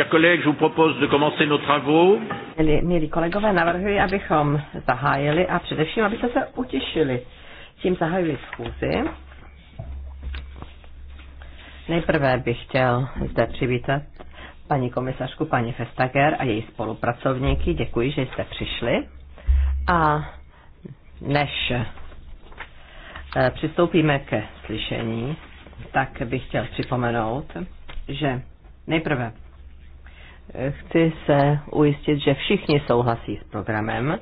Chers collègues, je vous propose de commencer nos travaux. Milí, milí kolegové, navrhuji, abychom zahájili a především, abyste se utěšili. Tím zahajuji schůzi. Nejprve bych chtěl zde přivítat paní komisařku, paní Festager a její spolupracovníky. Děkuji, že jste přišli. A než eh, přistoupíme ke slyšení, tak bych chtěl připomenout, že nejprve chci se ujistit, že všichni souhlasí s programem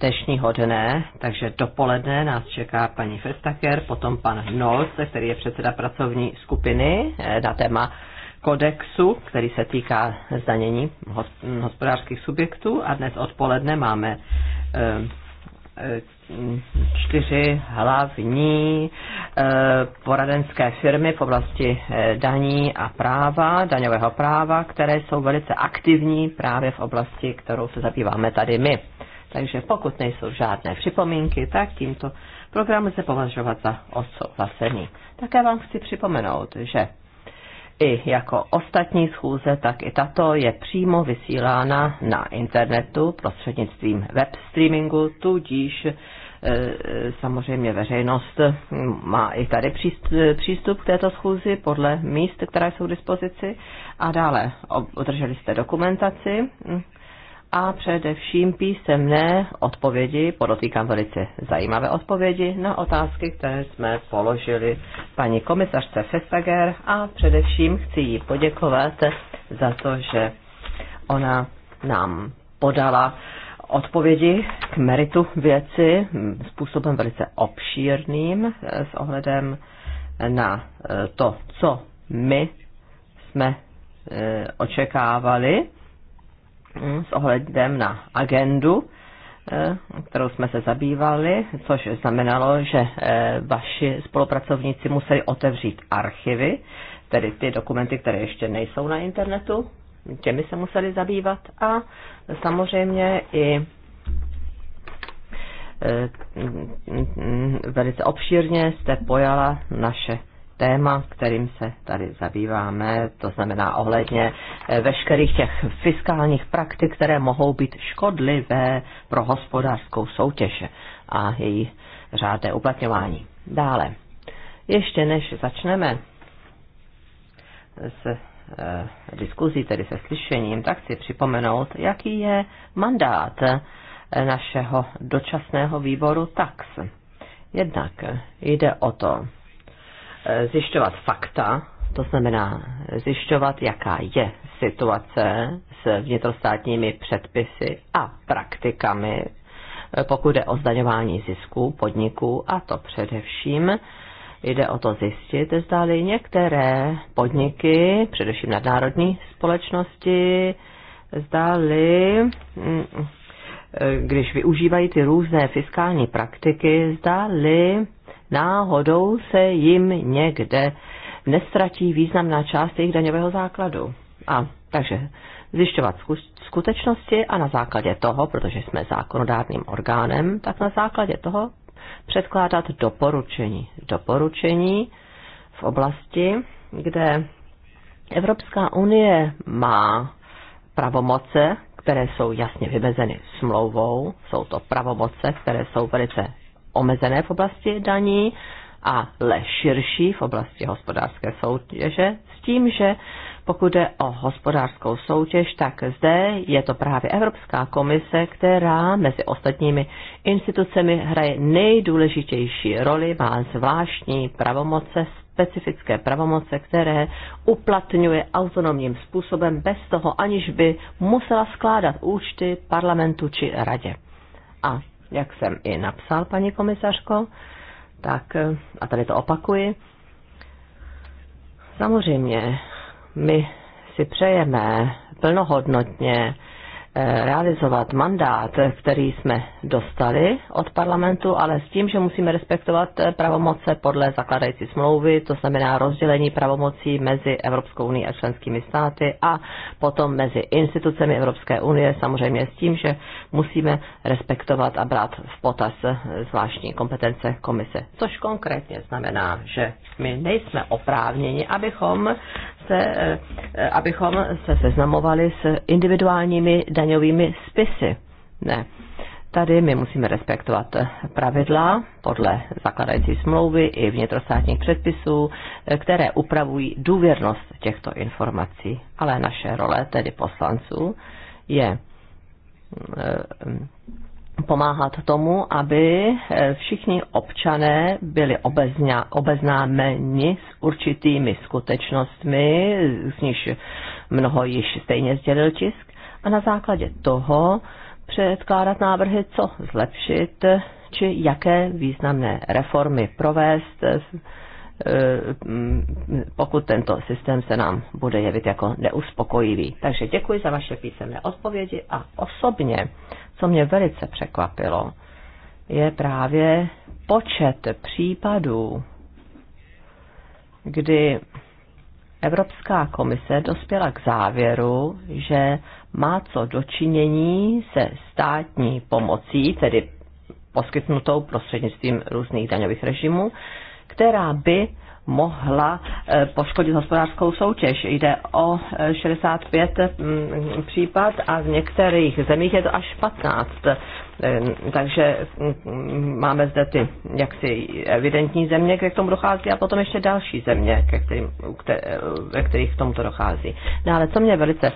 dnešního dne, takže dopoledne nás čeká paní Festaker, potom pan Nolc, který je předseda pracovní skupiny eh, na téma kodexu, který se týká zdanění hospodářských subjektů a dnes odpoledne máme eh, čtyři hlavní eh, poradenské firmy v oblasti eh, daní a práva, daňového práva, které jsou velice aktivní právě v oblasti, kterou se zabýváme tady my. Takže pokud nejsou žádné připomínky, tak tímto program se považovat za odsouhlasený. Také vám chci připomenout, že i jako ostatní schůze, tak i tato je přímo vysílána na internetu prostřednictvím web streamingu, tudíž e, samozřejmě veřejnost má i tady přístup k této schůzi podle míst, která jsou k dispozici. A dále održeli jste dokumentaci a především písemné odpovědi, podotýkám velice zajímavé odpovědi na otázky, které jsme položili paní komisařce Festager a především chci jí poděkovat za to, že ona nám podala odpovědi k meritu věci způsobem velice obšírným e, s ohledem na e, to, co my jsme e, očekávali s ohledem na agendu, eh, kterou jsme se zabývali, což znamenalo, že eh, vaši spolupracovníci museli otevřít archivy, tedy ty dokumenty, které ještě nejsou na internetu, těmi se museli zabývat a samozřejmě i eh, velice obšírně jste pojala naše téma, kterým se tady zabýváme, to znamená ohledně eh, veškerých těch fiskálních praktik, které mohou být škodlivé pro hospodářskou soutěž a její řádné uplatňování. Dále, ještě než začneme s eh, diskuzí, tedy se slyšením, tak chci připomenout, jaký je mandát eh, našeho dočasného výboru TAX. Jednak jde o to, zjišťovat fakta, to znamená zjišťovat, jaká je situace s vnitrostátními předpisy a praktikami, pokud jde o zdaňování zisků podniků, a to především jde o to zjistit, zdali některé podniky, především nadnárodní společnosti, zdali mm, když využívají ty různé fiskální praktiky, zdali náhodou se jim někde nestratí významná část jejich daňového základu. A takže zjišťovat skutečnosti a na základě toho, protože jsme zákonodárným orgánem, tak na základě toho předkládat doporučení. Doporučení v oblasti, kde Evropská unie má pravomoce, které jsou jasně vymezeny smlouvou, jsou to pravomoce, které jsou velice omezené v oblasti daní, a le širší v oblasti hospodářské soutěže, s tím, že pokud jde o hospodářskou soutěž, tak zde je to právě Evropská komise, která mezi ostatními institucemi hraje nejdůležitější roli, má zvláštní pravomoce, specifické pravomoce, které uplatňuje autonomním způsobem bez toho, aniž by musela skládat účty parlamentu či radě. A jak jsem i napsal, paní komisařko, tak, a tady to opakuji, samozřejmě my si přejeme plnohodnotně Eh, realizovat mandát, který jsme dostali od parlamentu, ale s tím, že musíme respektovat eh, pravomoce podle zakladající smlouvy, to znamená rozdělení pravomocí mezi Evropskou unii a členskými státy a potom mezi institucemi Evropské unie, samozřejmě s tím, že musíme respektovat a brát v potaz eh, zvláštní kompetence komise. Což konkrétně znamená, že my nejsme oprávněni, abychom se, eh, eh, abychom se seznamovali s individuálními daňovými spisy. Ne. Tady my musíme respektovat pravidla podle zakladající smlouvy i vnitrostátních předpisů, eh, které upravují důvěrnost těchto informací. Ale naše role, tedy poslanců, je mm, pomáhat tomu, aby eh, všichni občané byli obezňa, obeznámeni s určitými skutečnostmi, z níž mnoho již stejně sdělil tisk, a na základě toho předkládat návrhy, co zlepšit, či jaké významné reformy provést, eh, mm, pokud tento systém se nám bude jevit jako neuspokojivý. Takže děkuji za vaše písemné odpovědi a osobně co mě velice překvapilo, je právě počet případů, kdy Evropská komise dospěla k závěru, že má co dočinění se státní pomocí, tedy poskytnutou prostřednictvím různých daňových režimů, která by mohla eh, poškodit hospodářskou soutěž. Jde o 65 eh, mm, případ a v některých zemích je to až 15. Eh, takže mm, máme zde ty jaksi evidentní země, kde k tomu dochází a potom ještě další země, ve kterých k tomuto dochází. No ale co mě velice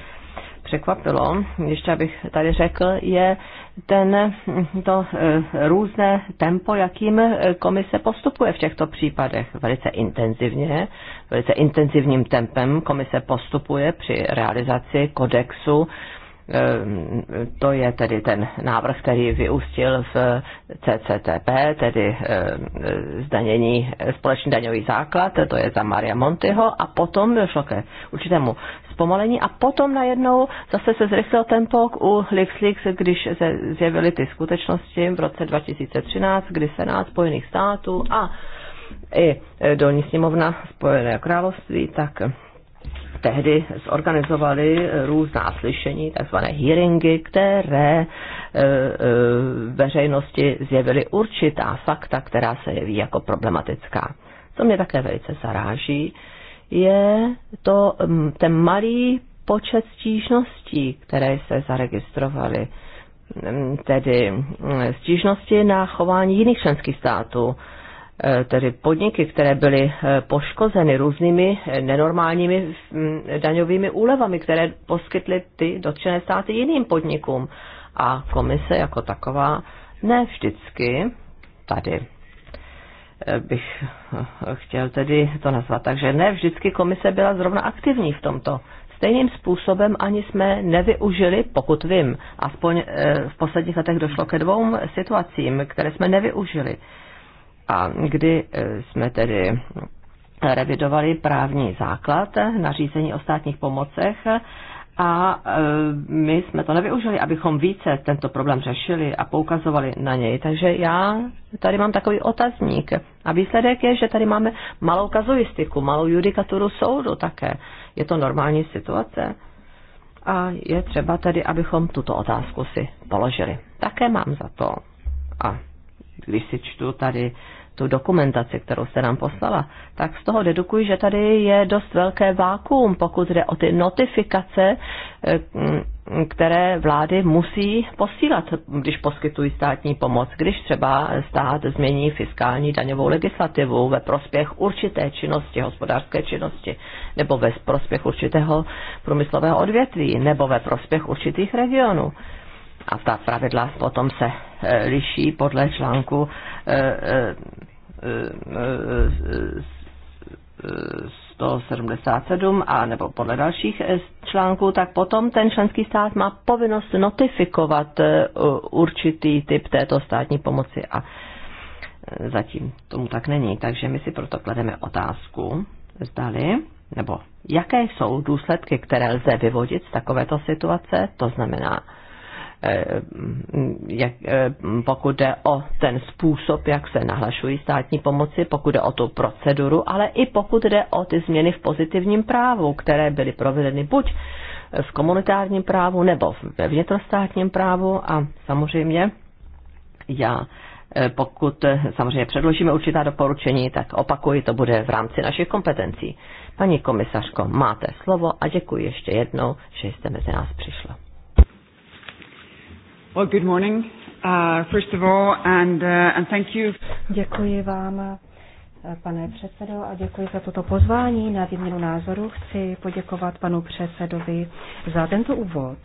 překvapilo, ještě abych tady řekl, je ten, to eh, různé tempo, jakým eh, komise postupuje v těchto případech. Velice intenzivně, velice intenzivním tempem komise postupuje při realizaci kodexu Eh, to je tedy ten návrh, který vyústil v CCTP, tedy eh, zdanění, eh, společný daňový základ, to je za Maria Montyho, a potom došlo ke určitému zpomalení a potom najednou zase se zrychlil tempo u LixLix, když se zjevily ty skutečnosti v roce 2013, kdy Senát Spojených států a i dolní sněmovna Spojeného království, tak tehdy zorganizovali různá slyšení, takzvané hearingy, které e, e, veřejnosti zjevily určitá fakta, která se jeví jako problematická. Co mě také velice zaráží, je to ten malý počet stížností, které se zaregistrovaly, tedy stížnosti na chování jiných členských států Eh, tedy podniky, které byly eh, poškozeny různými eh, nenormálními mm, daňovými úlevami, které poskytly ty dotčené státy jiným podnikům. A komise jako taková ne vždycky tady bych chtěl tedy to nazvat. Takže ne vždycky komise byla zrovna aktivní v tomto. Stejným způsobem ani jsme nevyužili, pokud vím, aspoň v posledních letech došlo ke dvou situacím, které jsme nevyužili a kdy eh, jsme tedy revidovali právní základ nařízení o státních pomocech a eh, my jsme to nevyužili, abychom více tento problém řešili a poukazovali na něj. Takže já tady mám takový otazník. A výsledek je, že tady máme malou kazuistiku, malou judikaturu soudu také. Je to normální situace a je třeba tedy, abychom tuto otázku si položili. Také mám za to. A když si čtu tady tu dokumentaci, kterou jste nám poslala, tak z toho dedukuji, že tady je dost velké vákuum, pokud jde o ty notifikace, eh, které vlády musí posílat, když poskytují státní pomoc, když třeba stát změní fiskální daňovou legislativu ve prospěch určité činnosti, hospodářské činnosti, nebo ve prospěch určitého průmyslového odvětví, nebo ve prospěch určitých regionů a ta pravidla potom se liší podle článku 177 a nebo podle dalších článků, tak potom ten členský stát má povinnost notifikovat určitý typ této státní pomoci a zatím tomu tak není. Takže my si proto klademe otázku, zdali, nebo jaké jsou důsledky, které lze vyvodit z takovéto situace, to znamená, Eh, jak, eh, pokud jde o ten způsob, jak se nahlašují státní pomoci, pokud jde o tu proceduru, ale i pokud jde o ty změny v pozitivním právu, které byly provedeny buď v komunitárním právu nebo ve vnitrostátním právu a samozřejmě já eh, pokud samozřejmě předložíme určitá doporučení, tak opakuji, to bude v rámci našich kompetencí. Paní komisařko, máte slovo a děkuji ještě jednou, že jste mezi nás přišla. Well, good morning. Uh, first of all, and, uh, and thank you. Děkuji vám, uh, pane předsedo, a děkuji za toto pozvání na výměnu názoru. Chci poděkovat panu předsedovi za tento úvod.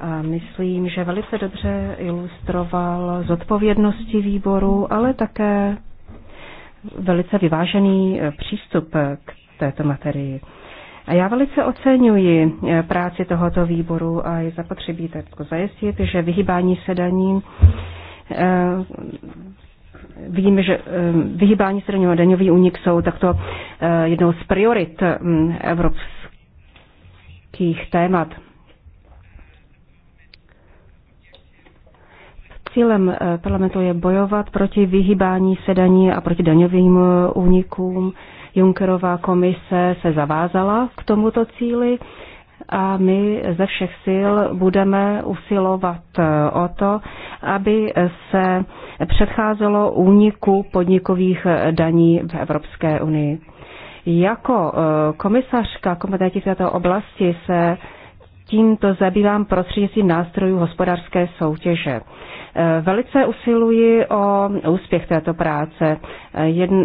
A myslím, že velice dobře ilustroval zodpovědnosti výboru, ale také velice vyvážený eh, přístup eh, k této materii. A já velice oceňuji eh, práci tohoto výboru a je zapotřebí to jako zajistit, že vyhýbání se daním eh, Vím, že eh, vyhýbání se a daňový únik jsou takto jednou z priorit mm, evropských témat. Cílem parlamentu je bojovat proti vyhýbání se daní a proti daňovým únikům Junckerová komise se zavázala k tomuto cíli a my ze všech sil budeme usilovat eh, o to, aby se předcházelo úniku podnikových eh, daní v Evropské unii. Jako eh, komisařka kompetentní v této oblasti se tímto zabývám prostřednictvím nástrojů hospodářské soutěže. Velice usiluji o úspěch této práce. Jedn,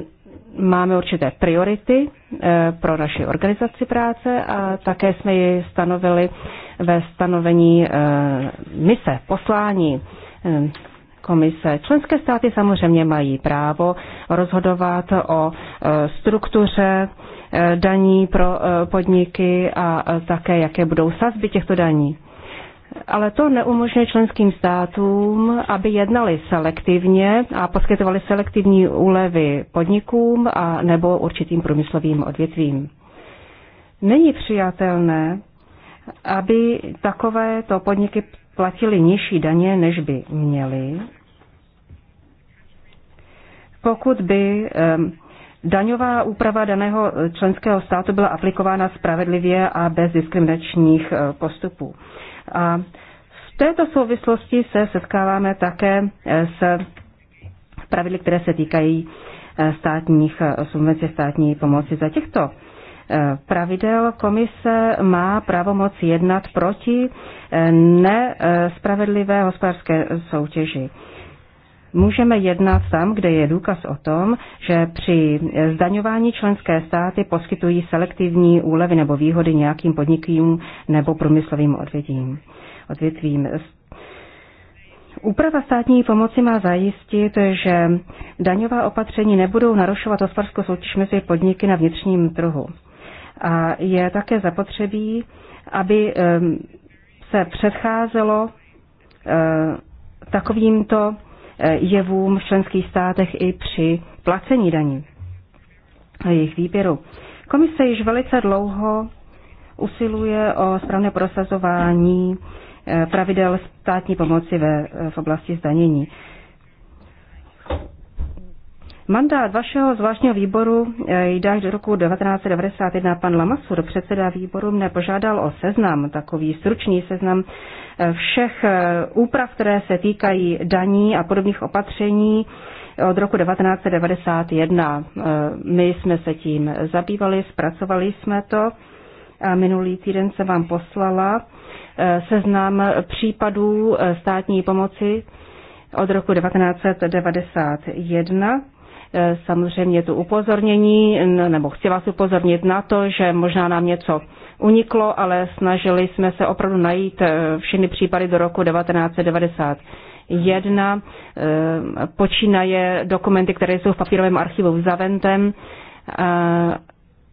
máme určité priority eh, pro naši organizaci práce a také jsme ji stanovili ve stanovení eh, mise, poslání eh, komise. Členské státy samozřejmě mají právo rozhodovat o struktuře daní pro podniky a také, jaké budou sazby těchto daní ale to neumožňuje členským státům, aby jednali selektivně a poskytovali selektivní úlevy podnikům a nebo určitým průmyslovým odvětvím. Není přijatelné, aby takovéto podniky platily nižší daně, než by měly, pokud by daňová úprava daného členského státu byla aplikována spravedlivě a bez diskriminačních e, postupů. A v této souvislosti se setkáváme také eh, s pravidly, které se týkají eh, státních eh, subvencí, státní pomoci. Za těchto pravidel komise má pravomoc jednat proti nespravedlivé hospodářské soutěži. Můžeme jednat tam, kde je důkaz o tom, že při eh, zdaňování členské státy poskytují selektivní úlevy nebo výhody nějakým podnikům nebo průmyslovým odvětvím. odvětvím. Úprava státní pomoci má zajistit, že daňová opatření nebudou narušovat hospodářskou soutěž mezi podniky na vnitřním trhu. A je také zapotřebí, aby eh, se předcházelo eh, takovýmto jevům v členských státech i při placení daní a jejich výběru. Komise již velice dlouho usiluje o správné prosazování eh, pravidel státní pomoci ve, v oblasti zdanění. Mandát vašeho zvláštního výboru eh, jde až do roku 1991. Pan Lamasur, předseda výboru, mne požádal o seznam, takový stručný seznam eh, všech eh, úprav, které se týkají daní a podobných opatření od roku 1991. My jsme se tím zabývali, zpracovali jsme to. A minulý týden se vám poslala seznam případů státní pomoci od roku 1991 Eh, samozřejmě tu upozornění, nebo chci vás upozornit na to, že možná nám něco uniklo, ale snažili jsme se opravdu najít eh, všechny případy do roku 1990 jedna eh, počínaje dokumenty, které jsou v papírovém archivu v Zaventem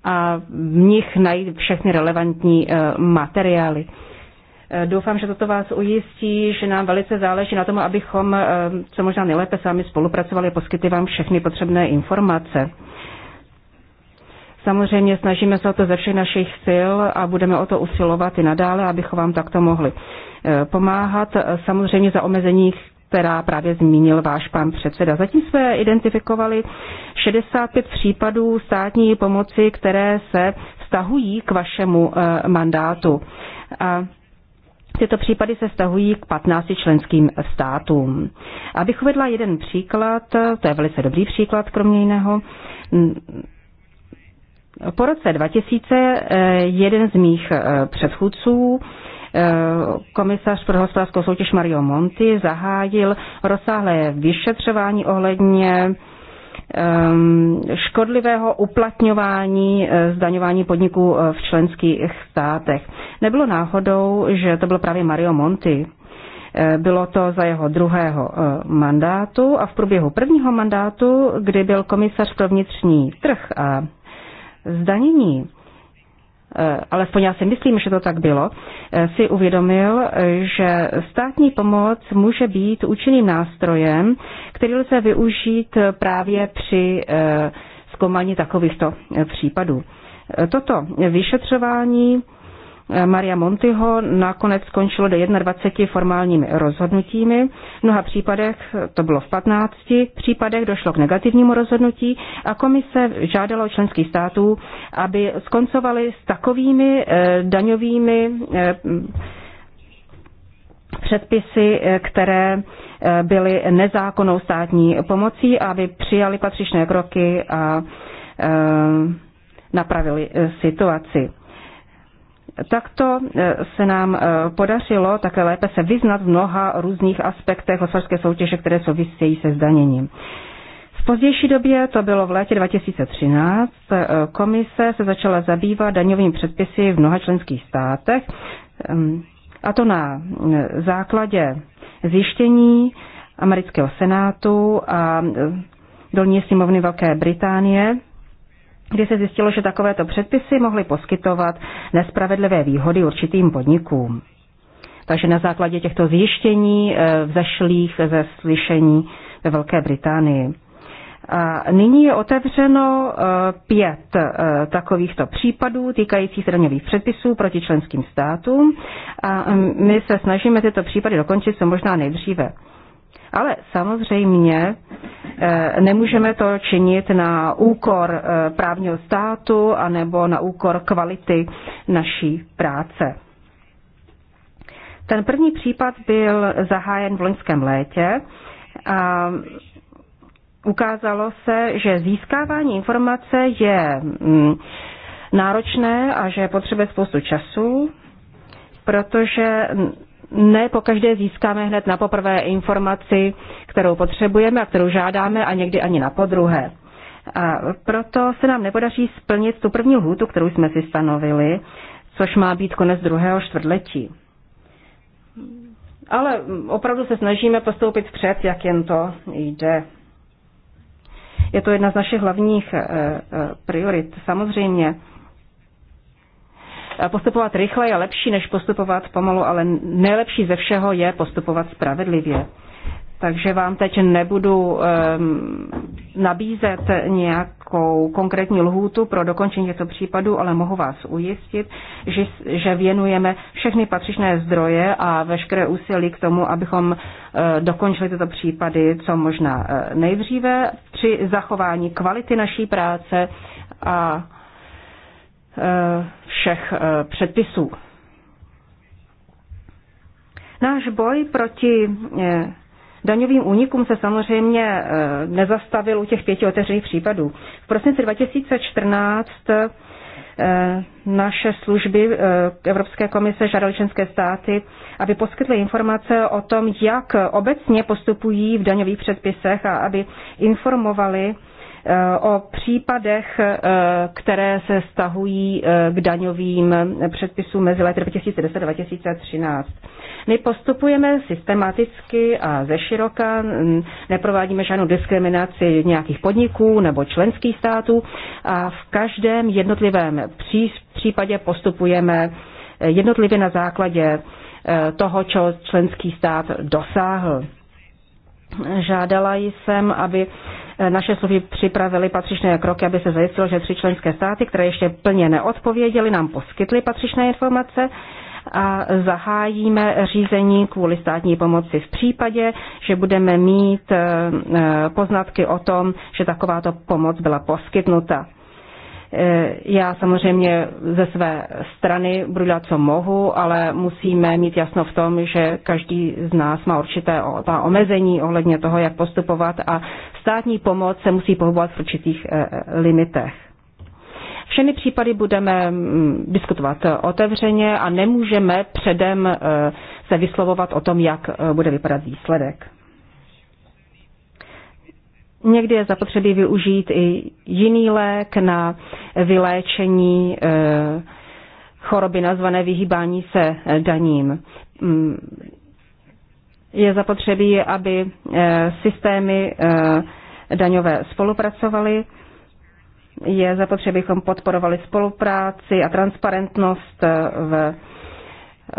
a v nich najít všechny relevantní materiály. Eh, doufám, že toto vás ujistí, že nám velice záleží na tom, abychom eh, co možná nejlépe sami spolupracovali a poskytli vám všechny potřebné informace. Samozřejmě snažíme se o to ze všech našich sil a budeme o to usilovat i nadále, abychom vám takto mohli eh, pomáhat. Samozřejmě za omezení, která právě zmínil váš pan předseda. Zatím jsme identifikovali 65 případů státní pomoci, které se vztahují k vašemu mandátu. A Tyto případy se stahují k 15 členským státům. Abych uvedla jeden příklad, to je velice dobrý příklad, kromě jiného. Po roce 2000 eh, jeden z mých eh, předchůdců eh, komisař pro hospodářskou soutěž Mario Monti zahájil rozsáhlé vyšetřování ohledně Ehm, škodlivého uplatňování eh, zdaňování podniků eh, v členských státech. Nebylo náhodou, že to byl právě Mario Monti. Eh, bylo to za jeho druhého mandátu a v průběhu prvního mandátu, kdy byl komisař pro vnitřní trh a zdanění Eh, alespoň já si myslím, že to tak bylo, eh, si uvědomil, eh, že státní pomoc může být účinným nástrojem, který lze využít právě při zkoumání takovýchto případů. Toto vyšetřování Maria Montyho nakonec skončilo do 21 formálními rozhodnutími. V mnoha případech, to bylo v 15 případech, došlo k negativnímu rozhodnutí a komise žádala od členských států, aby skoncovali s takovými eh, daňovými eh, předpisy, eh, které byly nezákonnou státní pomocí, aby přijali patřičné kroky a napravili situaci. Takto e, se nám e, podařilo také lépe se vyznat v mnoha různých aspektech hospodářské soutěže, které souvisejí se zdaněním. V pozdější době, to bylo v létě 2013, e, komise se začala zabývat daňovými předpisy v mnoha členských státech, a to na základě zjištění amerického senátu a dolní sněmovny Velké Británie, kdy se zjistilo, že takovéto předpisy mohly poskytovat nespravedlivé výhody určitým podnikům. Takže na základě těchto zjištění eh, vzešlých ze slyšení ve Velké Británii. A nyní je otevřeno eh, pět eh, takovýchto případů týkajících se daňových předpisů proti členským státům a mm, my se snažíme tyto případy dokončit co možná nejdříve. Ale samozřejmě eh, nemůžeme to činit na úkor eh, právního státu anebo na úkor kvality naší práce. Ten první případ byl zahájen v loňském létě a ukázalo se, že získávání informace je mm, náročné a že potřebuje spoustu času, protože ne po každé získáme hned na poprvé informaci, kterou potřebujeme a kterou žádáme a někdy ani na podruhé. A proto se nám nepodaří splnit tu první lhůtu, kterou jsme si stanovili, což má být konec druhého čtvrtletí. Ale opravdu se snažíme postoupit vpřed, jak jen to jde. Je to jedna z našich hlavních eh, eh, priorit, samozřejmě Eh, postupovat rychle je lepší, než postupovat pomalu, ale nejlepší ze všeho je postupovat spravedlivě. Takže vám teď nebudu um, nabízet nějakou konkrétní lhůtu pro dokončení těchto případů, ale mohu vás ujistit, že, že věnujeme všechny patřičné zdroje a veškeré úsilí k tomu, abychom uh, dokončili tyto případy co možná uh, nejdříve při zachování kvality naší práce a Eh, všech eh, předpisů. Náš boj proti eh, daňovým únikům se samozřejmě nezastavil u těch pěti otevřených případů. V prosinci 2014 naše služby Evropské komise žádaly členské státy, aby poskytly informace o tom, jak obecně postupují v daňových předpisech a aby informovali o případech, eh, které se stahují eh, k daňovým předpisům mezi lety 2010 a 2013. My postupujeme systematicky a ze široka, neprovádíme žádnou diskriminaci nějakých podniků nebo členských států a v každém jednotlivém případě postupujeme eh, jednotlivě na základě toho, co členský stát dosáhl. Žádala jsem, aby Eh, naše služby připravily patřičné kroky, aby se zajistilo, že tři členské státy, které ještě plně neodpověděly, nám poskytly patřičné informace a zahájíme řízení kvůli státní pomoci v případě, že budeme mít eh, eh, poznatky o tom, že takováto pomoc byla poskytnuta. Eh, já samozřejmě ze své strany budu dělat, co mohu, ale musíme mít jasno v tom, že každý z nás má určité ta omezení ohledně toho, jak postupovat a státní pomoc se musí pohybovat v určitých eh, eh, limitech. Všemi případy budeme mm, diskutovat otevřeně a nemůžeme předem se vyslovovat o tom, jak bude vypadat výsledek. Někdy je zapotřebí využít i jiný lék na vyléčení eh, choroby nazvané vyhýbání se eh, daním. Mm. Je zapotřebí, aby eh, systémy daňové spolupracovaly. Je zapotřebí, abychom podporovali spolupráci a transparentnost v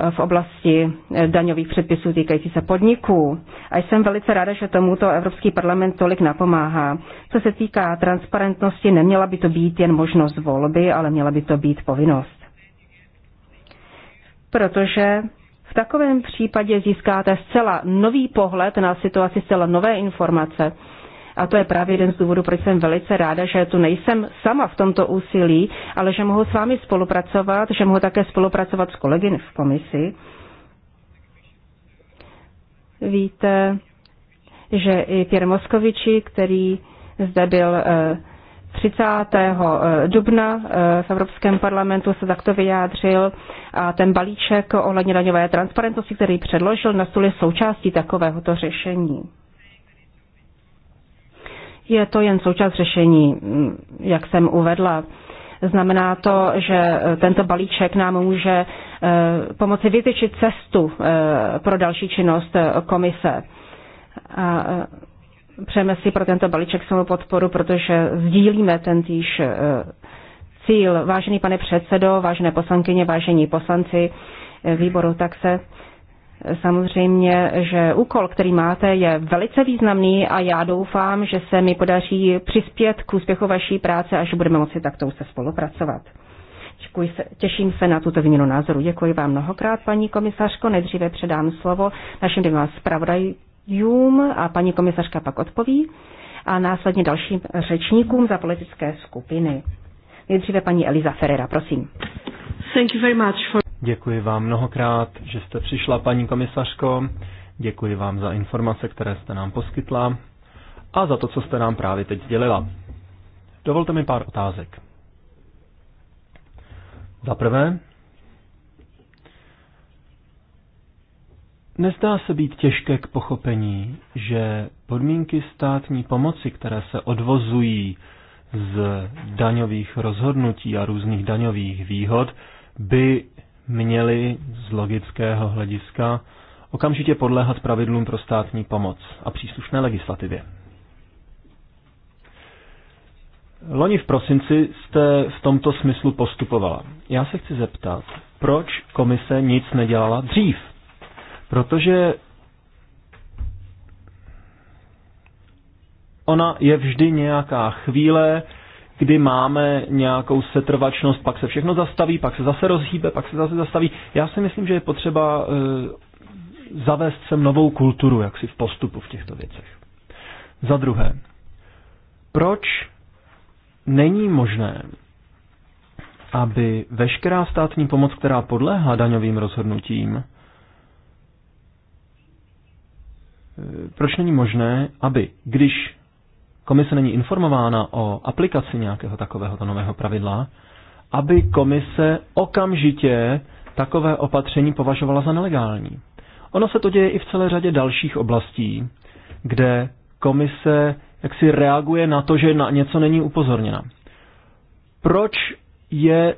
v oblasti eh, daňových předpisů týkající se podniků. A jsem velice ráda, že tomuto Evropský parlament tolik napomáhá. Co se týká transparentnosti, neměla by to být jen možnost volby, ale měla by to být povinnost. Protože v takovém případě získáte zcela nový pohled na situaci, zcela nové informace a to je právě jeden z důvodů, proč jsem velice ráda, že tu nejsem sama v tomto úsilí, ale že mohu s vámi spolupracovat, že mohu také spolupracovat s kolegy v komisi. Víte, že i Pěr Moskoviči, který zde byl 30. Eh, eh, dubna eh, v Evropském parlamentu se takto vyjádřil a ten balíček ohledně daňové transparentnosti, který předložil na stůl, je součástí takovéhoto řešení je to jen součást řešení, mm, jak jsem uvedla. Znamená to, že e, tento balíček nám může e, pomoci vytyčit cestu e, pro další činnost komise. A přejeme si pro tento balíček svou podporu, protože sdílíme ten týž cíl. Vážený pane předsedo, vážené poslankyně, vážení poslanci výboru, tak se Samozřejmě, že úkol, který máte, je velice významný a já doufám, že se mi podaří přispět k úspěchu vaší práce a že budeme moci takto se spolupracovat. Děkuji se, těším se na tuto výměnu názoru. Děkuji vám mnohokrát, paní komisařko. Nejdříve předám slovo našim dvěma zpravodajům a paní komisařka pak odpoví a následně dalším řečníkům za politické skupiny. Nejdříve paní Eliza Ferreira, prosím. Thank you very much for... Děkuji vám mnohokrát, že jste přišla, paní komisařko. Děkuji vám za informace, které jste nám poskytla a za to, co jste nám právě teď sdělila. Dovolte mi pár otázek. Za prvé, nezdá se být těžké k pochopení, že podmínky státní pomoci, které se odvozují z daňových rozhodnutí a různých daňových výhod, by měly z logického hlediska okamžitě podléhat pravidlům pro státní pomoc a příslušné legislativě. Loni v prosinci jste v tomto smyslu postupovala. Já se chci zeptat, proč komise nic nedělala dřív? Protože ona je vždy nějaká chvíle, kdy máme nějakou setrvačnost, pak se všechno zastaví, pak se zase rozhýbe, pak se zase zastaví. Já si myslím, že je potřeba e, zavést sem novou kulturu, jak si v postupu v těchto věcech. Za druhé, proč není možné, aby veškerá státní pomoc, která podléhá daňovým rozhodnutím, e, proč není možné, aby když komise není informována o aplikaci nějakého takového nového pravidla, aby komise okamžitě takové opatření považovala za nelegální. Ono se to děje i v celé řadě dalších oblastí, kde komise jaksi reaguje na to, že na něco není upozorněna. Proč je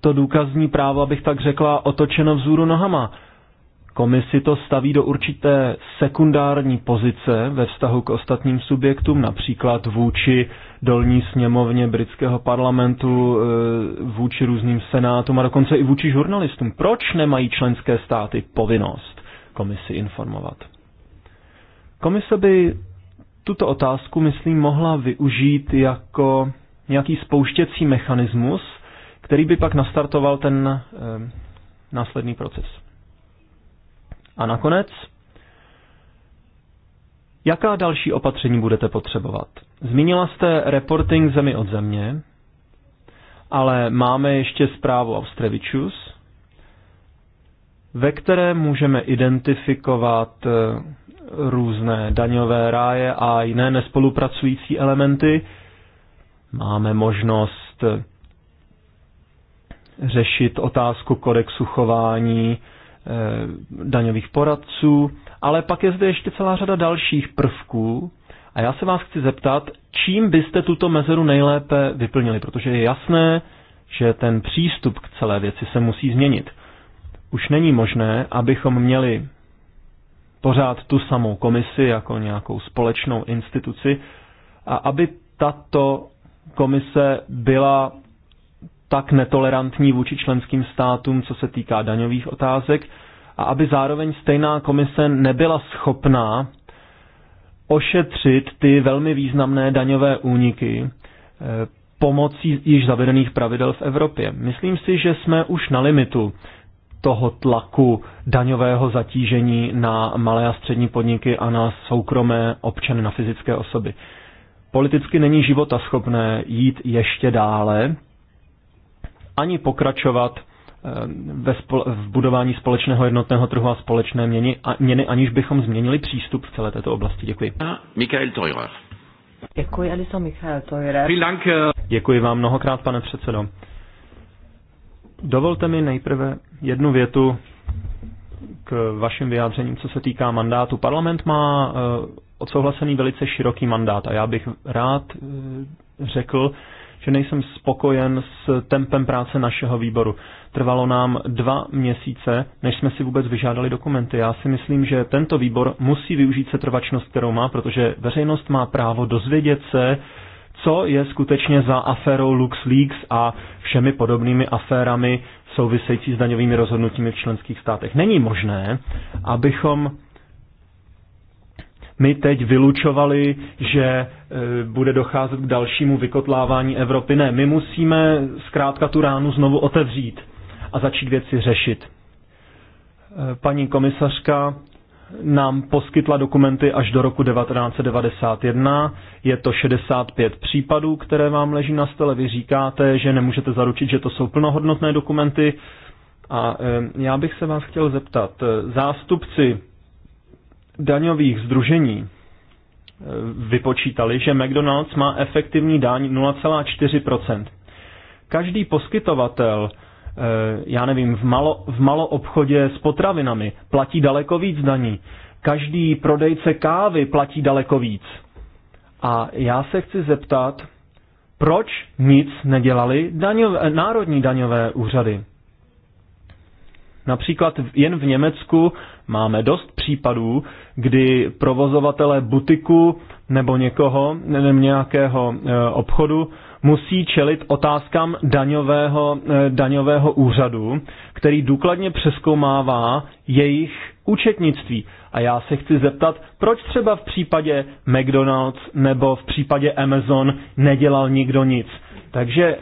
to důkazní právo, abych tak řekla, otočeno vzůru nohama? Komisi to staví do určité sekundární pozice ve vztahu k ostatním subjektům, například vůči dolní sněmovně britského parlamentu, e, vůči různým senátům a dokonce i vůči žurnalistům. Proč nemají členské státy povinnost komisi informovat? Komise by tuto otázku, myslím, mohla využít jako nějaký spouštěcí mechanismus, který by pak nastartoval ten e, následný proces. A nakonec, jaká další opatření budete potřebovat? Zmínila jste reporting zemi od země, ale máme ještě zprávu Austrevičus, ve které můžeme identifikovat eh, různé daňové ráje a jiné nespolupracující elementy. Máme možnost eh, řešit otázku kodexu chování Eh, daňových poradců, ale pak je zde ještě celá řada dalších prvků a já se vás chci zeptat, čím byste tuto mezeru nejlépe vyplnili, protože je jasné, že ten přístup k celé věci se musí změnit. Už není možné, abychom měli pořád tu samou komisi jako nějakou společnou instituci a aby tato komise byla tak netolerantní vůči členským státům, co se týká daňových otázek, a aby zároveň stejná komise nebyla schopná ošetřit ty velmi významné daňové úniky eh, pomocí již zavedených pravidel v Evropě. Myslím si, že jsme už na limitu toho tlaku daňového zatížení na malé a střední podniky a na soukromé občany, na fyzické osoby. Politicky není života schopné jít ještě dále ani pokračovat eh, ve spole- v budování společného jednotného trhu a společné měny, a měny, aniž bychom změnili přístup v celé této oblasti. Děkuji. Michael Teurer. Děkuji, Aliso Michael Teurer. Eh. Děkuji vám mnohokrát, pane předsedo. Dovolte mi nejprve jednu větu k vašim vyjádřením, co se týká mandátu. Parlament má eh, odsouhlasený velice široký mandát a já bych rád řekl, že nejsem spokojen s tempem práce našeho výboru. Trvalo nám dva měsíce, než jsme si vůbec vyžádali dokumenty. Já si myslím, že tento výbor musí využít trvačnost, kterou má, protože veřejnost má právo dozvědět se, co je skutečně za aférou LuxLeaks a všemi podobnými aférami související s daňovými rozhodnutími v členských státech. Není možné, abychom my teď vylučovali, že e, bude docházet k dalšímu vykotlávání Evropy. Ne, my musíme zkrátka tu ránu znovu otevřít a začít věci řešit. E, paní komisařka nám poskytla dokumenty až do roku 1991. Je to 65 případů, které vám leží na stole. Vy říkáte, že nemůžete zaručit, že to jsou plnohodnotné dokumenty. A e, já bych se vás chtěl zeptat, zástupci daňových združení eh, vypočítali, že McDonald's má efektivní daň 0,4%. Každý poskytovatel, eh, já nevím, v malo, v malo obchodě s potravinami platí daleko víc daní. Každý prodejce kávy platí daleko víc. A já se chci zeptat, proč nic nedělali daňové, národní daňové úřady? Například jen v Německu Máme dost případů, kdy provozovatele butiku nebo někoho, ne nějakého e, obchodu musí čelit otázkám daňového, e, daňového úřadu, který důkladně přeskoumává jejich účetnictví. A já se chci zeptat, proč třeba v případě McDonald's nebo v případě Amazon nedělal nikdo nic. Takže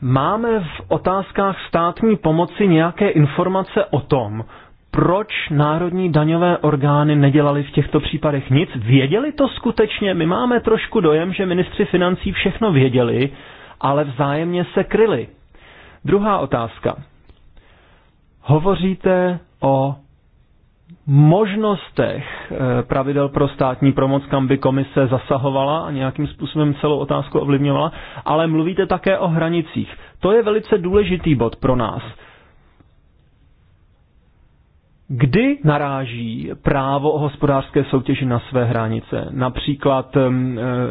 máme v otázkách státní pomoci nějaké informace o tom, proč národní daňové orgány nedělali v těchto případech nic. Věděli to skutečně? My máme trošku dojem, že ministři financí všechno věděli, ale vzájemně se kryli. Druhá otázka. Hovoříte o možnostech eh, pravidel pro státní promoc, kam by komise zasahovala a nějakým způsobem celou otázku ovlivňovala, ale mluvíte také o hranicích. To je velice důležitý bod pro nás kdy naráží právo hospodářské soutěži na své hranice. Například e,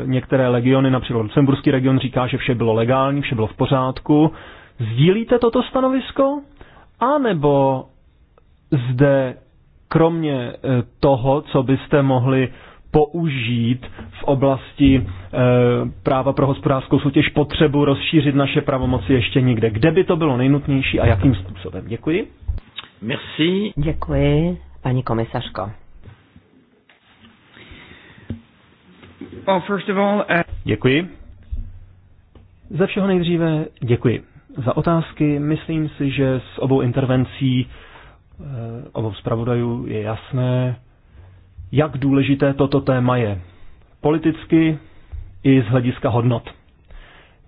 některé legiony, například Lucemburský region říká, že vše bylo legální, vše bylo v pořádku. Sdílíte toto stanovisko? A nebo zde kromě e, toho, co byste mohli použít v oblasti e, práva pro hospodářskou soutěž, potřebu rozšířit naše pravomoci ještě někde. Kde by to bylo nejnutnější a jakým způsobem? Děkuji. Merci. Děkuji, paní komisařko. Well, first of all, uh... Děkuji. Za všeho nejdříve děkuji za otázky. Myslím si, že s obou intervencí eh, obou zpravodajů je jasné, jak důležité toto téma je. Politicky i z hlediska hodnot.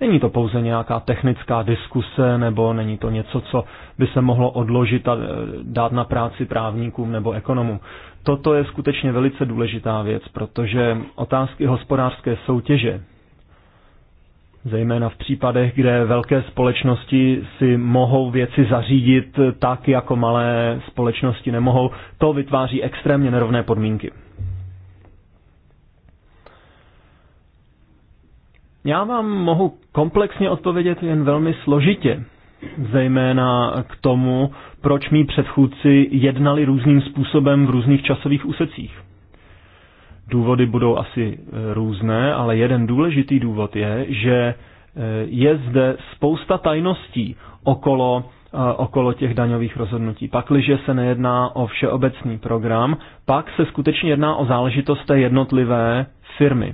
Není to pouze nějaká technická diskuse, nebo není to něco, co by se mohlo odložit a e, dát na práci právníkům nebo ekonomům. Toto je skutečně velice důležitá věc, protože otázky hospodářské soutěže, zejména v případech, kde velké společnosti si mohou věci zařídit tak, jako malé společnosti nemohou, to vytváří extrémně nerovné podmínky. Já vám mohu komplexně odpovědět jen velmi složitě, zejména k tomu, proč mý předchůdci jednali různým způsobem v různých časových úsecích. Důvody budou asi e, různé, ale jeden důležitý důvod je, že e, je zde spousta tajností okolo, e, okolo těch daňových rozhodnutí. Pakliže se nejedná o všeobecný program, pak se skutečně jedná o záležitost té jednotlivé firmy.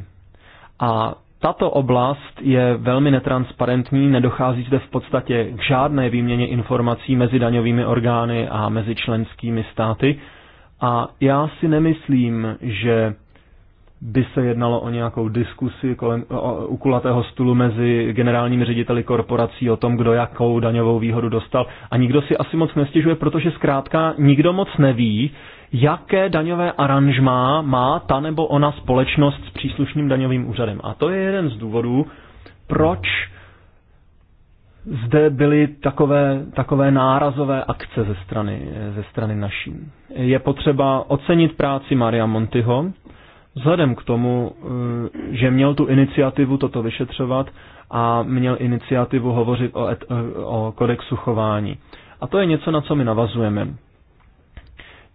A tato oblast je velmi netransparentní, nedochází zde v podstatě k žádné výměně informací mezi daňovými orgány a mezi členskými státy. A já si nemyslím, že by se jednalo o nějakou diskusi kolem, o, u kulatého stolu mezi generálními řediteli korporací o tom, kdo jakou daňovou výhodu dostal. A nikdo si asi moc nestěžuje, protože zkrátka nikdo moc neví, jaké daňové aranžmá má ta nebo ona společnost s příslušným daňovým úřadem. A to je jeden z důvodů, proč zde byly takové, takové nárazové akce ze strany, ze strany naší. Je potřeba ocenit práci Maria Montyho, vzhledem k tomu, eh, že měl tu iniciativu toto vyšetřovat a měl iniciativu hovořit o, et, o kodexu chování. A to je něco, na co my navazujeme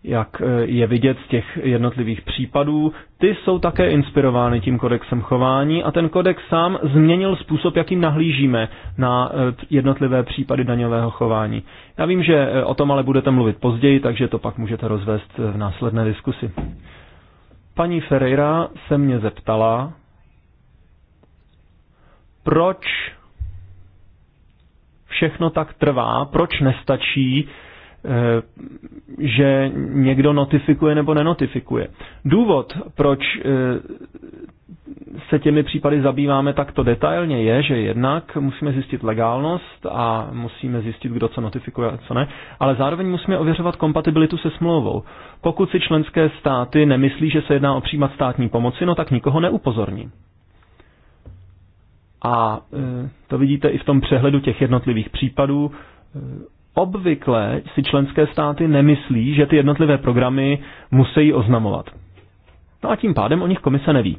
jak eh, je vidět z těch jednotlivých případů, ty jsou také inspirovány tím kodexem chování a ten kodex sám změnil způsob, jakým nahlížíme na eh, jednotlivé případy daňového chování. Já vím, že eh, o tom ale budete mluvit později, takže to pak můžete rozvést v následné diskusi. Paní Ferreira se mě zeptala, proč všechno tak trvá, proč nestačí Eh, že někdo notifikuje nebo nenotifikuje. Důvod, proč eh, se těmi případy zabýváme takto detailně, je, že jednak musíme zjistit legálnost a musíme zjistit, kdo co notifikuje a co ne, ale zároveň musíme ověřovat kompatibilitu se smlouvou. Pokud si členské státy nemyslí, že se jedná o příjmat státní pomoci, no tak nikoho neupozorní. A eh, to vidíte i v tom přehledu těch jednotlivých případů Obvykle si členské státy nemyslí, že ty jednotlivé programy musí oznamovat. No a tím pádem o nich komise neví.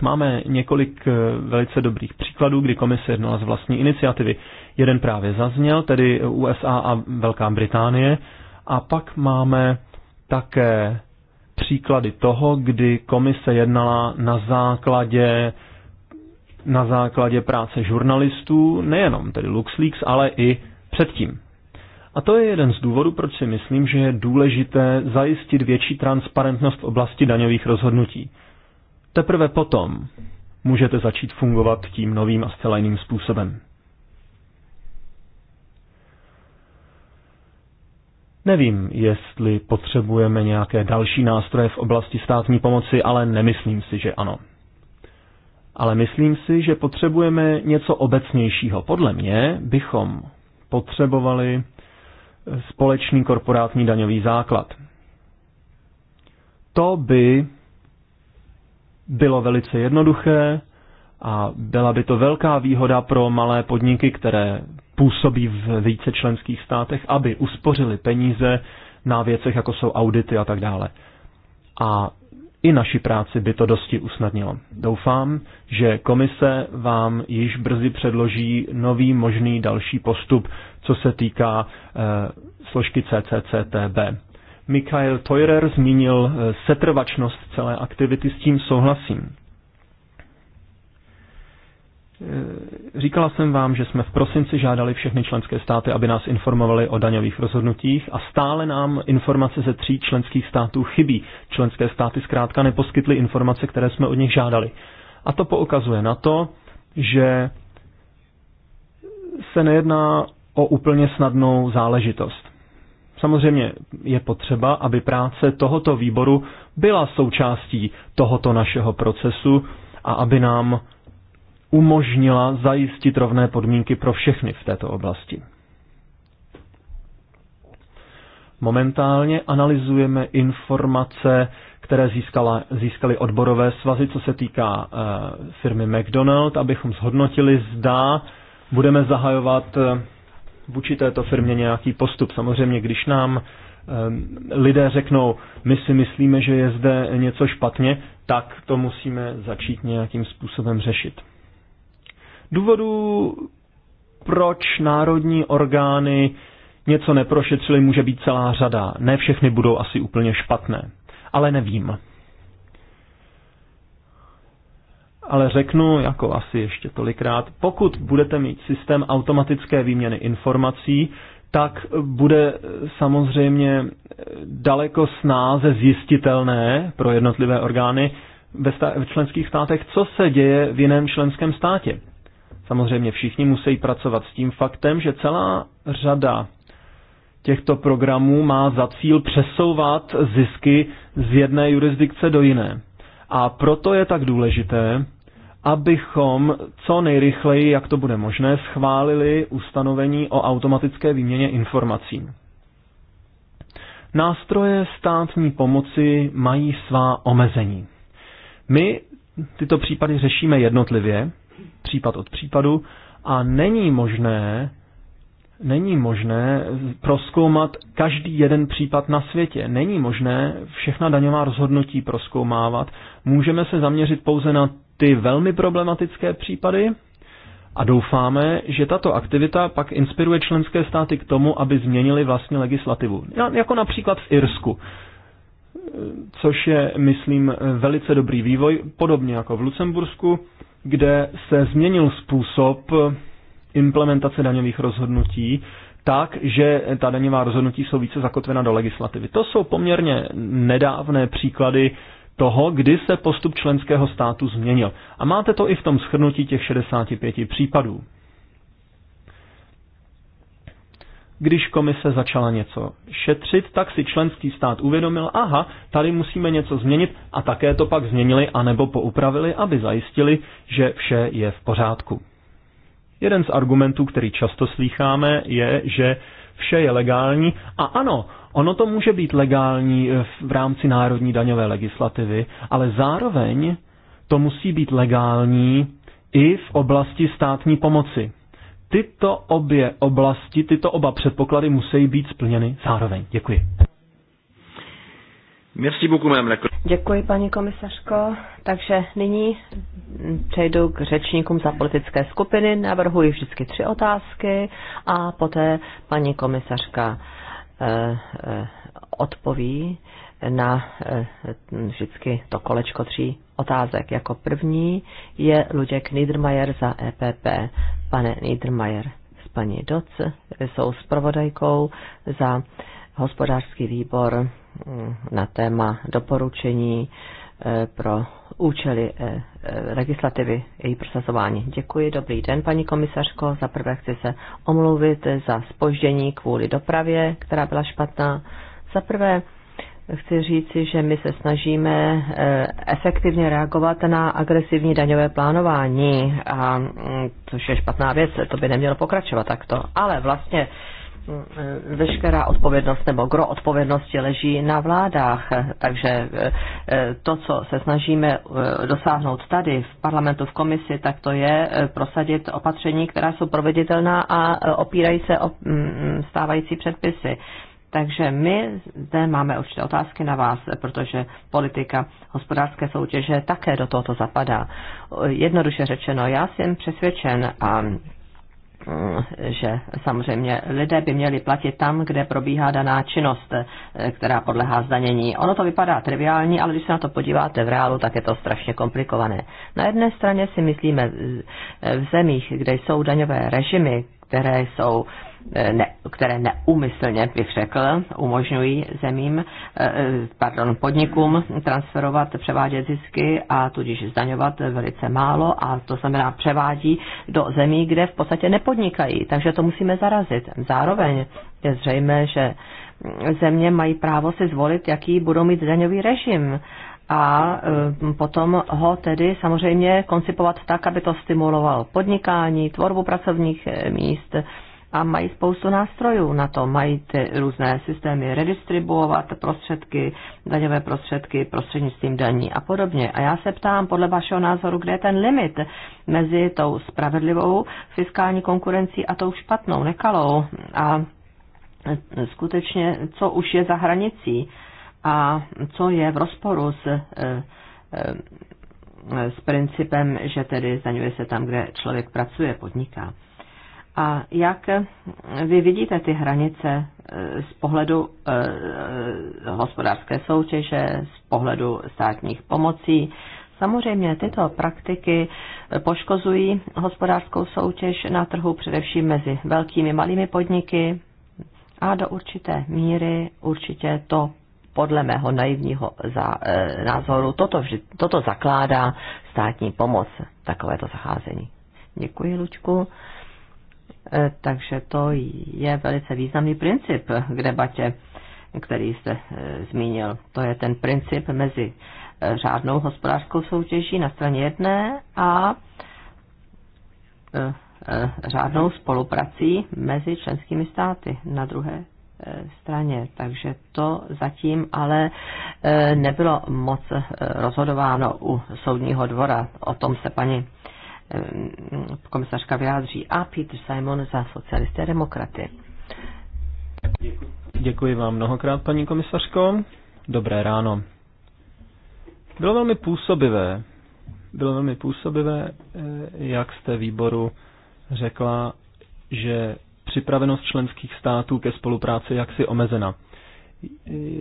Máme několik eh, velice dobrých příkladů, kdy komise jednala z vlastní iniciativy. Jeden právě zazněl, tedy USA a Velká Británie. A pak máme také příklady toho, kdy komise jednala na základě na základě práce žurnalistů, nejenom tedy LuxLeaks, ale i předtím. A to je jeden z důvodů, proč si myslím, že je důležité zajistit větší transparentnost v oblasti daňových rozhodnutí. Teprve potom můžete začít fungovat tím novým a zcela jiným způsobem. Nevím, jestli potřebujeme nějaké další nástroje v oblasti státní pomoci, ale nemyslím si, že ano. Ale myslím si, že potřebujeme něco obecnějšího. Podle mě bychom potřebovali společný korporátní daňový základ. To by bylo velice jednoduché a byla by to velká výhoda pro malé podniky, které působí v více členských státech, aby uspořili peníze na věcech, jako jsou audity a tak dále. A i naši práci by to dosti usnadnilo. Doufám, že komise vám již brzy předloží nový možný další postup, co se týká eh, složky CCCTB. Michael Teurer zmínil eh, setrvačnost celé aktivity, s tím souhlasím. Eh, říkala jsem vám, že jsme v prosinci žádali všechny členské státy, aby nás informovali o daňových rozhodnutích a stále nám informace ze tří členských států chybí. Členské státy zkrátka neposkytly informace, které jsme od nich žádali. A to poukazuje na to, že se nejedná o úplně snadnou záležitost. Samozřejmě je potřeba, aby práce tohoto výboru byla součástí tohoto našeho procesu a aby nám umožnila zajistit rovné podmínky pro všechny v této oblasti. Momentálně analyzujeme informace, které získala, získali odborové svazy, co se týká e, firmy McDonald, abychom zhodnotili, zda budeme zahajovat e, vůči této firmě nějaký postup. Samozřejmě, když nám e, lidé řeknou, my si myslíme, že je zde něco špatně, tak to musíme začít nějakým způsobem řešit. Důvodů, proč národní orgány něco neprošetřili, může být celá řada. Ne všechny budou asi úplně špatné, ale nevím. Ale řeknu, jako asi ještě tolikrát, pokud budete mít systém automatické výměny informací, tak bude samozřejmě daleko snáze zjistitelné pro jednotlivé orgány ve, ve členských státech, co se děje v jiném členském státě. Samozřejmě všichni musí pracovat s tím faktem, že celá řada těchto programů má za cíl přesouvat zisky z jedné jurisdikce do jiné. A proto je tak důležité, abychom co nejrychleji, jak to bude možné, schválili ustanovení o automatické výměně informací. Nástroje státní pomoci mají svá omezení. My tyto případy řešíme jednotlivě, případ od případu a není možné Není možné proskoumat každý jeden případ na světě. Není možné všechna daňová rozhodnutí proskoumávat. Můžeme se zaměřit pouze na ty velmi problematické případy a doufáme, že tato aktivita pak inspiruje členské státy k tomu, aby změnili vlastní legislativu. Jako například v Irsku, což je, myslím, velice dobrý vývoj, podobně jako v Lucembursku kde se změnil způsob implementace daňových rozhodnutí tak, že ta daňová rozhodnutí jsou více zakotvena do legislativy. To jsou poměrně nedávné příklady toho, kdy se postup členského státu změnil. A máte to i v tom schrnutí těch 65 případů. Když komise začala něco šetřit, tak si členský stát uvědomil, aha, tady musíme něco změnit a také to pak změnili anebo poupravili, aby zajistili, že vše je v pořádku. Jeden z argumentů, který často slýcháme, je, že vše je legální a ano, ono to může být legální eh, v rámci národní daňové legislativy, ale zároveň to musí být legální i v oblasti státní pomoci tyto obě oblasti, tyto oba předpoklady musí být splněny zároveň. Děkuji. Merci beaucoup, madame Děkuji, paní komisařko. Takže nyní přejdu k řečníkům za politické skupiny. Navrhuji vždycky tři otázky a poté paní komisařka eh, eh, odpoví na eh, vždycky to kolečko tří otázek. Jako první je Luděk Niedermayer za EPP. Pane Niedermayer s paní Doc jsou zpravodajkou za hospodářský výbor mm, na téma doporučení e, pro účely e, e, legislativy její prosazování. Děkuji, dobrý den, paní komisařko. Za prvé chci se omluvit za spoždění kvůli dopravě, která byla špatná. Za prvé chci říci, že my se snažíme eh, efektivně reagovat na agresivní daňové plánování, a, mm, což je špatná věc, to by nemělo pokračovat takto. Ale vlastně mm, veškerá odpovědnost nebo gro odpovědnosti leží na vládách. Takže eh, eh, to, co se snažíme dosáhnout tady v parlamentu, v komisi, tak to je prosadit opatření, která jsou proveditelná a opírají se o mm, stávající předpisy. Takže my zde máme určité otázky na vás, protože politika hospodářské soutěže také do tohoto zapadá. Jednoduše řečeno, já jsem přesvědčen a mm, že samozřejmě lidé by měli platit tam, kde probíhá daná činnost, eh, která podlehá zdanění. Ono to vypadá triviální, ale když se na to podíváte v reálu, tak je to strašně komplikované. Na jedné straně si myslíme eh, v zemích, kde jsou daňové režimy, které jsou Eh, ne, které neumyslně bych řekl, umožňují zemím, eh, pardon, podnikům transferovat, převádět zisky a tudíž zdaňovat velice málo a to znamená převádí do zemí, kde v podstatě nepodnikají. Takže to musíme zarazit. Zároveň je zřejmé, že země mají právo si zvolit, jaký budou mít daňový režim a eh, potom ho tedy samozřejmě koncipovat tak, aby to stimulovalo podnikání, tvorbu pracovních míst, a mají spoustu nástrojů na to. Mají ty různé systémy redistribuovat prostředky, daňové prostředky prostřednictvím daní a podobně. A já se ptám, podle vašeho názoru, kde je ten limit mezi tou spravedlivou fiskální konkurencí a tou špatnou, nekalou a skutečně, co už je za hranicí a co je v rozporu s eh, eh, s principem, že tedy zdaňuje se tam, kde člověk pracuje, podniká. A jak vy vidíte ty hranice eh, z pohledu eh, hospodářské soutěže, z pohledu státních pomocí? Samozřejmě tyto praktiky eh, poškozují hospodářskou soutěž na trhu především mezi velkými malými podniky a do určité míry určitě to podle mého naivního za, e, názoru toto, vždy, toto zakládá státní pomoc, takovéto zacházení. Děkuji, Lučku. Eh, takže to je velice významný princip k debatě, který jste eh, zmínil. To je ten princip mezi eh, řádnou hospodářskou soutěží na straně jedné a řádnou spoluprací mezi členskými státy na druhé straně. Takže to zatím ale nebylo moc rozhodováno u soudního dvora. O tom se paní Eh, komisařka vyjádří. A Peter Simon za socialisté demokraty. Děkuji. vám mnohokrát, paní komisařko. Dobré ráno. Bylo velmi působivé, bylo velmi působivé, eh, jak jste výboru řekla, že připravenost členských států ke spolupráci je jaksi omezena.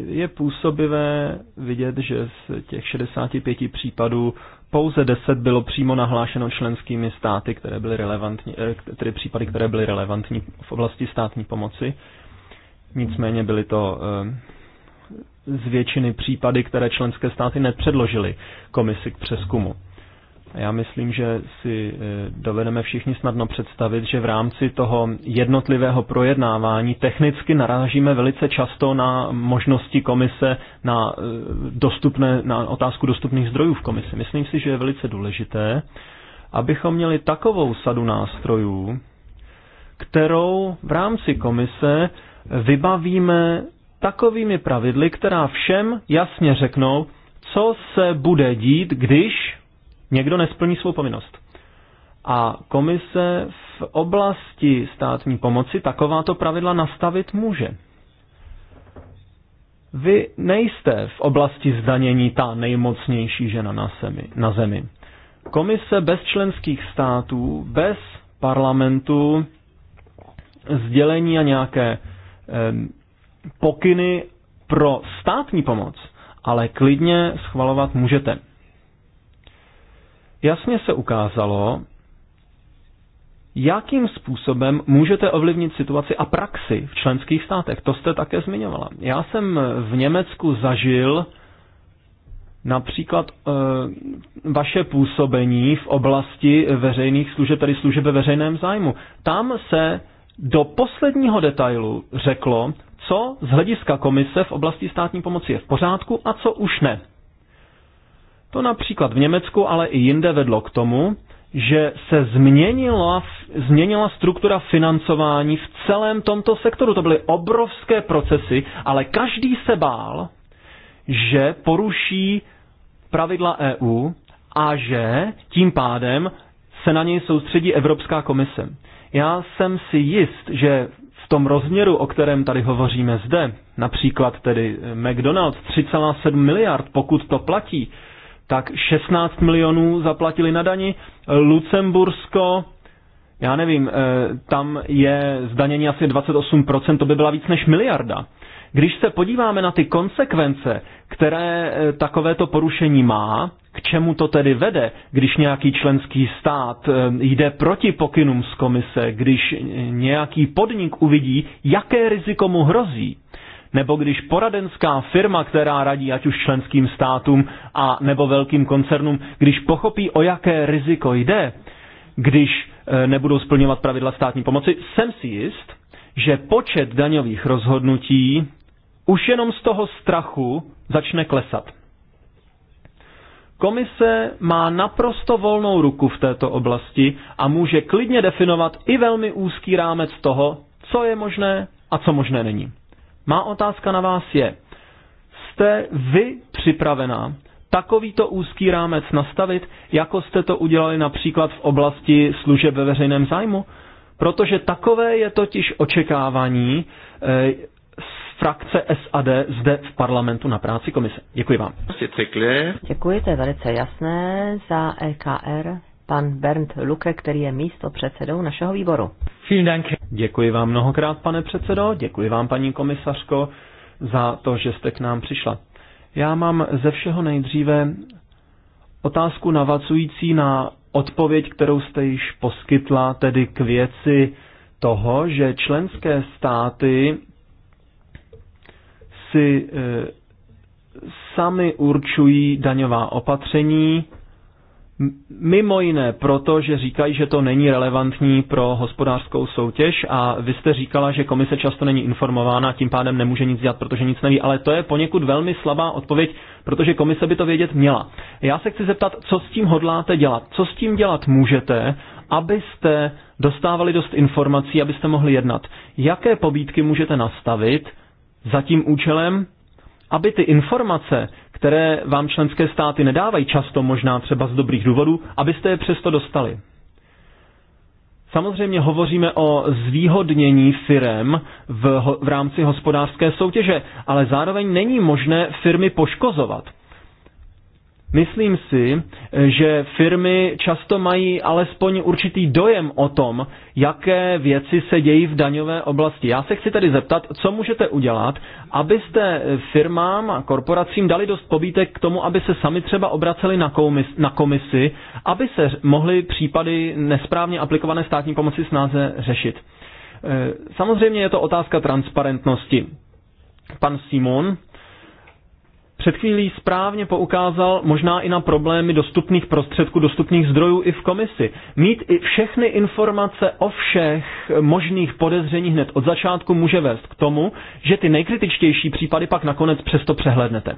Je působivé vidět, že z těch 65 případů pouze deset bylo přímo nahlášeno členskými státy, které byly relevantní, eh, tedy případy, které byly relevantní v oblasti státní pomoci. Nicméně byly to eh, z většiny případy, které členské státy nepředložily komisi k přeskumu. Já myslím, že si eh, dovedeme všichni snadno představit, že v rámci toho jednotlivého projednávání technicky narážíme velice často na možnosti komise, na, eh, dostupné, na otázku dostupných zdrojů v komisi. Myslím si, že je velice důležité, abychom měli takovou sadu nástrojů, kterou v rámci komise vybavíme takovými pravidly, která všem jasně řeknou, co se bude dít, když někdo nesplní svou povinnost. A komise v oblasti státní pomoci takováto pravidla nastavit může. Vy nejste v oblasti zdanění ta nejmocnější žena na, semi, na zemi. Komise bez členských států, bez parlamentu, sdělení a nějaké eh, pokyny pro státní pomoc, ale klidně schvalovat můžete jasně se ukázalo, jakým způsobem můžete ovlivnit situaci a praxi v členských státech. To jste také zmiňovala. Já jsem v Německu zažil například e, vaše působení v oblasti veřejných služeb, tedy služeb ve veřejném zájmu. Tam se do posledního detailu řeklo, co z hlediska komise v oblasti státní pomoci je v pořádku a co už ne. To například v Německu, ale i jinde vedlo k tomu, že se změnila, změnila struktura financování v celém tomto sektoru. To byly obrovské procesy, ale každý se bál, že poruší pravidla EU a že tím pádem se na něj soustředí Evropská komise. Já jsem si jist, že v tom rozměru, o kterém tady hovoříme zde, například tedy McDonald's 3,7 miliard, pokud to platí, tak 16 milionů zaplatili na dani. Lucembursko, já nevím, eh, tam je zdanění asi 28%, to by byla víc než miliarda. Když se podíváme na ty konsekvence, které eh, takovéto porušení má, k čemu to tedy vede, když nějaký členský stát eh, jde proti pokynům z komise, když nějaký podnik uvidí, jaké riziko mu hrozí, nebo když poradenská firma, která radí ať už členským státům a nebo velkým koncernům, když pochopí, o jaké riziko jde, když e, nebudou splňovat pravidla státní pomoci, jsem si jist, že počet daňových rozhodnutí už jenom z toho strachu začne klesat. Komise má naprosto volnou ruku v této oblasti a může klidně definovat i velmi úzký rámec toho, co je možné a co možné není. Má otázka na vás je, jste vy připravená takovýto úzký rámec nastavit, jako jste to udělali například v oblasti služeb ve veřejném zájmu? Protože takové je totiž očekávání eh, z frakce SAD zde v parlamentu na práci komise. Děkuji vám. Děkuji, to je velice jasné za EKR pan Bernd Luke, který je místo předsedou našeho výboru. Děkuji vám mnohokrát, pane předsedo, děkuji vám, paní komisařko, za to, že jste k nám přišla. Já mám ze všeho nejdříve otázku navacující na odpověď, kterou jste již poskytla, tedy k věci toho, že členské státy si e, sami určují daňová opatření, Mimo jiné proto, že říkají, že to není relevantní pro hospodářskou soutěž a vy jste říkala, že komise často není informována, tím pádem nemůže nic dělat, protože nic neví, ale to je poněkud velmi slabá odpověď, protože komise by to vědět měla. Já se chci zeptat, co s tím hodláte dělat, co s tím dělat můžete, abyste dostávali dost informací, abyste mohli jednat. Jaké pobídky můžete nastavit za tím účelem, aby ty informace, které vám členské státy nedávají často, možná třeba z dobrých důvodů, abyste je přesto dostali. Samozřejmě hovoříme o zvýhodnění firem v, v rámci hospodářské soutěže, ale zároveň není možné firmy poškozovat. Myslím si, že firmy často mají alespoň určitý dojem o tom, jaké věci se dějí v daňové oblasti. Já se chci tedy zeptat, co můžete udělat, abyste firmám a korporacím dali dost pobítek k tomu, aby se sami třeba obraceli na, komis, na komisi, aby se mohly případy nesprávně aplikované státní pomoci snáze řešit. E, samozřejmě je to otázka transparentnosti. Pan Simon před chvílí správně poukázal možná i na problémy dostupných prostředků, dostupných zdrojů i v komisi. Mít i všechny informace o všech možných podezření hned od začátku může vést k tomu, že ty nejkritičtější případy pak nakonec přesto přehlednete.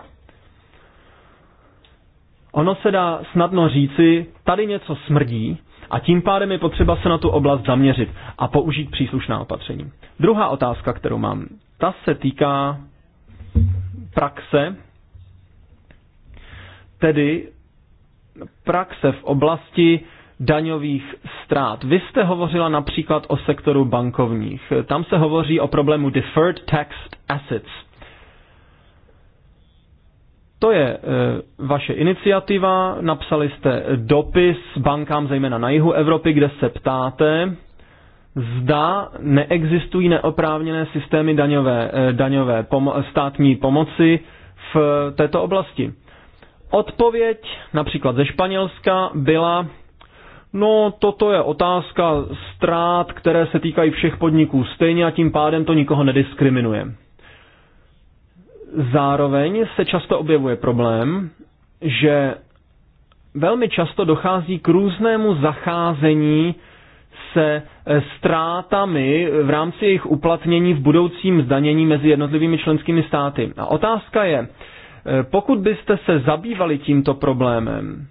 Ono se dá snadno říci, tady něco smrdí a tím pádem je potřeba se na tu oblast zaměřit a použít příslušná opatření. Druhá otázka, kterou mám, ta se týká praxe, tedy praxe v oblasti daňových ztrát. Vy jste hovořila například o sektoru bankovních. Tam se hovoří o problému deferred tax assets. To je e, vaše iniciativa, napsali jste dopis bankám zejména na jihu Evropy, kde se ptáte, zda neexistují neoprávněné systémy daňové, e, daňové pomo- státní pomoci v této oblasti. Odpověď například ze Španělska byla, no toto je otázka ztrát, které se týkají všech podniků stejně a tím pádem to nikoho nediskriminuje. Zároveň se často objevuje problém, že velmi často dochází k různému zacházení se e, ztrátami v rámci jejich uplatnění v budoucím zdanění mezi jednotlivými členskými státy. A otázka je, Eh, pokud byste se zabývali tímto problémem,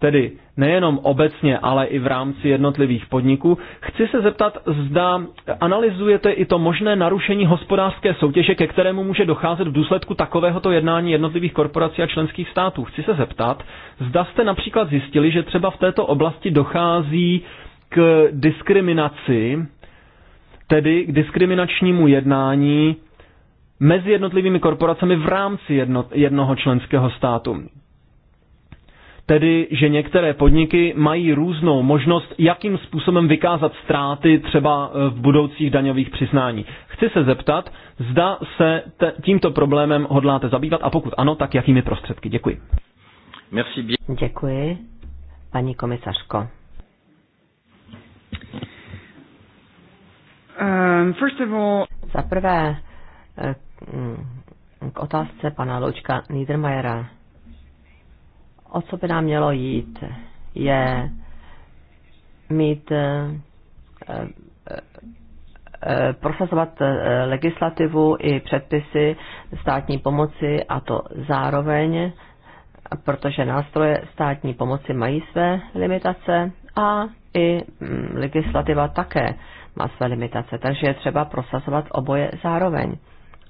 tedy nejenom obecně, ale i v rámci jednotlivých podniků, chci se zeptat, zda analyzujete i to možné narušení hospodářské soutěže, ke kterému může docházet v důsledku takovéhoto jednání jednotlivých korporací a členských států. Chci se zeptat, zda jste například zjistili, že třeba v této oblasti dochází k diskriminaci, tedy k diskriminačnímu jednání mezi jednotlivými korporacemi v rámci jedno, jednoho členského státu. Tedy, že některé podniky mají různou možnost, jakým způsobem vykázat ztráty třeba eh, v budoucích daňových přiznání. Chci se zeptat, zda se tímto problémem hodláte zabývat a pokud ano, tak jakými prostředky. Děkuji. Merci bien. Děkuji, paní komisařko. Um, first of all... Za prvé, eh, Mm, k otázce pana Loučka Niedermayera. O co by nám mělo jít, je mít eh, eh, eh, prosazovat legislativu i předpisy státní pomoci a to zároveň, protože nástroje státní pomoci mají své limitace a i mm, legislativa také má své limitace, takže je třeba prosazovat oboje zároveň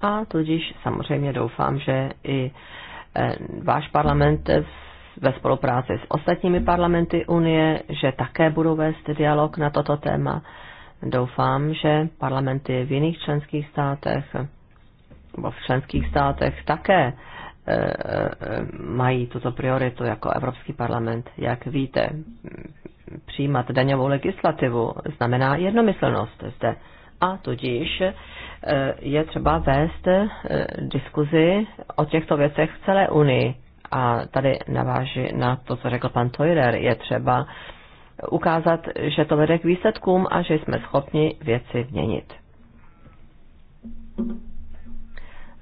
a tudíž samozřejmě doufám, že i e, váš parlament ve spolupráci s ostatními parlamenty Unie, že také budou vést dialog na toto téma. Doufám, že parlamenty v jiných členských státech nebo v členských státech také e, e, mají tuto prioritu jako Evropský parlament. Jak víte, přijímat daňovou legislativu znamená jednomyslnost zde a tudíž eh, je třeba vést eh, diskuzi o těchto věcech v celé Unii. A tady naváží na to, co řekl pan Toirer, je třeba ukázat, že to vede k výsledkům a že jsme schopni věci měnit.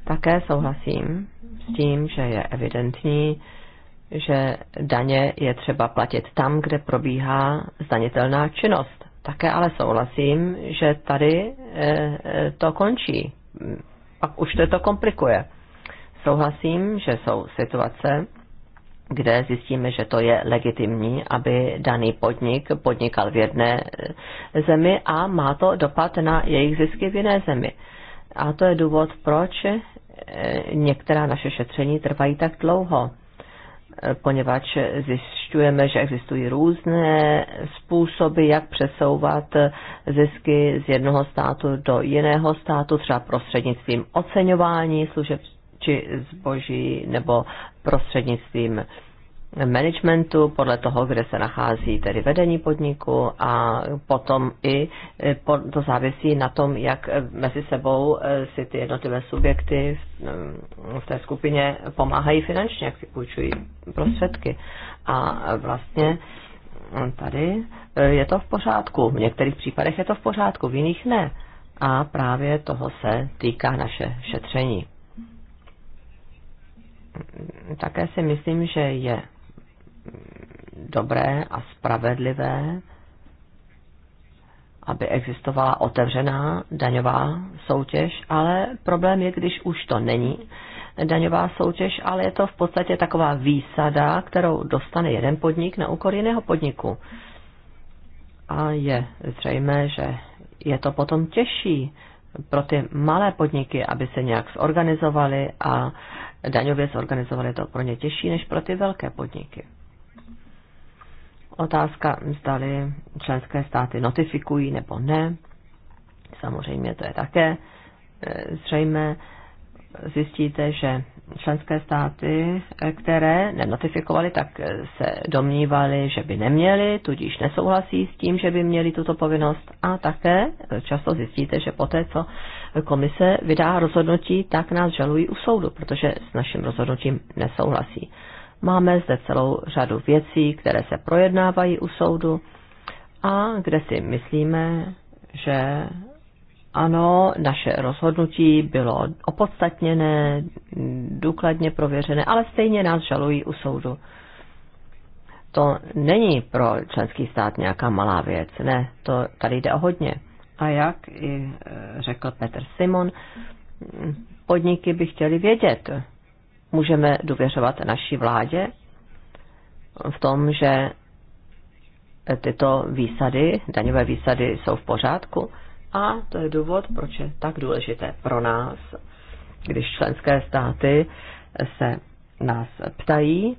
Také souhlasím s tím, že je evidentní, že daně je třeba platit tam, kde probíhá zdanitelná činnost. Také ale souhlasím, že tady e, e, to končí. Pak už to, to komplikuje. Souhlasím, že jsou situace, kde zjistíme, že to je legitimní, aby daný podnik podnikal v jedné e, zemi a má to dopad na jejich zisky v jiné zemi. A to je důvod, proč některá naše šetření trvají tak dlouho poněvadž zjišťujeme, že existují různé způsoby, jak přesouvat zisky z jednoho státu do jiného státu, třeba prostřednictvím oceňování služeb či zboží nebo prostřednictvím managementu, podle toho, kde se nachází tedy vedení podniku a potom i e, to závisí na tom, jak e, mezi sebou e, si ty jednotlivé subjekty v té skupině pomáhají finančně, jak si půjčují prostředky. A vlastně tady je to v pořádku. V některých případech je to v pořádku, v jiných ne. A právě toho se týká naše šetření. Také si myslím, že je dobré a spravedlivé, aby existovala otevřená daňová soutěž, ale problém je, když už to není daňová soutěž, ale je to v podstatě taková výsada, kterou dostane jeden podnik na úkor jiného podniku. A je zřejmé, že je to potom těžší pro ty malé podniky, aby se nějak zorganizovali a daňově zorganizovali to pro ně těžší než pro ty velké podniky. Otázka, zdali členské státy notifikují nebo ne. Samozřejmě to je také e, zřejmé. Zjistíte, že členské státy, e, které nenotifikovaly, tak e, se domnívaly, že by neměly, tudíž nesouhlasí s tím, že by měli tuto povinnost. A také často zjistíte, že poté, co komise vydá rozhodnutí, tak nás žalují u soudu, protože s naším rozhodnutím nesouhlasí. Máme zde celou řadu věcí, které se projednávají u soudu a kde si myslíme, že ano, naše rozhodnutí bylo opodstatněné, důkladně prověřené, ale stejně nás žalují u soudu. To není pro členský stát nějaká malá věc, ne, to tady jde o hodně. A jak i e, řekl Petr Simon, podniky by chtěli vědět, můžeme důvěřovat naší vládě v tom, že tyto výsady, daňové výsady jsou v pořádku a to je důvod, proč je tak důležité pro nás, když členské státy se nás ptají,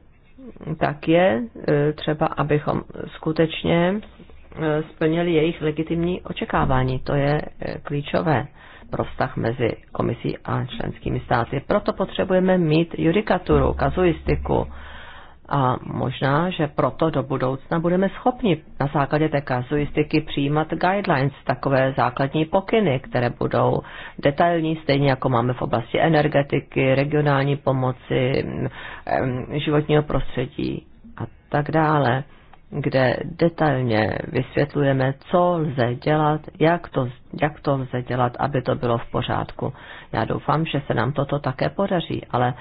tak je e, třeba, abychom skutečně e, splnili jejich legitimní očekávání. To je e, klíčové pro vztah mezi komisí a členskými státy. Proto potřebujeme mít judikaturu, kazuistiku a možná, že proto do budoucna budeme schopni na základě té kazuistiky přijímat guidelines, takové základní pokyny, které budou detailní, stejně jako máme v oblasti energetiky, regionální pomoci, životního prostředí a tak dále kde detailně vysvětlujeme, co lze dělat, jak to, jak to lze dělat, aby to bylo v pořádku. Já doufám, že se nám toto také podaří, ale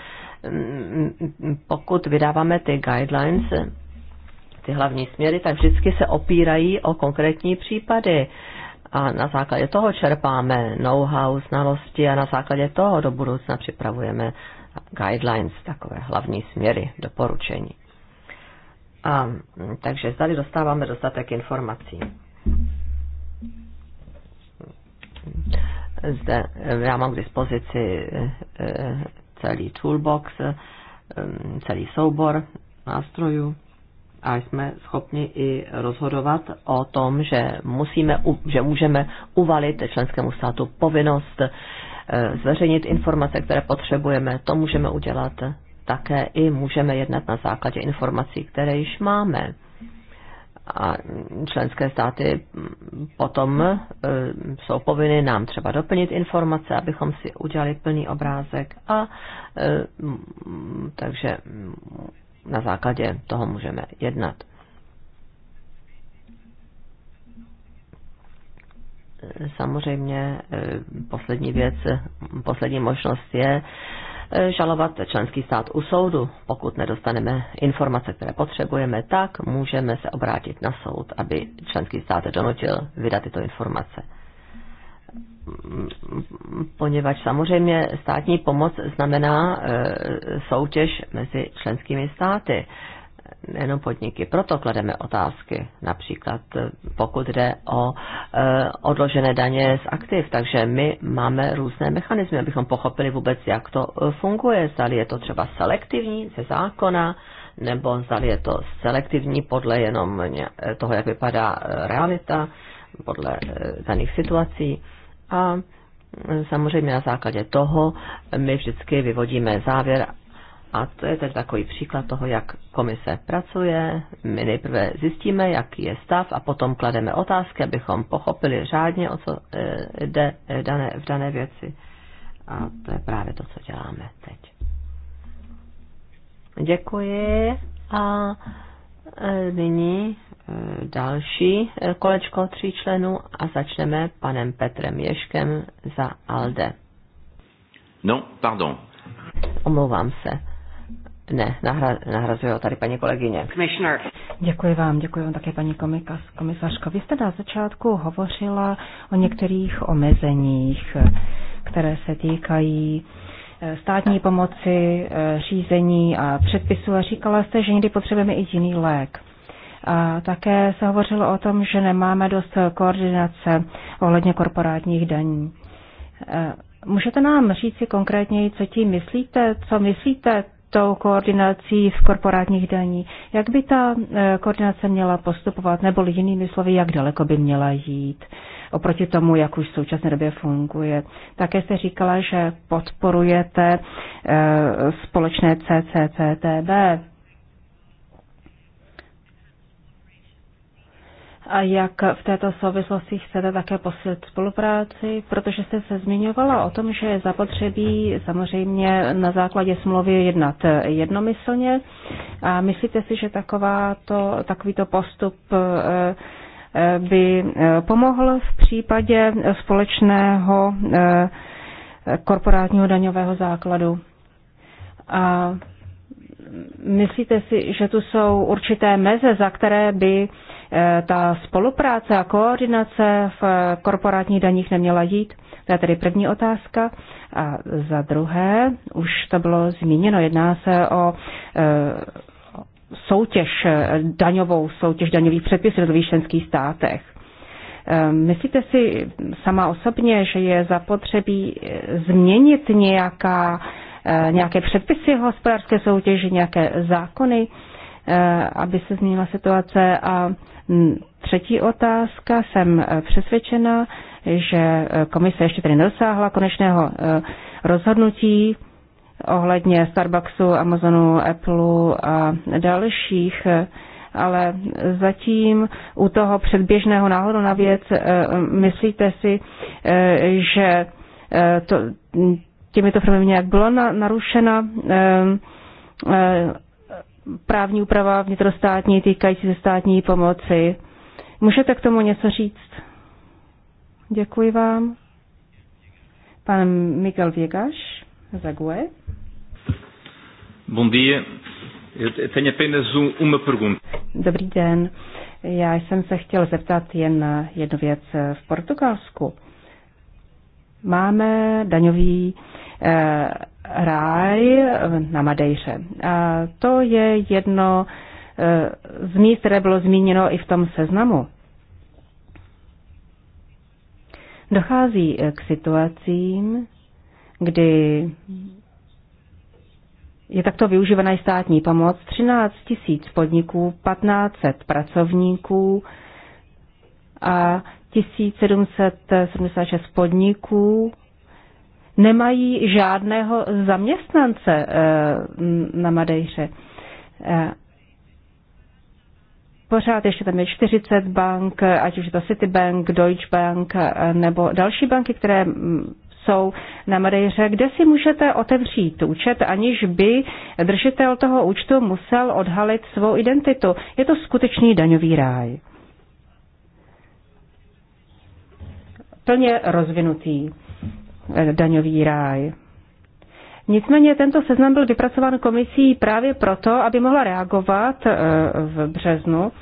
mm, mm, pokud vydáváme ty guidelines, ty hlavní směry, tak vždycky se opírají o konkrétní případy. A na základě toho čerpáme know-how, znalosti a na základě toho do budoucna připravujeme guidelines, takové hlavní směry, doporučení. A, takže tady dostáváme dostatek informací. Zde já mám k dispozici eh, eh, celý toolbox, eh, celý soubor nástrojů a jsme schopni i rozhodovat o tom, že, musíme, že můžeme uvalit členskému státu povinnost zveřejnit informace, které potřebujeme. To můžeme udělat také i můžeme jednat na základě informací, které již máme. A členské státy potom e, jsou povinny nám třeba doplnit informace, abychom si udělali plný obrázek a e, takže na základě toho můžeme jednat. samozřejmě e, poslední věc, poslední možnost je Eh, žalovat členský stát u soudu. Pokud nedostaneme informace, které potřebujeme, tak můžeme se obrátit na soud, aby členský stát donutil vydat tyto informace. Poněvadž samozřejmě státní pomoc znamená eh, soutěž mezi členskými státy nejenom podniky. Proto klademe otázky, například pokud jde o e, odložené daně z aktiv. Takže my máme různé mechanismy, abychom pochopili vůbec, jak to e, funguje. Zdali je to třeba selektivní ze zákona, nebo zdali je to selektivní podle jenom e, toho, jak vypadá e, realita, podle daných situací. A samozřejmě na základě toho my vždycky vyvodíme závěr a to je tedy takový příklad toho, jak komise pracuje. My nejprve zjistíme, jaký je stav a potom klademe otázky, abychom pochopili řádně, o co eh, jde eh, dané, v dané věci. A to je právě to, co děláme teď. Děkuji a eh, nyní další kolečko tří členů a začneme panem Petrem Ješkem za ALDE. No, pardon. Omlouvám se. Ne, nahra, nahrazuje ho tady paní kolegyně. Commissioner. Děkuji vám, děkuji vám také paní komika, komisařko. Vy jste na začátku hovořila o některých omezeních, které se týkají eh, státní pomoci, eh, řízení a předpisu a říkala jste, že někdy potřebujeme i jiný lék. A také se hovořilo o tom, že nemáme dost koordinace ohledně korporátních daní. Eh, můžete nám říct si konkrétněji, co tím myslíte, co myslíte tou koordinací v korporátních daní. Jak by ta e, koordinace měla postupovat, nebo jinými slovy, jak daleko by měla jít oproti tomu, jak už v současné době funguje? Také jste říkala, že podporujete e, společné CCCTB. a jak v této souvislosti chcete také posílit spolupráci, protože jste se zmiňovala o tom, že je zapotřebí samozřejmě na základě smlouvy jednat jednomyslně. A myslíte si, že to, takovýto postup eh, eh, by eh, pomohl v případě společného korporátního daňového základu? A myslíte si, že tu jsou určité meze, za které by Eh, ta spolupráce a koordinace v eh, korporátních daních neměla jít? To je tedy první otázka. A za druhé, už to bylo zmíněno, jedná se o eh, soutěž daňovou, soutěž daňových předpisů v jednotlivých členských státech. Myslíte si sama osobně, že je zapotřebí změnit nějaká, nějaké předpisy hospodářské soutěže, nějaké zákony, aby se změnila situace a Třetí otázka. Jsem e, přesvědčena, že e, komise ještě tedy nedosáhla konečného e, rozhodnutí ohledně Starbucksu, Amazonu, Apple a dalších, ale zatím u toho předběžného náhodu na věc myslíte si, že to, těmito firmy nějak bylo narušena právní úprava vnitrostátní týkající se státní pomoci. Můžete k tomu něco říct? Děkuji vám. Pan Miguel Viegas, Zague. Bom dia. Eu tenho apenas um, uma pergunta. Dobrý den. Já jsem se chtěl zeptat jen na jednu věc. V Portugalsku máme daňový eh, ráj na Madejře. A to je jedno eh, z míst, které bylo zmíněno i v tom seznamu. Dochází eh, k situacím, kdy je takto využívaná i státní pomoc 13 tisíc podniků, 1500 pracovníků a 1776 podniků nemají žádného zaměstnance eh, na Madejře. Eh, pořád ještě tam je 40 bank, ať už je to Citibank, Deutsche Bank eh, nebo další banky, které mm, jsou na Madejře, kde si můžete otevřít účet, aniž by držitel toho účtu musel odhalit svou identitu. Je to skutečný daňový ráj. Plně rozvinutý. Eh, daňový ráj. Nicméně tento seznam byl vypracován komisí právě proto, aby mohla reagovat eh, v březnu,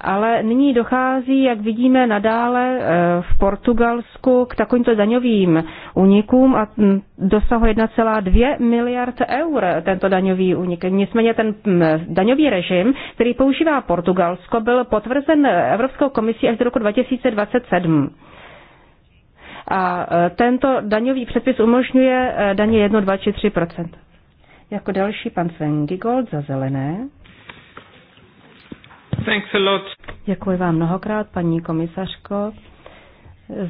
ale nyní dochází, jak vidíme nadále eh, v Portugalsku, k takovýmto daňovým únikům a mm, dosahuje 1,2 miliard eur tento daňový únik. Nicméně ten mm, daňový režim, který používá Portugalsko, byl potvrzen Evropskou komisí až do roku 2027. A e, tento daňový předpis umožňuje e, daně 1, 2 či 3 Jako další pan Gigold za zelené. Thanks a lot. Děkuji vám mnohokrát, paní komisařko,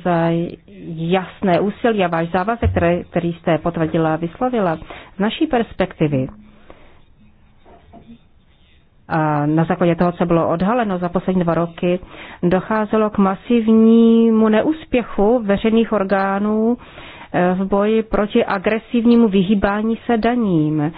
za jasné úsilí a váš závazek, který, který jste potvrdila a vyslovila. Z naší perspektivy a na základě toho, co bylo odhaleno za poslední dva roky, docházelo k masivnímu neúspěchu veřejných orgánů eh, v boji proti agresivnímu vyhýbání se daním.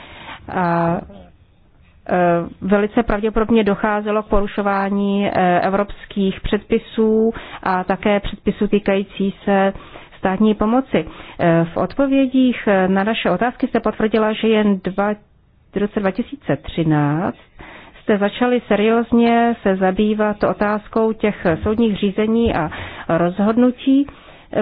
A eh, velice pravděpodobně docházelo k porušování eh, evropských předpisů a také předpisů týkající se státní pomoci. V odpovědích na naše otázky se potvrdila, že jen dva, v roce 2013 jste začali seriózně se zabývat otázkou těch soudních řízení a rozhodnutí,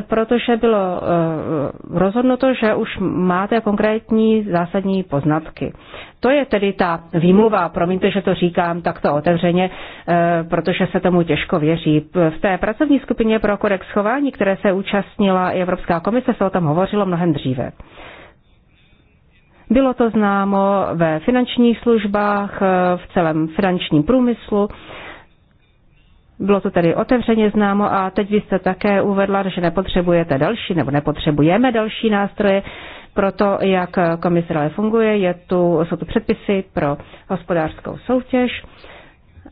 protože bylo eh, rozhodnuto, že už máte konkrétní zásadní poznatky. To je tedy ta výmluva, promiňte, že to říkám takto otevřeně, eh, protože se tomu těžko věří. V té pracovní skupině pro kodex chování, které se účastnila i Evropská komise, se o tom hovořilo mnohem dříve. Bylo to známo ve finančních službách, eh, v celém finančním průmyslu. Bylo to tedy otevřeně známo a teď vy jste také uvedla, že nepotřebujete další nebo nepotřebujeme další nástroje pro to, jak komise funguje. Je tu, jsou tu předpisy pro hospodářskou soutěž.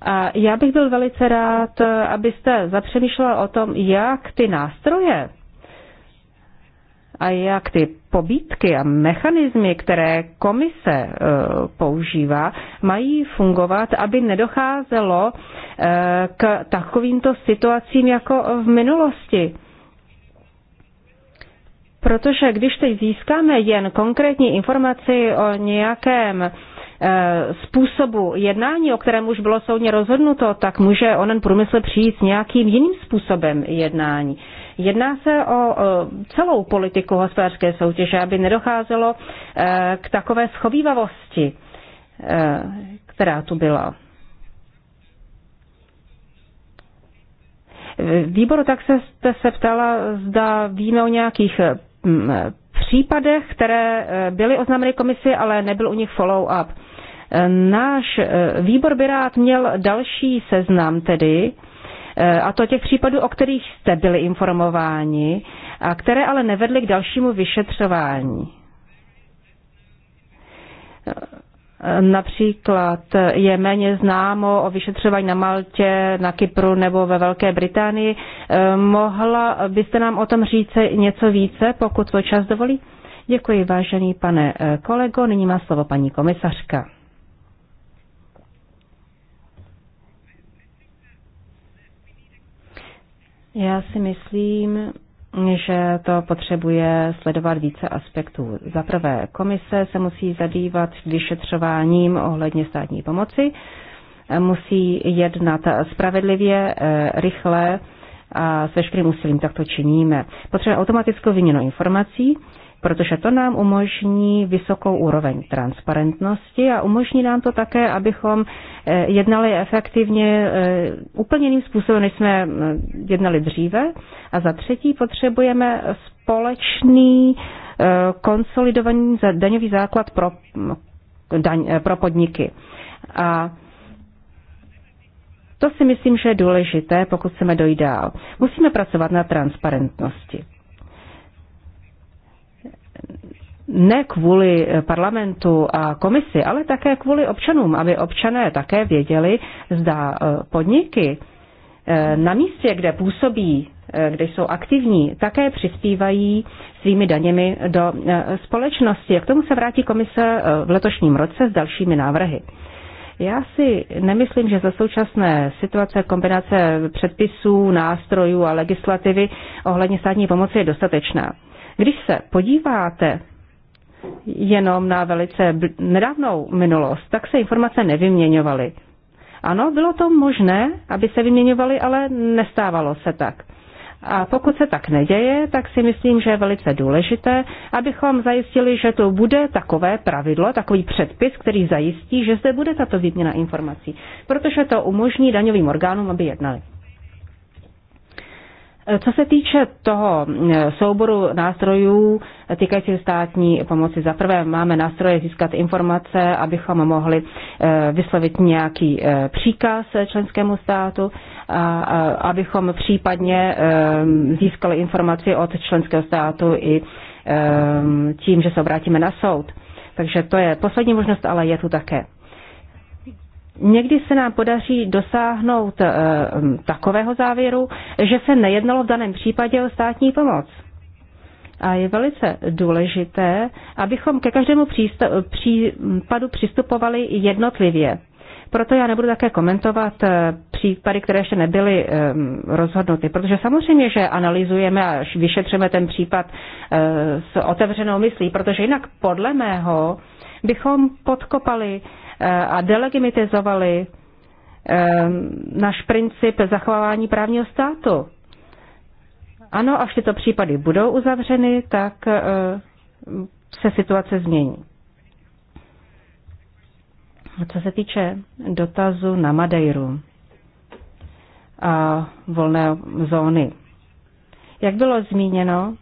A já bych byl velice rád, eh, abyste zapřemýšlela o tom, jak ty nástroje, a jak ty pobítky a mechanismy, které komise e, používá, mají fungovat, aby nedocházelo e, k takovýmto situacím jako v minulosti. Protože když teď získáme jen konkrétní informaci o nějakém e, způsobu jednání, o kterém už bylo soudně rozhodnuto, tak může onen průmysl přijít s nějakým jiným způsobem jednání. Jedná se o celou politiku hospodářské soutěže, aby nedocházelo e, k takové schovývavosti, e, která tu byla. Výboru, tak se, jste se ptala, zda víme o nějakých mm, případech, které e, byly oznámeny komisi, ale nebyl u nich follow-up. Náš výbor by rád měl další seznam tedy E, a to těch případů, o kterých jste byli informováni, a které ale nevedly k dalšímu vyšetřování. E, například je méně známo o vyšetřování na Maltě, na Kypru nebo ve Velké Británii. E, mohla byste nám o tom říct něco více, pokud to čas dovolí? Děkuji, vážený pane kolego. Nyní má slovo paní komisařka. Já si myslím, že to potřebuje sledovat více aspektů. Za prvé, komise se musí zabývat vyšetřováním ohledně státní pomoci, musí jednat spravedlivě, eh, rychle a s veškerým úsilím takto činíme. Potřebuje automatickou výměnu informací, protože to nám umožní vysokou úroveň transparentnosti a umožní nám to také, abychom eh, jednali efektivně eh, úplně jiným způsobem, než jsme eh, jednali dříve. A za třetí potřebujeme společný konsolidovaný daňový základ pro, mm, daň, pro podniky. A to si myslím, že je důležité, pokud chceme dojít dál. Musíme pracovat na transparentnosti ne kvůli parlamentu a komisi, ale také kvůli občanům, aby občané také věděli, zda e, podniky e, na místě, kde působí, e, kde jsou aktivní, také přispívají svými daněmi do společnosti. K tomu se vrátí komise v letošním roce s dalšími návrhy. Já si nemyslím, že za současné situace kombinace předpisů, nástrojů a legislativy ohledně státní pomoci je dostatečná. Když se podíváte jenom na velice nedávnou minulost, tak se informace nevyměňovaly. Ano, bylo to možné, aby se vyměňovaly, ale nestávalo se tak. A pokud se tak neděje, tak si myslím, že je velice důležité, abychom zajistili, že to bude takové pravidlo, takový předpis, který zajistí, že zde bude tato výměna informací, protože to umožní daňovým orgánům, aby jednali. Eh, co se týče toho eh, souboru nástrojů eh, týkající státní pomoci, za prvé máme nástroje získat informace, abychom mohli vyslovit nějaký příkaz členskému státu, a abychom případně získali informaci od členského státu i tím, že se obrátíme na soud. Takže to je poslední možnost, ale je tu také. Někdy se nám podaří dosáhnout e, takového závěru, že se nejednalo v daném případě o státní pomoc. A je velice důležité, abychom ke každému případu přistupovali jednotlivě. Proto já nebudu také komentovat eh, případy, které ještě nebyly eh, rozhodnuty, protože samozřejmě, že analyzujeme a vyšetřeme ten případ s otevřenou myslí, protože jinak podle mého bychom podkopali Eh, a delegitimizovali eh, náš princip zachování právního státu. Ano, až tyto případy budou uzavřeny, tak eh, se situace změní. Co se týče dotazu na Madeiru a volné zóny. Jak bylo zmíněno,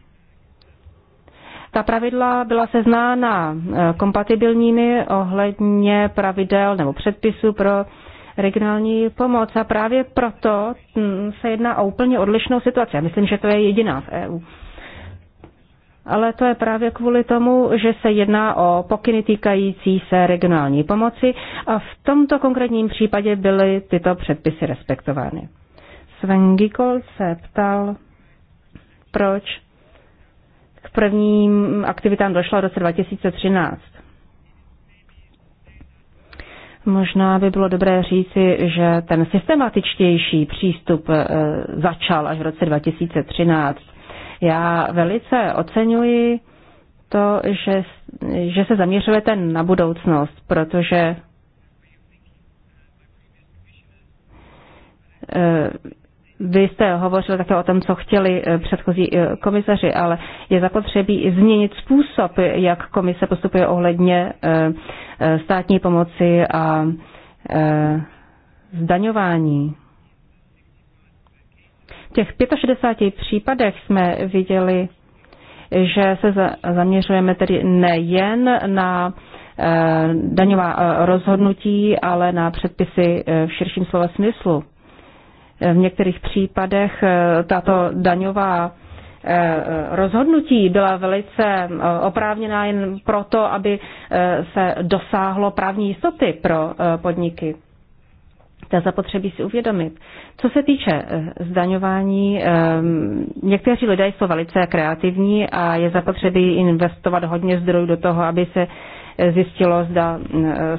ta pravidla byla seznána eh, kompatibilními ohledně pravidel nebo předpisů pro regionální pomoc a právě proto hm, se jedná o úplně odlišnou situaci. Já myslím, že to je jediná v EU. Ale to je právě kvůli tomu, že se jedná o pokyny týkající se regionální pomoci a v tomto konkrétním případě byly tyto předpisy respektovány. Sven Gikol se ptal, proč prvním aktivitám došlo v roce 2013. Možná by bylo dobré říci, že ten systematičtější přístup eh, začal až v roce 2013. Já velice oceňuji to, že, že se zaměřujete na budoucnost, protože eh, vy jste hovořil také o tom, co chtěli eh, předchozí eh, komisaři, ale je zapotřebí změnit způsob, jak komise postupuje ohledně eh, státní pomoci a zdaňování. V těch 65 případech jsme viděli, že se zaměřujeme tedy nejen na daňová rozhodnutí, ale na předpisy v širším slova smyslu. V některých případech eh, tato daňová eh, rozhodnutí byla velice eh, oprávněná jen proto, aby se dosáhlo právní jistoty pro podniky. To zapotřebí si uvědomit. Co se týče zdaňování, někteří lidé jsou velice kreativní a je zapotřebí investovat hodně zdrojů do toho, aby se zjistilo, zda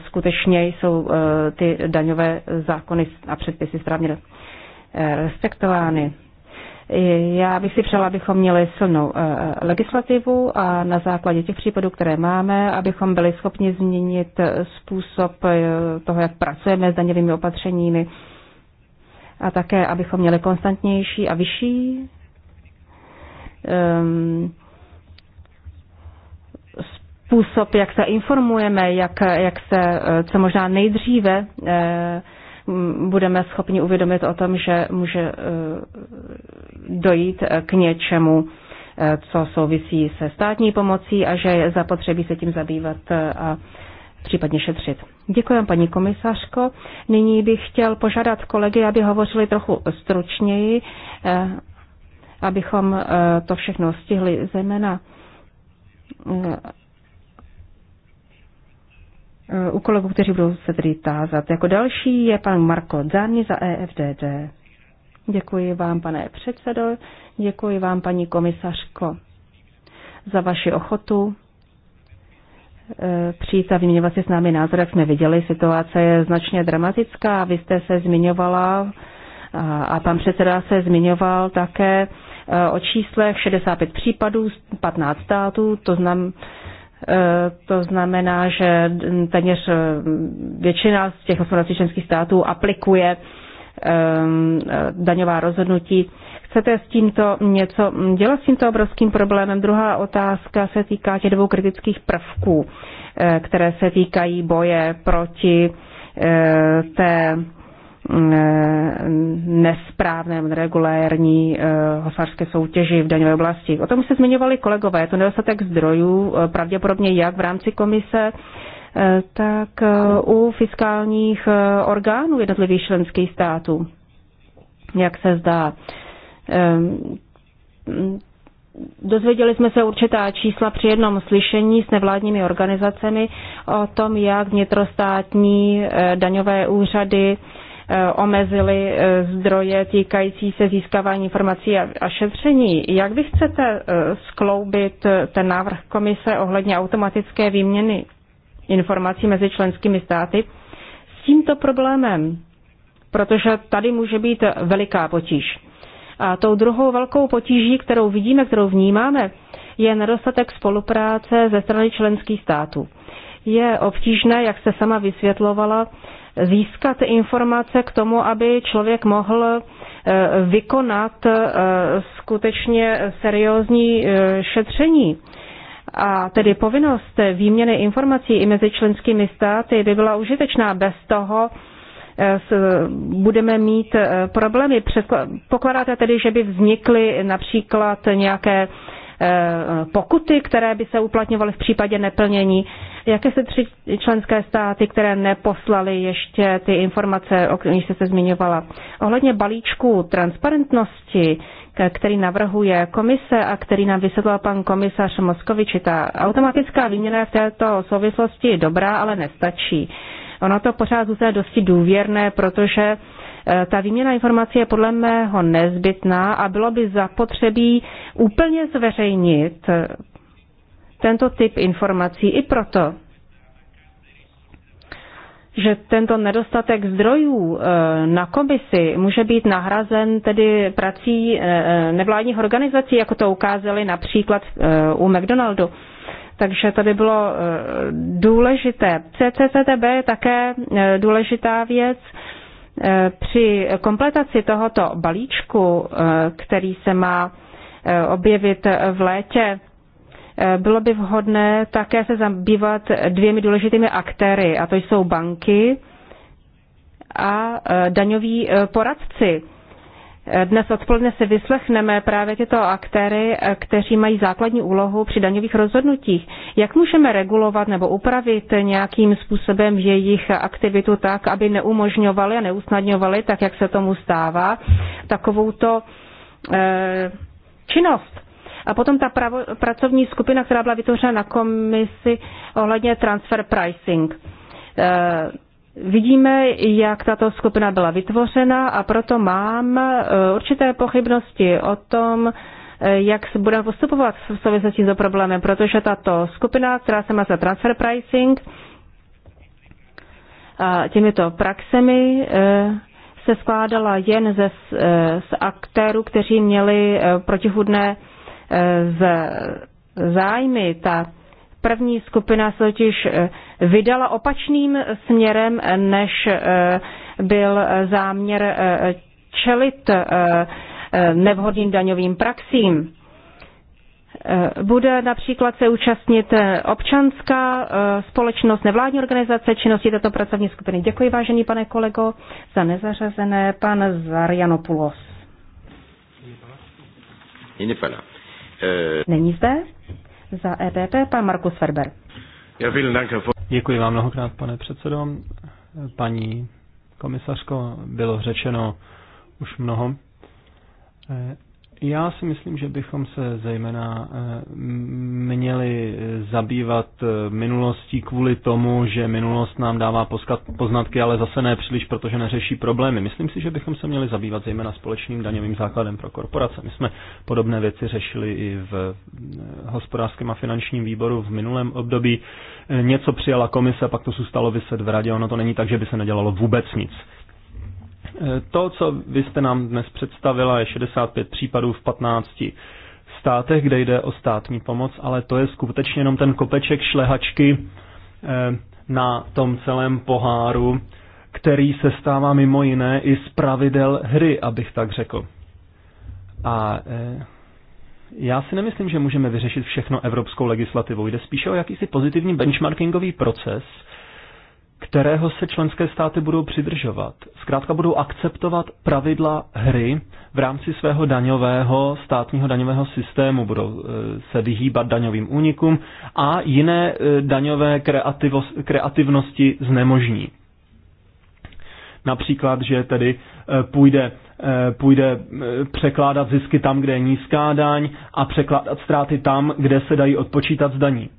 skutečně jsou ty daňové zákony a předpisy správně Eh, respektovány. Já bych si přála, abychom měli silnou eh, legislativu a na základě těch případů, které máme, abychom byli schopni změnit eh, způsob toho, jak pracujeme s daněvými opatřeními a také, abychom měli konstantnější a vyšší um, způsob, jak se informujeme, jak, jak se co možná nejdříve budeme schopni uvědomit o tom, že může eh, dojít eh, k něčemu, eh, co souvisí se státní pomocí a že je zapotřebí se tím zabývat a případně šetřit. Děkuji, paní komisařko. Nyní bych chtěl požádat kolegy, aby hovořili trochu stručněji, abychom to všechno stihli, zejména u kolegů, kteří budou se tedy tázat. Jako další je pan Marko Dzani za EFDD. Děkuji vám, pane předsedo, děkuji vám, paní komisařko, za vaši ochotu eh, přijít a vyměňovat si s námi názor, jak jsme viděli, situace je značně dramatická. Vy jste se zmiňovala a pan předseda se zmiňoval také eh, o číslech 65 případů, 15 států, to znamená, Eh, to znamená, že téměř eh, většina z těch 18 členských států aplikuje ehm, eh, daňová rozhodnutí. Chcete s tímto něco dělat s tímto obrovským problémem? Druhá otázka se týká těch dvou kritických prvků, které se týkají boje proti té nesprávné, regulérní eh, hospodářské soutěži v daňové oblasti. O tom se zmiňovali kolegové, je to nedostatek zdrojů, eh, pravděpodobně jak v rámci komise, eh, tak u fiskálních orgánů jednotlivých členských států, jak se zdá. Dozvěděli jsme se určitá čísla při jednom slyšení s nevládními organizacemi o tom, jak vnitrostátní daňové úřady Eh, omezili eh, zdroje týkající se získávání informací a šetření. Jak vy chcete eh, skloubit ten návrh komise ohledně automatické výměny informací mezi členskými státy s tímto problémem? Protože tady může být veliká potíž. A tou druhou velkou potíží, kterou vidíme, kterou vnímáme, je nedostatek spolupráce ze strany členských států je obtížné, jak se sama vysvětlovala, získat informace k tomu, aby člověk mohl eh, vykonat eh, skutečně seriózní eh, šetření. A tedy povinnost výměny informací i mezi členskými státy by byla užitečná. Bez toho budeme mít problémy. Pokládáte tedy, že by vznikly například nějaké pokuty, které by se uplatňovaly v případě neplnění Jaké jsou tři členské státy, které neposlaly ještě ty informace, o kterých jste se zmiňovala? Ohledně balíčku transparentnosti, který navrhuje komise a který nám vysvětlil pan komisař Moskoviči, ta automatická výměna v této souvislosti je dobrá, ale nestačí. Ono to pořád zůstane dosti důvěrné, protože eh, ta výměna informací je podle mého nezbytná a bylo by zapotřebí úplně zveřejnit tento typ informací. I proto, že tento nedostatek zdrojů e, na komisi může být nahrazen tedy prací e, e, nevládních organizací, jako to ukázali například u McDonaldu. Takže to by bylo důležité. CCCTB je také důležitá věc. Při kompletaci tohoto balíčku, který se má objevit v létě, Eh, bylo by vhodné také se zabývat dvěmi důležitými aktéry, a to jsou banky a eh, daňoví eh, poradci. Dnes odpoledne si vyslechneme právě tyto aktéry, kteří mají základní úlohu při daňových rozhodnutích. Jak můžeme regulovat nebo upravit nějakým způsobem jejich aktivitu tak, aby neumožňovali a neusnadňovali, tak jak se tomu stává, takovouto e, činnost? A potom ta pravo, pracovní skupina, která byla vytvořena na komisi ohledně transfer pricing. E, vidíme, jak tato skupina byla vytvořena a proto mám e, určité pochybnosti o tom, e, jak se budeme postupovat v souvislosti s tímto problémem, protože tato skupina, která se má za transfer pricing, a těmito praxemi e, se skládala jen ze, z aktérů, kteří měli protihudné z zájmy. Ta první skupina se totiž eh, vydala opačným směrem, než eh, byl záměr eh, čelit nevhodným daňovým praxím. Bude například se účastnit občanská společnost, nevládní organizace, činnosti této pracovní skupiny. Děkuji, vážený pane kolego, za nezařazené pan Zarianopoulos. Jiný pana. Eh, Není zde? Za EPP pan Markus Ferber. Děkuji vám mnohokrát, pane předsedo. Paní komisařko, bylo řečeno už mnoho. Eh, já si myslím, že bychom se zejména eh, měli eh, zabývat eh, minulostí kvůli tomu, že minulost nám dává poznatky, ale zase ne příliš, protože neřeší problémy. Myslím si, že bychom se měli zabývat zejména společným daňovým základem pro korporace. My jsme podobné věci řešili i v hospodářském a finančním výboru v minulém období. Něco přijala komise, pak to zůstalo vyset v radě. Ono to není tak, že by se nedělalo vůbec nic. To, co vy jste nám dnes představila, je 65 případů v 15 státech, kde jde o státní pomoc, ale to je skutečně jenom ten kopeček šlehačky eh, na tom celém poháru, který se stává mimo jiné i z pravidel hry, abych tak řekl. A eh, já si nemyslím, že můžeme vyřešit všechno evropskou legislativou. Jde spíše o jakýsi pozitivní benchmarkingový proces, kterého se členské státy budou přidržovat. Zkrátka budou akceptovat pravidla hry v rámci svého daňového, státního daňového systému, budou e, se vyhýbat daňovým únikům a jiné e, daňové kreativnosti znemožní. Například, že tedy e, půjde, půjde překládat zisky tam, kde je nízká daň a překládat ztráty tam, kde se dají odpočítat z daní.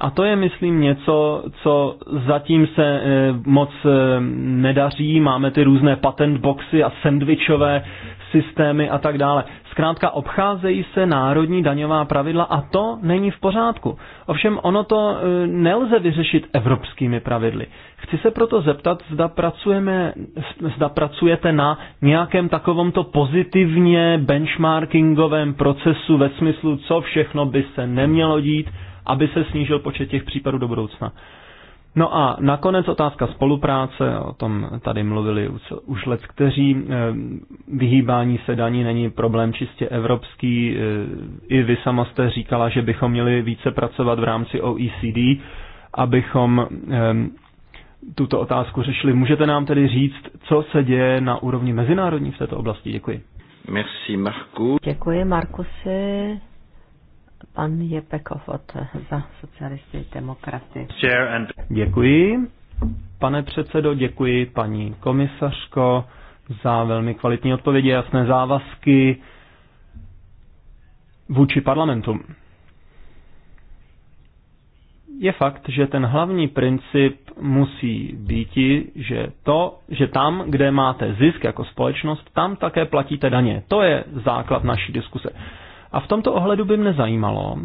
A to je, myslím, něco, co zatím se eh, moc eh, nedaří. Máme ty různé patent boxy a sandvičové systémy a tak dále. Zkrátka obcházejí se národní daňová pravidla a to není v pořádku. Ovšem ono to eh, nelze vyřešit evropskými pravidly. Chci se proto zeptat, zda, pracujeme, zda pracujete na nějakém takovomto pozitivně benchmarkingovém procesu ve smyslu, co všechno by se nemělo dít, aby se snížil počet těch případů do budoucna. No a nakonec otázka spolupráce, o tom tady mluvili už let, kteří eh, vyhýbání se daní není problém čistě evropský. Eh, I vy sama jste říkala, že bychom měli více pracovat v rámci OECD, abychom eh, tuto otázku řešili. Můžete nám tedy říct, co se děje na úrovni mezinárodní v této oblasti? Děkuji. Merci, Marku. Děkuji, Markusy. Pan Jepekov od za socialisty demokraty. Děkuji. Pane předsedo, děkuji paní komisařko za velmi kvalitní odpovědi, jasné závazky vůči parlamentu. Je fakt, že ten hlavní princip musí být, že to, že tam, kde máte zisk jako společnost, tam také platíte daně. To je základ naší diskuse. A v tomto ohledu by mě zajímalo,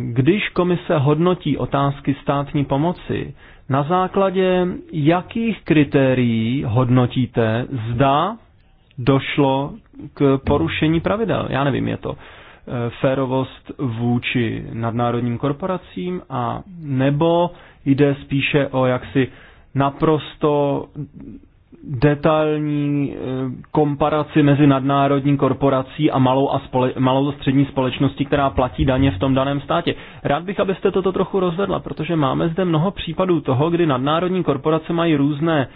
když komise hodnotí otázky státní pomoci, na základě jakých kritérií hodnotíte, zda došlo k porušení pravidel? Já nevím, je to eh, férovost vůči nadnárodním korporacím a nebo jde spíše o jaksi naprosto detailní eh, komparaci mezi nadnárodní korporací a malou a spole, malou střední společností, která platí daně v tom daném státě. Rád bych, abyste toto trochu rozvedla, protože máme zde mnoho případů toho, kdy nadnárodní korporace mají různé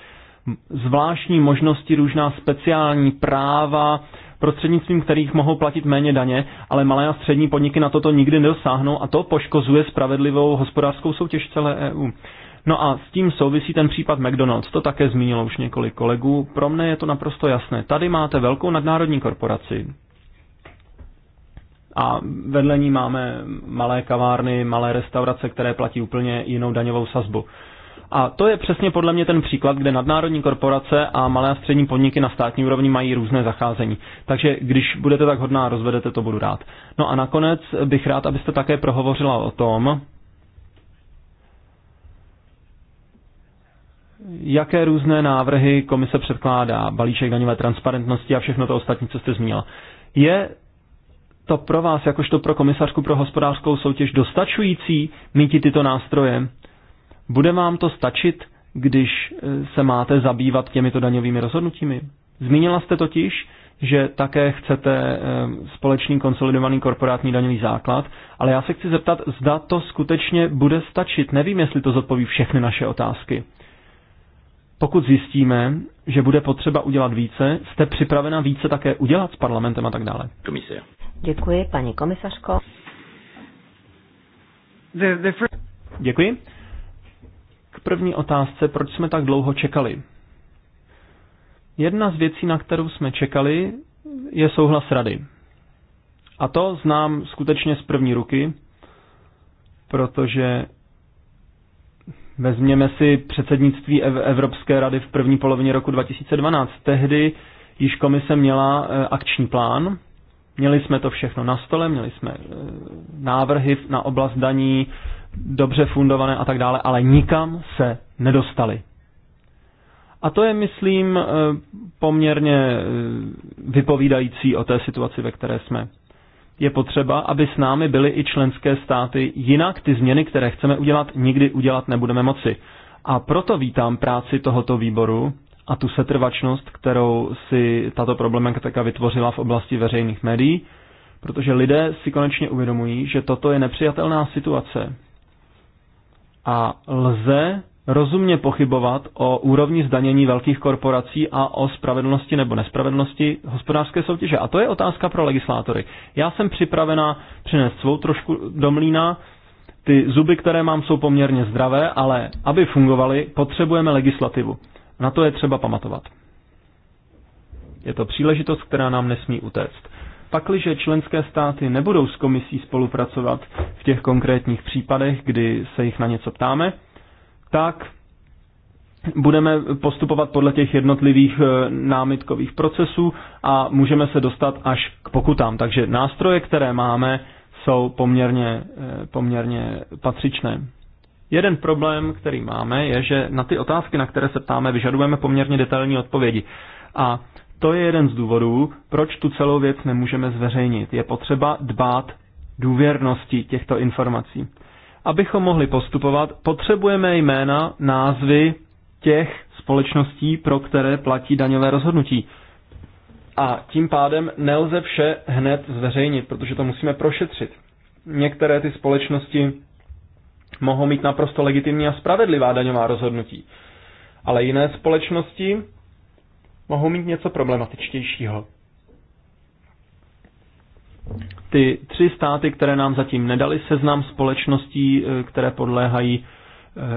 zvláštní možnosti, různá speciální práva, prostřednictvím kterých mohou platit méně daně, ale malé a střední podniky na toto nikdy nedosáhnou a to poškozuje spravedlivou hospodářskou soutěž celé EU. No a s tím souvisí ten případ McDonald's, to také zmínilo už několik kolegů. Pro mne je to naprosto jasné. Tady máte velkou nadnárodní korporaci, a vedle ní máme malé kavárny, malé restaurace, které platí úplně jinou daňovou sazbu. A to je přesně podle mě ten příklad, kde nadnárodní korporace a malé a střední podniky na státní úrovni mají různé zacházení. Takže když budete tak hodná a rozvedete, to budu rád. No a nakonec bych rád, abyste také prohovořila o tom, jaké různé návrhy komise předkládá, balíček daňové transparentnosti a všechno to ostatní, co jste zmínil. Je to pro vás, jakožto pro komisařku pro hospodářskou soutěž, dostačující mít tyto nástroje? Bude vám to stačit, když eh, se máte zabývat těmito daňovými rozhodnutími? Zmínila jste totiž, že také chcete eh, společný konsolidovaný korporátní daňový základ, ale já se chci zeptat, zda to skutečně bude stačit. Nevím, jestli to zodpoví všechny naše otázky pokud zjistíme, že bude potřeba udělat více, jste připravena více také udělat s parlamentem a tak dále? Komise. Děkuji, paní komisařko. The, the first... Děkuji. K první otázce, proč jsme tak dlouho čekali? Jedna z věcí, na kterou jsme čekali, je souhlas rady. A to znám skutečně z první ruky, protože Vezměme si předsednictví Evropské rady v první polovině roku 2012. Tehdy již komise měla eh, akční plán, měli jsme to všechno na stole, měli jsme eh, návrhy na oblast daní, dobře fundované a tak dále, ale nikam se nedostali. A to je, myslím, eh, poměrně vypovídající o té situaci, ve které jsme je potřeba, aby s námi byly i členské státy, jinak ty změny, které chceme udělat, nikdy udělat nebudeme moci. A proto vítám práci tohoto výboru a tu setrvačnost, kterou si tato problematika vytvořila v oblasti veřejných médií, protože lidé si konečně uvědomují, že toto je nepřijatelná situace. A lze rozumně pochybovat o úrovni zdanění velkých korporací a o spravedlnosti nebo nespravedlnosti hospodářské soutěže. A to je otázka pro legislátory. Já jsem připravena přinést svou trošku do mlína. Ty zuby, které mám, jsou poměrně zdravé, ale aby fungovaly, potřebujeme legislativu. Na to je třeba pamatovat. Je to příležitost, která nám nesmí utéct. Pakliže členské státy nebudou s komisí spolupracovat v těch konkrétních případech, kdy se jich na něco ptáme, tak budeme postupovat podle těch jednotlivých eh, námitkových procesů a můžeme se dostat až k pokutám. Takže nástroje, které máme, jsou poměrně, eh, poměrně patřičné. Jeden problém, který máme, je, že na ty otázky, na které se ptáme, vyžadujeme poměrně detailní odpovědi. A to je jeden z důvodů, proč tu celou věc nemůžeme zveřejnit. Je potřeba dbát důvěrnosti těchto informací. Abychom mohli postupovat, potřebujeme jména, názvy těch společností, pro které platí daňové rozhodnutí. A tím pádem nelze vše hned zveřejnit, protože to musíme prošetřit. Některé ty společnosti mohou mít naprosto legitimní a spravedlivá daňová rozhodnutí, ale jiné společnosti mohou mít něco problematičtějšího. Ty tři státy, které nám zatím nedali seznam společností, eh, které podléhají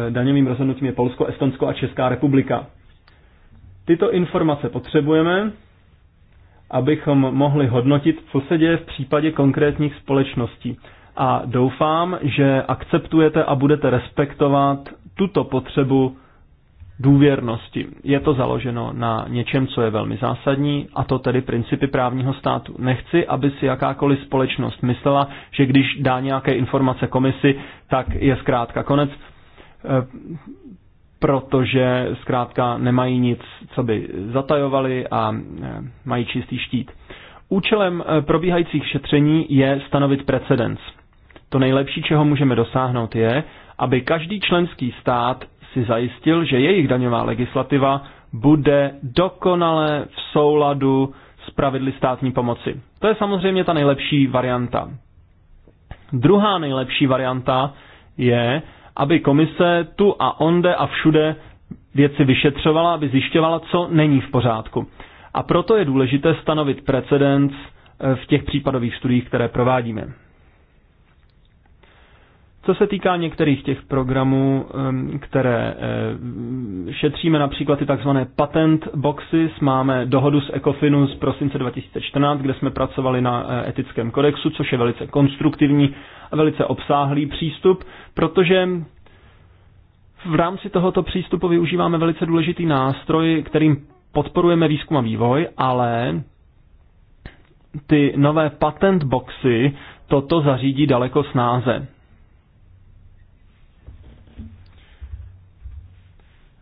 eh, daňovým rozhodnutím, je Polsko, Estonsko a Česká republika. Tyto informace potřebujeme, abychom mohli hodnotit, co se děje v případě konkrétních společností. A doufám, že akceptujete a budete respektovat tuto potřebu důvěrnosti. Je to založeno na něčem, co je velmi zásadní, a to tedy principy právního státu. Nechci, aby si jakákoliv společnost myslela, že když dá nějaké informace komisi, tak je zkrátka konec, eh, protože zkrátka nemají nic, co by zatajovali a eh, mají čistý štít. Účelem eh, probíhajících šetření je stanovit precedens. To nejlepší, čeho můžeme dosáhnout, je, aby každý členský stát si zajistil, že jejich daňová legislativa bude dokonale v souladu s pravidly státní pomoci. To je samozřejmě ta nejlepší varianta. Druhá nejlepší varianta je, aby komise tu a onde a všude věci vyšetřovala, aby zjišťovala, co není v pořádku. A proto je důležité stanovit precedens eh, v těch případových studiích, které provádíme. Co se týká některých těch programů, které eh, šetříme, například ty takzvané patent boxes, máme dohodu s Ecofinu z prosince 2014, kde jsme pracovali na eh, etickém kodexu, což je velice konstruktivní a velice obsáhlý přístup, protože v rámci tohoto přístupu využíváme velice důležitý nástroj, kterým podporujeme výzkum a vývoj, ale ty nové patent boxy toto zařídí daleko snáze.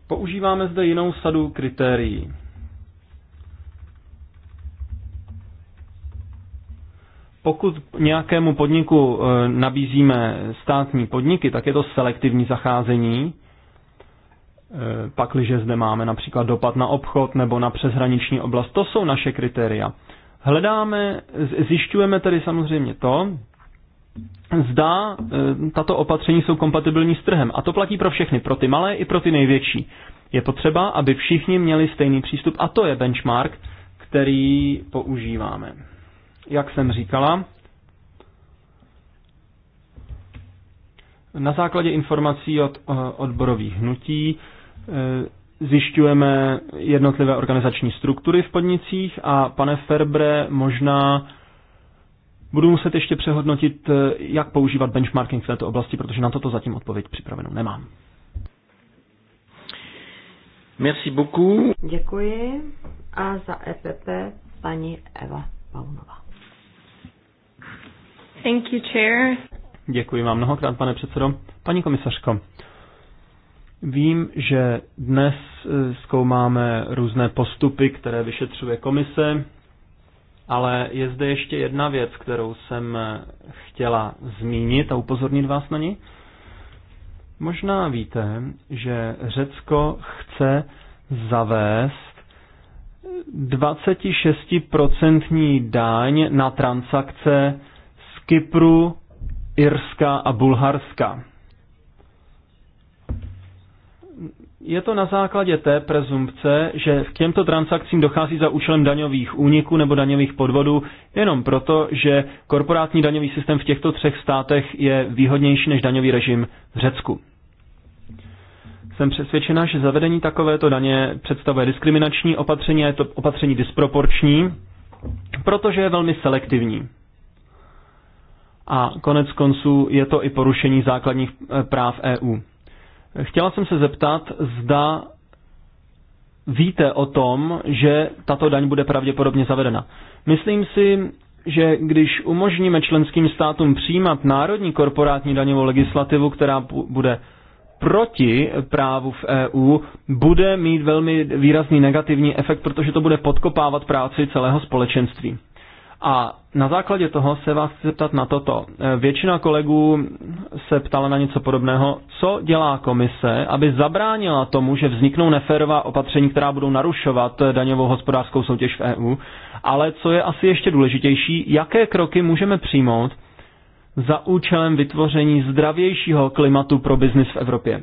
Používáme zde jinou sadu kritérií. Pokud nějakému podniku e, nabízíme státní podniky, tak je to selektivní zacházení, e, pakliže zde máme například dopad na obchod nebo na přeshraniční oblast. To jsou naše kritéria. Hledáme, zjišťujeme tedy samozřejmě to, zda e, tato opatření jsou kompatibilní s trhem. A to platí pro všechny, pro ty malé i pro ty největší. Je potřeba, aby všichni měli stejný přístup a to je benchmark, který používáme. Jak jsem říkala, na základě informací od e, odborových hnutí e, zjišťujeme jednotlivé organizační struktury v podnicích a pane Ferbre, možná Budu muset ještě přehodnotit, eh, jak používat benchmarking v této oblasti, protože na toto zatím odpověď připravenou nemám. Merci beaucoup. Děkuji. A za EPP paní Eva Paunová. Thank you, chair. Děkuji vám mnohokrát, pane předsedo. Paní komisařko, vím, že dnes eh, zkoumáme různé postupy, které vyšetřuje komise ale je zde ještě jedna věc, kterou jsem chtěla zmínit a upozornit vás na ní. Možná víte, že Řecko chce zavést 26% daň na transakce z Kypru, Irska a Bulharska. Je to na základě té prezumpce, že k těmto transakcím dochází za účelem daňových úniků nebo daňových podvodů jenom proto, že korporátní daňový systém v těchto třech státech je výhodnější než daňový režim v Řecku. Jsem přesvědčena, že zavedení takovéto daně představuje diskriminační opatření a je to opatření disproporční, protože je velmi selektivní. A konec konců je to i porušení základních eh, práv EU. Chtěla jsem se zeptat, zda víte o tom, že tato daň bude pravděpodobně zavedena. Myslím si, že když umožníme členským státům přijímat národní korporátní daňovou legislativu, která bude proti právu v EU, bude mít velmi výrazný negativní efekt, protože to bude podkopávat práci celého společenství. A na základě toho se vás chci zeptat na toto. E, většina kolegů se ptala na něco podobného. Co dělá komise, aby zabránila tomu, že vzniknou neférová opatření, která budou narušovat e, daňovou hospodářskou soutěž v EU? Ale co je asi ještě důležitější, jaké kroky můžeme přijmout za účelem vytvoření zdravějšího klimatu pro biznis v Evropě?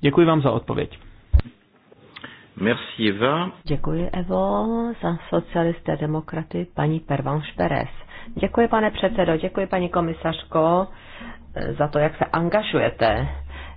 Děkuji vám za odpověď. Merci Eva. Děkuji Evo za socialisté demokraty paní Pervan Šperes. Děkuji pane předsedo, děkuji paní komisařko za to, jak se angažujete.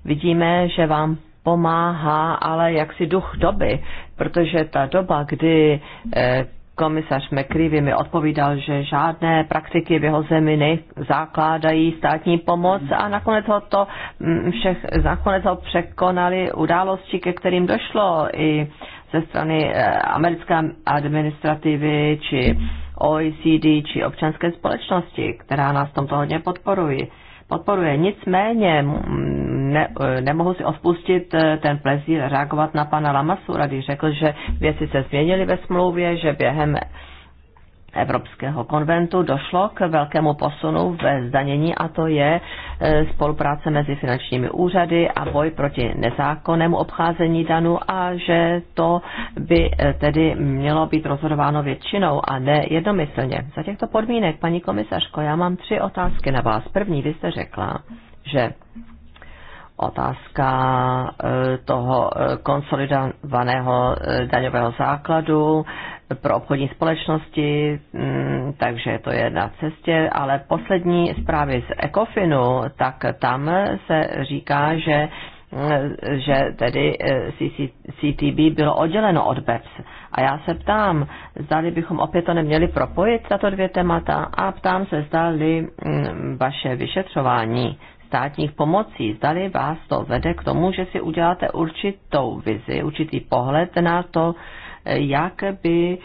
Vidíme, že vám pomáhá, ale jaksi duch doby, protože ta doba, kdy eh, komisař McCreevy mi odpovídal, že žádné praktiky v jeho zemi nezakládají státní pomoc a nakonec ho to mm, všech, nakonec ho překonali události, ke kterým došlo i ze strany eh, americké administrativy či OECD či občanské společnosti, která nás v tomto hodně podporuje. Podporuje. Nicméně mm, ne, nemohu si odpustit eh, ten plezír reagovat na pana Lamasu, když řekl, že věci se změnily ve smlouvě, že během Evropského konventu došlo k velkému posunu ve zdanění a to je eh, spolupráce mezi finančními úřady a boj proti nezákonnému obcházení danu a že to by eh, tedy mělo být rozhodováno většinou a ne jednomyslně. Za těchto podmínek, paní komisařko, já mám tři otázky na vás. První, vy jste řekla, že otázka e, toho e, konsolidovaného e, daňového základu pro obchodní společnosti, mm, takže to je na cestě, ale poslední zprávy z Ecofinu, tak tam se říká, že že tedy CTB bylo odděleno od BEPS. A já se ptám, zdali bychom opět to neměli propojit, tato dvě témata, a ptám se, zdali mm, vaše vyšetřování státních pomocí, zdali vás to vede k tomu, že si uděláte určitou vizi, určitý pohled na to, jak by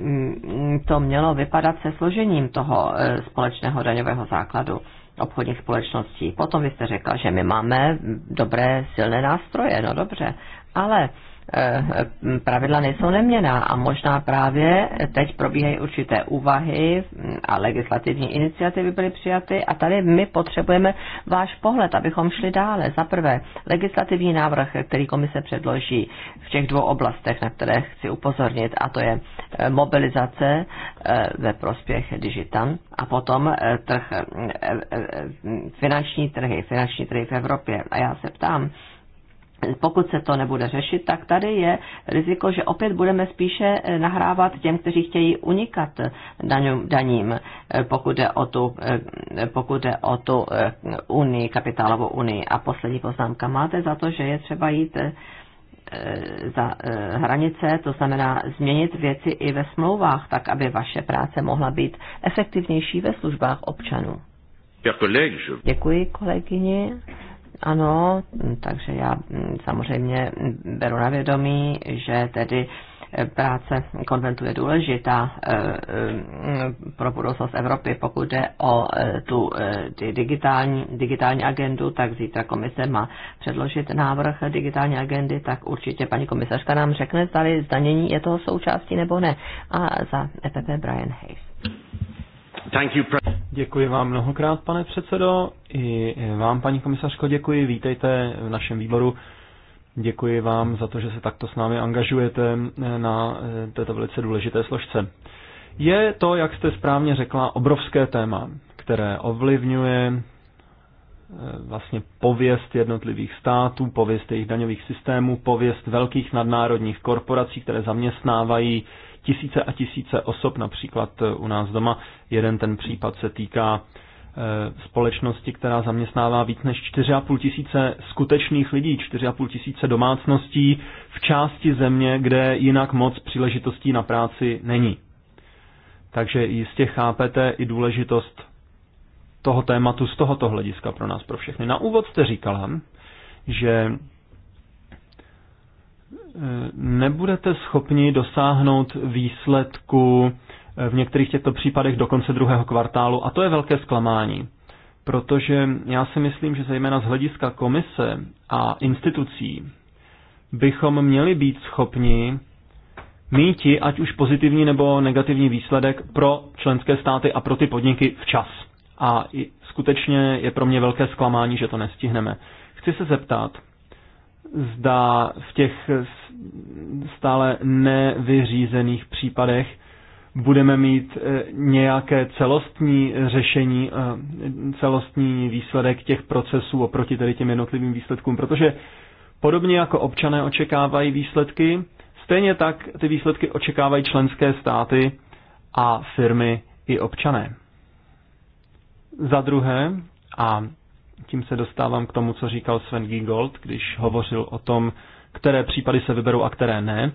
mm, to mělo vypadat se složením toho eh, společného daňového základu obchodních společností. Potom vy jste řekla, že my máme dobré, silné nástroje, no dobře, ale Eh, eh, pravidla nejsou neměná a možná právě teď probíhají určité úvahy hm, a legislativní iniciativy byly přijaty a tady my potřebujeme váš pohled, abychom šli dále. Za prvé, legislativní návrh, který komise předloží v těch dvou oblastech, na které chci upozornit, a to je eh, mobilizace ve prospěch digitan a potom trh, finanční trhy, finanční trhy v Evropě. A já se ptám, pokud se to nebude řešit, tak tady je riziko, že opět budeme spíše eh, nahrávat těm, kteří chtějí unikat eh, daním, eh, pokud jde o tu, pokud jde o tu unii, kapitálovou unii. A poslední poznámka. Máte za to, že je třeba jít za hranice, to znamená změnit věci i ve smlouvách, tak aby vaše práce mohla být efektivnější ve službách občanů. Děkuji kolegyni. Ano, takže já mm, samozřejmě mm, beru na vědomí, že tedy e, práce konventu je důležitá e, e, mm, pro budoucnost Evropy. Pokud jde o tu digitální, digitální agendu, tak zítra komise má předložit návrh digitální agendy, tak určitě paní komisařka nám řekne, zda zdanění je toho součástí nebo ne. A za EPP Brian Hayes děkuji vám mnohokrát, pane předsedo. I vám, paní komisařko, děkuji. Vítejte v našem výboru. Děkuji vám za to, že se takto s námi angažujete na této velice důležité složce. Je to, jak jste správně řekla, obrovské téma, které ovlivňuje eh, vlastně pověst jednotlivých států, pověst jejich daňových systémů, pověst velkých nadnárodních korporací, které zaměstnávají tisíce a tisíce osob, například e, u nás doma. Jeden ten případ se týká e, společnosti, která zaměstnává víc než 4,5 tisíce skutečných lidí, 4,5 tisíce domácností v části země, kde jinak moc příležitostí na práci není. Takže jistě chápete i důležitost toho tématu z tohoto hlediska pro nás, pro všechny. Na úvod jste říkala, že nebudete schopni dosáhnout výsledku eh, v některých těchto případech do konce druhého kvartálu a to je velké zklamání. Protože já si myslím, že zejména z hlediska komise a institucí bychom měli být schopni mít ať už pozitivní nebo negativní výsledek pro členské státy a pro ty podniky včas. A skutečně je pro mě velké zklamání, že to nestihneme. Chci se zeptat, zda v těch stále nevyřízených případech budeme mít e, nějaké celostní řešení, e, celostní výsledek těch procesů oproti tedy těm jednotlivým výsledkům, protože podobně jako občané očekávají výsledky, stejně tak ty výsledky očekávají členské státy a firmy i občané. Za druhé, a tím se dostávám k tomu, co říkal Sven Giegold, když hovořil o tom, které případy se vyberou a které ne.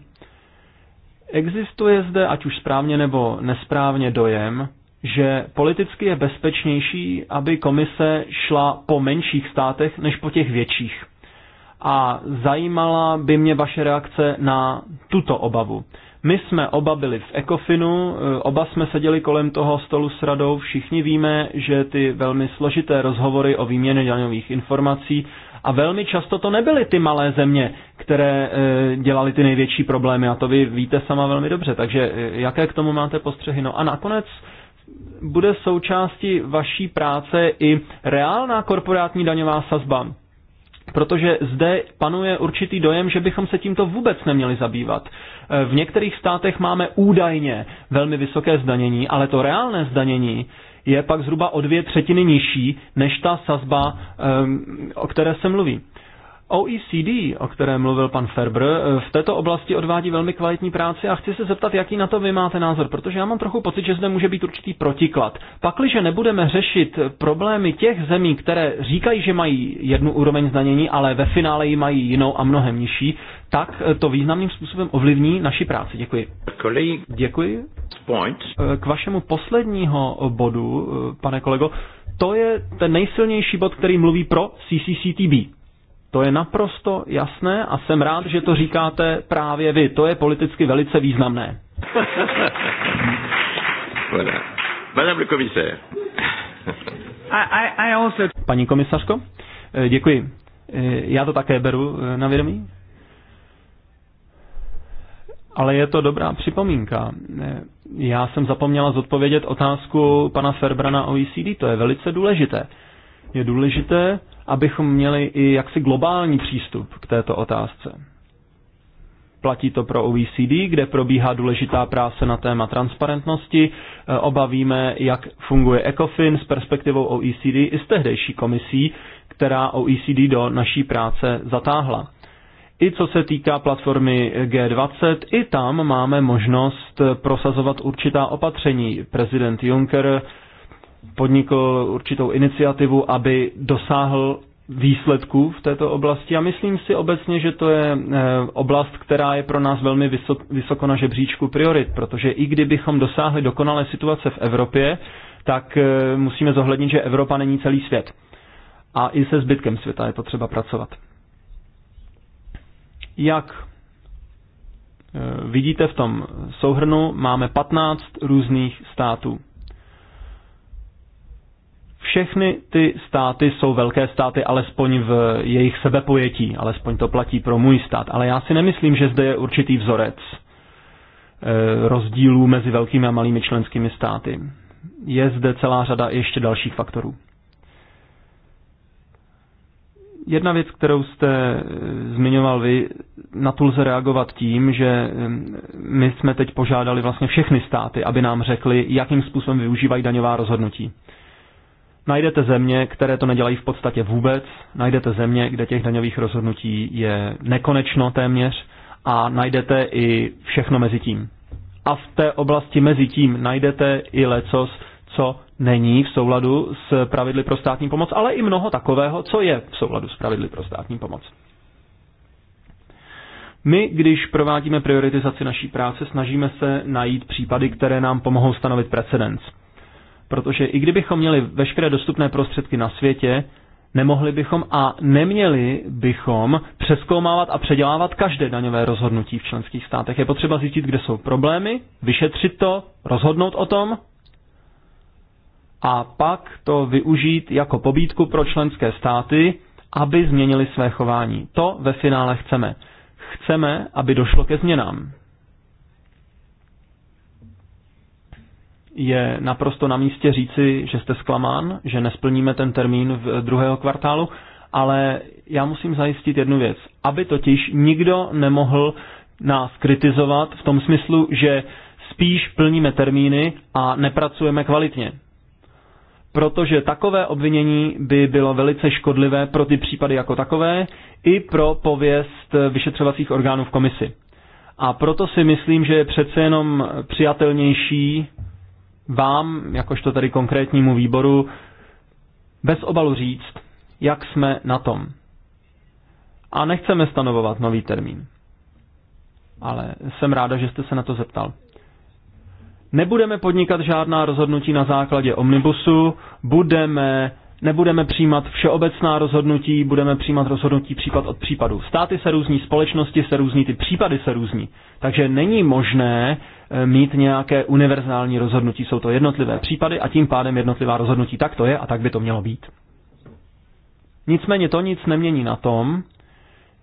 Existuje zde, ať už správně nebo nesprávně, dojem, že politicky je bezpečnější, aby komise šla po menších státech než po těch větších. A zajímala by mě vaše reakce na tuto obavu. My jsme oba byli v Ekofinu, eh, oba jsme seděli kolem toho stolu s radou, všichni víme, že ty velmi složité rozhovory o výměně daňových informací a velmi často to nebyly ty malé země, které eh, dělaly ty největší problémy a to vy víte sama velmi dobře, takže eh, jaké k tomu máte postřehy? No a nakonec bude součástí vaší práce i reálná korporátní daňová sazba protože zde panuje určitý dojem, že bychom se tímto vůbec neměli zabývat. E, v některých státech máme údajně velmi vysoké zdanění, ale to reálné zdanění je pak zhruba o dvě třetiny nižší než ta sazba, e, o které se mluví. OECD, o e které mluvil pan Ferber, v této oblasti odvádí velmi kvalitní práci a chci se zeptat, jaký na to vy máte názor, protože já mám trochu pocit, že zde může být určitý protiklad. Pakliže nebudeme řešit problémy těch zemí, které říkají, že mají jednu úroveň zdanění, ale ve finále ji mají jinou a mnohem nižší, tak to významným způsobem ovlivní naši práci. Děkuji. Kolik... Děkuji. Point. K vašemu posledního bodu, pane kolego, to je ten nejsilnější bod, který mluví pro CCCTB. To je naprosto jasné a jsem rád, že to říkáte právě vy. To je politicky velice významné. Madame le commissaire. Paní komisařko, eh, děkuji. Eh, já to také beru eh, na vědomí. Ale je to dobrá připomínka. Já jsem zapomněla zodpovědět otázku pana Ferbrana OECD. To je velice důležité. Je důležité, abychom měli i jaksi globální přístup k této otázce. Platí to pro OECD, kde probíhá důležitá práce na téma transparentnosti. E, Obavíme, jak funguje ECOFIN s perspektivou OECD i s tehdejší komisí, která OECD do naší práce zatáhla. I co se týká platformy G20, i tam máme možnost prosazovat určitá opatření. Prezident Juncker podnikl určitou iniciativu, aby dosáhl výsledků v této oblasti a myslím si obecně, že to je eh, oblast, která je pro nás velmi vysoko na žebříčku priorit, protože i kdybychom dosáhli dokonalé situace v Evropě, tak eh, musíme zohlednit, že Evropa není celý svět. A i se zbytkem světa je potřeba pracovat. Jak eh, vidíte v tom souhrnu, máme 15 různých států. Všechny ty státy jsou velké státy, alespoň v jejich sebepojetí, alespoň to platí pro můj stát. Ale já si nemyslím, že zde je určitý vzorec eh, rozdílů mezi velkými a malými členskými státy. Je zde celá řada ještě dalších faktorů. Jedna věc, kterou jste eh, zmiňoval vy, na tu lze reagovat tím, že eh, my jsme teď požádali vlastně všechny státy, aby nám řekli, jakým způsobem využívají daňová rozhodnutí. Najdete země, které to nedělají v podstatě vůbec, najdete země, kde těch daňových rozhodnutí je nekonečno téměř a najdete i všechno mezi tím. A v té oblasti mezi tím najdete i lecos, co není v souladu s pravidly pro státní pomoc, ale i mnoho takového, co je v souladu s pravidly pro státní pomoc. My, když provádíme prioritizaci naší práce, snažíme se najít případy, které nám pomohou stanovit precedens Protože i kdybychom měli veškeré dostupné prostředky na světě, nemohli bychom a neměli bychom přeskoumávat a předělávat každé daňové rozhodnutí v členských státech. Je potřeba zjistit, kde jsou problémy, vyšetřit to, rozhodnout o tom a pak to využít jako pobídku pro členské státy, aby změnili své chování. To ve finále chceme. Chceme, aby došlo ke změnám. je naprosto na místě říci, že jste zklamán, že nesplníme ten termín v druhého kvartálu, ale já musím zajistit jednu věc. Aby totiž nikdo nemohl nás kritizovat v tom smyslu, že spíš plníme termíny a nepracujeme kvalitně. Protože takové obvinění by bylo velice škodlivé pro ty případy jako takové i pro pověst vyšetřovacích orgánů v komisi. A proto si myslím, že je přece jenom přijatelnější vám, jakožto tady konkrétnímu výboru, bez obalu říct, jak jsme na tom. A nechceme stanovovat nový termín. Ale jsem ráda, že jste se na to zeptal. Nebudeme podnikat žádná rozhodnutí na základě omnibusu, budeme Nebudeme přijímat všeobecná rozhodnutí, budeme přijímat rozhodnutí případ od případu. Státy se různí, společnosti se různí, ty případy se různí. Takže není možné eh, mít nějaké univerzální rozhodnutí. Jsou to jednotlivé případy a tím pádem jednotlivá rozhodnutí. Tak to je a tak by to mělo být. Nicméně to nic nemění na tom,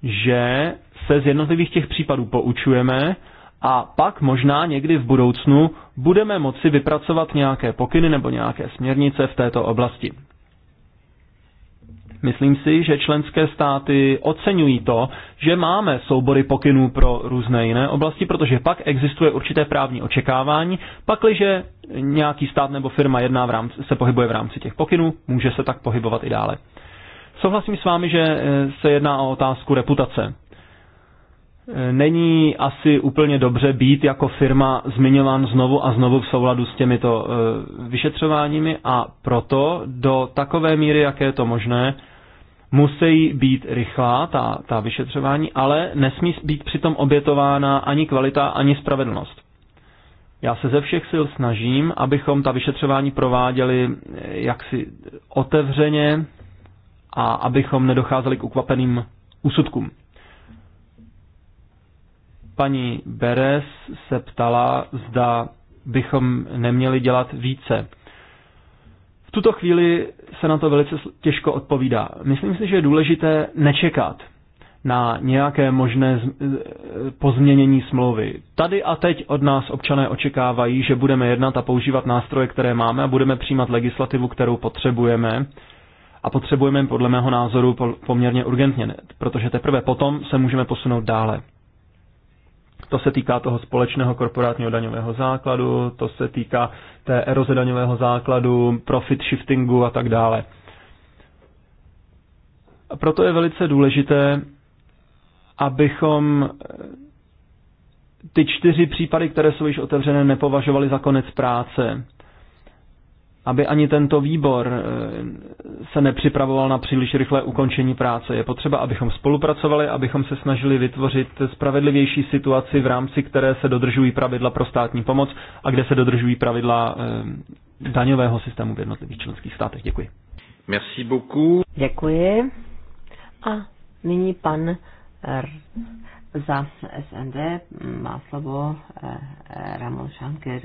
že se z jednotlivých těch případů poučujeme a pak možná někdy v budoucnu budeme moci vypracovat nějaké pokyny nebo nějaké směrnice v této oblasti. Myslím si, že členské státy oceňují to, že máme soubory pokynů pro různé jiné oblasti, protože pak existuje určité právní očekávání. Pakliže nějaký stát nebo firma jedná v rámci, se pohybuje v rámci těch pokynů, může se tak pohybovat i dále. Souhlasím s vámi, že eh, se jedná o otázku reputace není asi úplně dobře být jako firma zmiňován znovu a znovu v souladu s těmito eh, vyšetřováními a proto do takové míry, jak je to možné, musí být rychlá ta, ta vyšetřování, ale nesmí být přitom obětována ani kvalita, ani spravedlnost. Já se ze všech sil snažím, abychom ta vyšetřování prováděli eh, jaksi otevřeně a abychom nedocházeli k ukvapeným úsudkům. Paní Beres se ptala, zda bychom neměli dělat více. V tuto chvíli se na to velice těžko odpovídá. Myslím si, že je důležité nečekat na nějaké možné e, pozměnění smlouvy. Tady a teď od nás občané očekávají, že budeme jednat a používat nástroje, které máme a budeme přijímat legislativu, kterou potřebujeme. A potřebujeme podle mého názoru poměrně urgentně, protože teprve potom se můžeme posunout dále. To se týká toho společného korporátního daňového základu, to se týká té eroze daňového základu, profit shiftingu a tak dále. A proto je velice důležité, abychom eh, ty čtyři případy, které jsou již otevřené, nepovažovali za konec práce aby ani tento výbor eh, se nepřipravoval na příliš rychlé ukončení práce. Je potřeba, abychom spolupracovali, abychom se snažili vytvořit spravedlivější situaci, v rámci které se dodržují pravidla pro státní pomoc a kde se dodržují pravidla eh, daňového systému v jednotlivých členských státech. Děkuji. Merci beaucoup. Děkuji. A nyní pan R. Eh, za SND má slovo Ramon Šanker.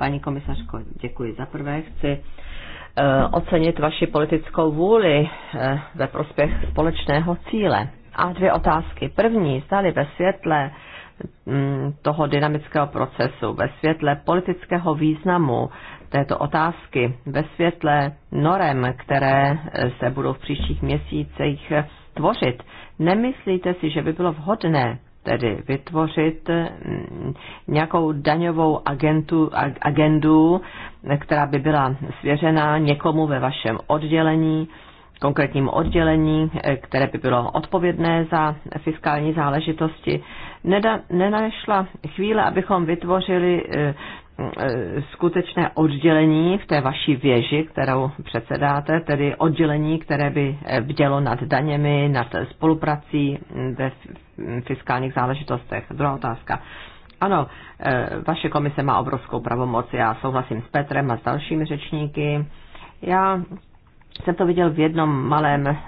Paní komisařko, děkuji. Za prvé chci eh, ocenit vaši politickou vůli eh, ve prospěch společného cíle. A dvě otázky. První, zdali ve světle mm, toho dynamického procesu, ve světle politického významu této otázky, ve světle norem, které eh, se budou v příštích měsících tvořit, nemyslíte si, že by bylo vhodné tedy vytvořit mm, nějakou daňovou agentu, agendu, která by byla svěřena někomu ve vašem oddělení, konkrétním oddělení, eh, které by bylo odpovědné za fiskální záležitosti. Neda, nenašla chvíle, abychom vytvořili eh, Eh, skutečné oddělení v té vaší věži, kterou předsedáte, tedy oddělení, které by eh, bdělo nad daněmi, nad spoluprací mm, ve mm, fiskálních záležitostech. Druhá otázka. Ano, eh, vaše komise má obrovskou pravomoc, já souhlasím s Petrem a s dalšími řečníky. Já jsem to viděl v jednom malém e,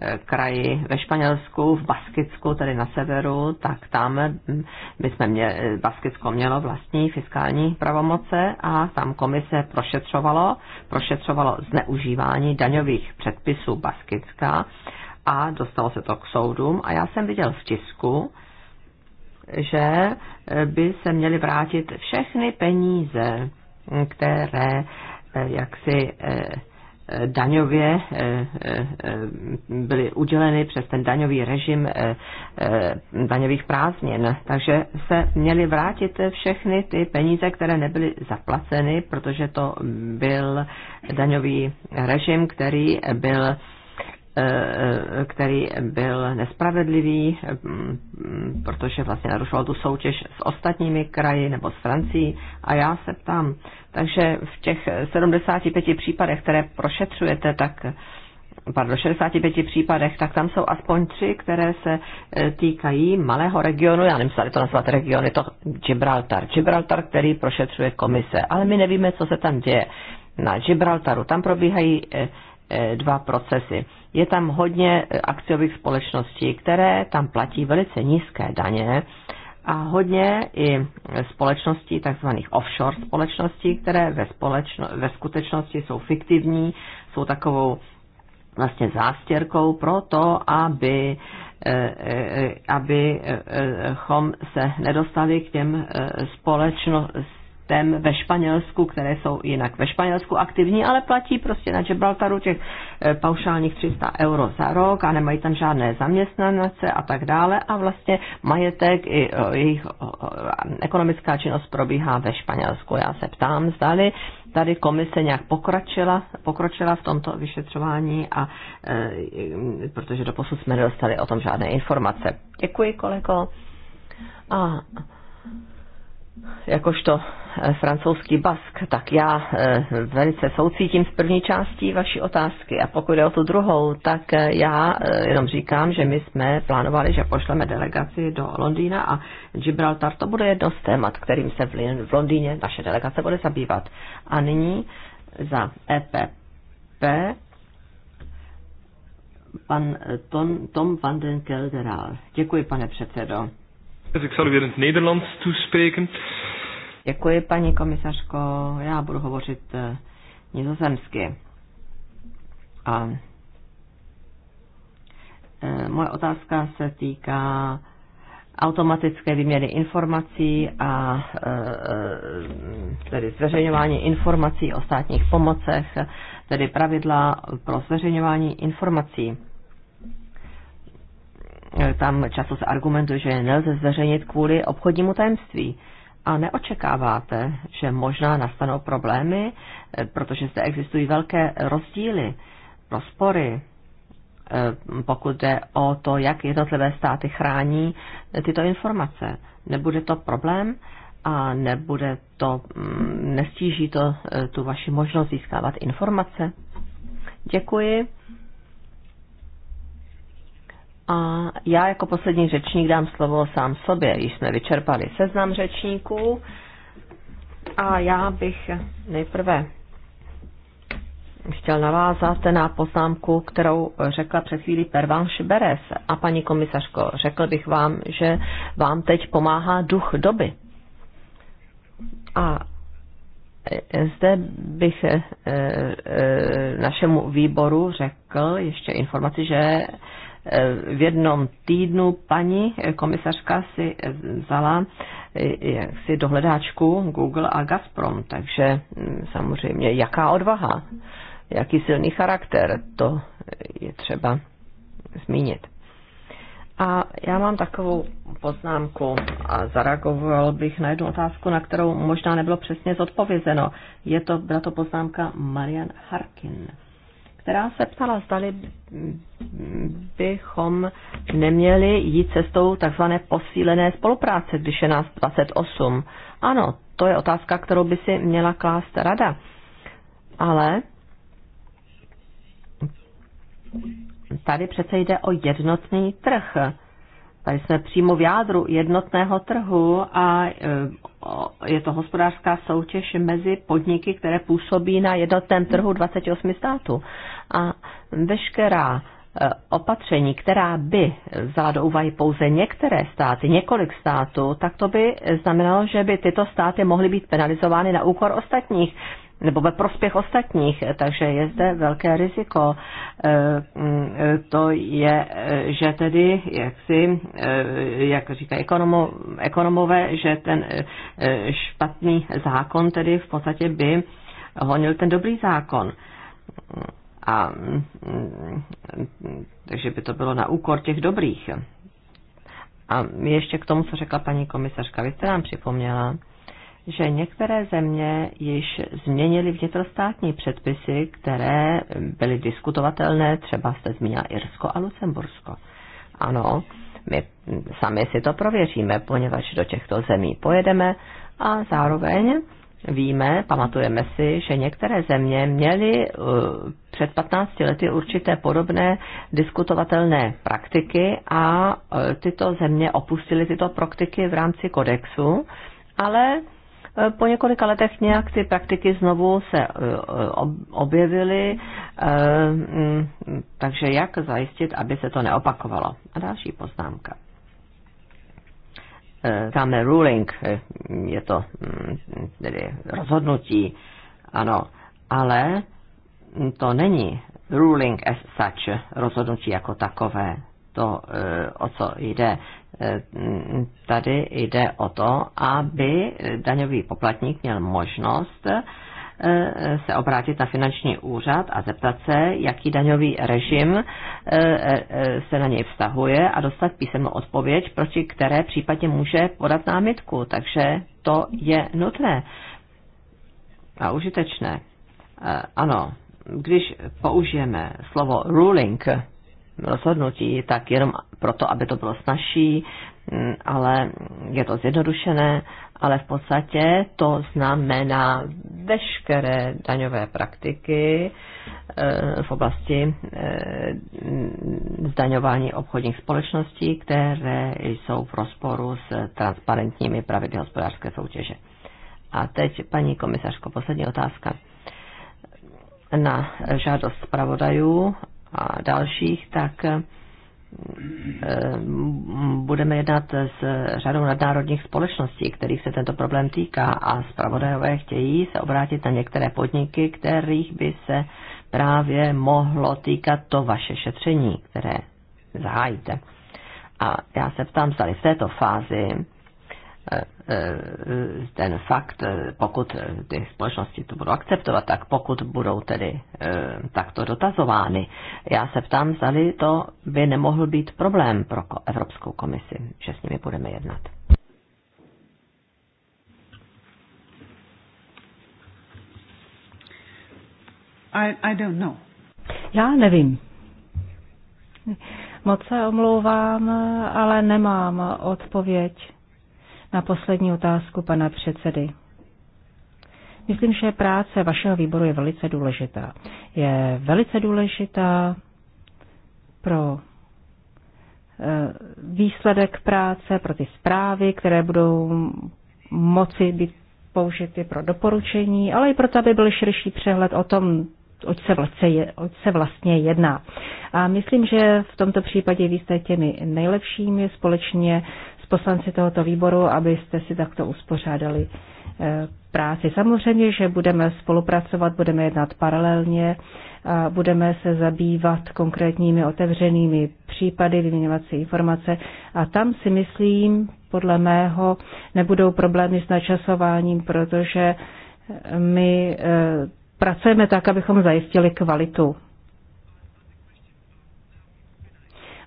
e, kraji ve Španělsku, v Baskicku, tedy na severu, tak tam hm, my jsme mě, eh, Baskicko mělo vlastní fiskální pravomoce a tam komise prošetřovalo, prošetřovalo zneužívání daňových předpisů Baskicka a dostalo se to k soudům a já jsem viděl v tisku, že eh, by se měly vrátit všechny peníze, které jaksi daňově eh, eh, byly uděleny přes ten daňový režim eh, daňových prázdnin. Takže se měly vrátit všechny ty peníze, které nebyly zaplaceny, protože to byl daňový režim, který byl Eh, eh, který byl nespravedlivý, mm, protože vlastně narušoval tu soutěž s ostatními kraji nebo s Francií. A já se ptám, takže v těch 75 případech, které prošetřujete, tak pardon, 65 případech, tak tam jsou aspoň tři, které se eh, týkají malého regionu, já nevím, tady to nazvat region, je to Gibraltar. Gibraltar, který prošetřuje komise, ale my nevíme, co se tam děje. Na Gibraltaru tam probíhají dva procesy. Je tam hodně akciových společností, které tam platí velice nízké daně a hodně i společností, takzvaných offshore společností, které ve, společno, ve skutečnosti jsou fiktivní, jsou takovou vlastně zástěrkou pro to, aby, eh, eh, eh, abychom se nedostali k těm společno, tem ve Španělsku, které jsou jinak ve Španělsku aktivní, ale platí prostě na Gibraltaru těch eh, paušálních 300 euro za rok a nemají tam žádné zaměstnance a tak dále a vlastně majetek i eh, jejich eh, ekonomická činnost probíhá ve Španělsku. Já se ptám, zdali tady komise nějak pokročila, pokročila v tomto vyšetřování a e, protože posud jsme nedostali o tom žádné informace. Děkuji, kolego. A jakožto eh, francouzský bask, tak já eh, velice soucítím s první částí vaší otázky. A pokud je o tu druhou, tak eh, já jenom říkám, že my jsme plánovali, že pošleme delegaci do Londýna a Gibraltar to bude jedno z témat, kterým se v Londýně naše delegace bude zabývat. A nyní za EPP pan Tom, Tom van den Kelderal. Děkuji, pane předsedo. Ik zal u weer in het Nederlands toespreken. Děkuji, paní komisařko. Já budu hovořit eh, nizozemsky. A eh, moje otázka se týká automatické výměny informací a eh, tedy zveřejňování informací o státních pomocech, tedy pravidla pro zveřejňování informací. E, tam často se argumentuje, že nelze zveřejnit kvůli obchodnímu tajemství. A neočekáváte, že možná nastanou problémy, e, protože zde existují velké rozdíly, rozpory, e, pokud jde o to, jak jednotlivé státy chrání tyto informace. Nebude to problém a nebude to, mm, nestíží to tu vaši možnost získávat informace? Děkuji. A já jako poslední řečník dám slovo sám sobě. Již jsme vyčerpali seznam řečníků. A já bych nejprve chtěl navázat na poznámku, kterou řekla před chvílí Pervanš Beres. A paní komisařko, řekl bych vám, že vám teď pomáhá duch doby. A e, zde bych e, e, našemu výboru řekl ještě informaci, že v jednom týdnu paní komisařka si vzala eh, jaksi dohledáčku Google a Gazprom, takže mm, samozřejmě jaká odvaha, jaký silný charakter, to je třeba zmínit. A já mám takovou poznámku a zareagoval bych na jednu otázku, na kterou možná nebylo přesně zodpovězeno. Je to, byla to poznámka Marian Harkin která se ptala, zdali bychom neměli jít cestou takzvané posílené spolupráce, když je nás 28. Ano, to je otázka, kterou by si měla klást rada. Ale tady přece jde o jednotný trh. Tady jsme přímo v jádru jednotného trhu a e, je to hospodářská soutěž mezi podniky, které působí na jednotném trhu 28 států a veškerá e, opatření, která by vzala do úvahy pouze některé státy, několik států, tak to by znamenalo, že by tyto státy mohly být penalizovány na úkor ostatních nebo ve prospěch ostatních, takže je zde velké riziko. E, to je, že tedy, jak si, e, jak říkají ekonomo, ekonomové, že ten špatný zákon tedy v podstatě by honil ten dobrý zákon. A, takže by to bylo na úkor těch dobrých. A ještě k tomu, co řekla paní komisařka, vy jste nám připomněla, že některé země již změnily vnitrostátní předpisy, které byly diskutovatelné, třeba jste zmínila Irsko a Lucembursko. Ano, my sami si to prověříme, poněvadž do těchto zemí pojedeme a zároveň víme, pamatujeme si, že některé země měly eh, před 15 lety určité podobné diskutovatelné praktiky a eh, tyto země opustily tyto praktiky v rámci kodexu, ale eh, po několika letech nějak ty praktiky znovu se objevily, mm, takže jak zajistit, aby se to neopakovalo. A další poznámka. Eh, tamhle ruling, eh, je to mm, tedy rozhodnutí, ano, ale to není ruling as such, rozhodnutí jako takové, to, eh, o co jde. Mm, tady jde o to, aby daňový poplatník měl možnost Eh, se obrátit na finanční úřad a zeptat se, jaký daňový režim eh, eh, se na něj vztahuje a dostat písemnou odpověď, proti které případně může podat námitku. Takže to je nutné a užitečné. Ano, když použijeme slovo ruling, rozhodnutí, tak jenom proto, aby to bylo snažší, Mm, ale je to zjednodušené, ale v podstatě to znamená veškeré daňové praktiky eh, v oblasti eh, zdaňování obchodních společností, které jsou v rozporu s transparentními pravidly hospodářské soutěže. A teď, paní komisařko, poslední otázka. Na žádost zpravodajů a dalších, tak Eh, budeme jednat s řadou nadnárodních společností, kterých se tento problém týká a zpravodajové chtějí se obrátit na některé podniky, kterých by se právě mohlo týkat to vaše šetření, které zahájíte. A já se ptám, zda v této fázi Eh, eh, ten fakt, eh, pokud ty společnosti to budou akceptovat, tak pokud budou tedy takto dotazovány. Já se ptám, zda to by nemohl být problém pro Evropskou komisi, že s nimi budeme jednat. I, I don't know. Já nevím. Moc se omlouvám, ale nemám odpověď na poslední otázku pana předsedy. Myslím, že práce vašeho výboru je velice důležitá. Je velice důležitá pro eh, výsledek práce, pro ty zprávy, které budou moci být použity pro doporučení, ale i proto, aby byl širší přehled o tom, oč se, vlastně, oč se vlastně jedná. A myslím, že v tomto případě vy jste těmi nejlepšími společně poslanci tohoto výboru, abyste si takto uspořádali eh, práci. Samozřejmě, že budeme spolupracovat, budeme jednat paralelně, a budeme se zabývat konkrétními otevřenými případy, vyměňovat si informace a tam si myslím, podle mého, nebudou problémy s načasováním, protože eh, my eh, pracujeme tak, abychom zajistili kvalitu.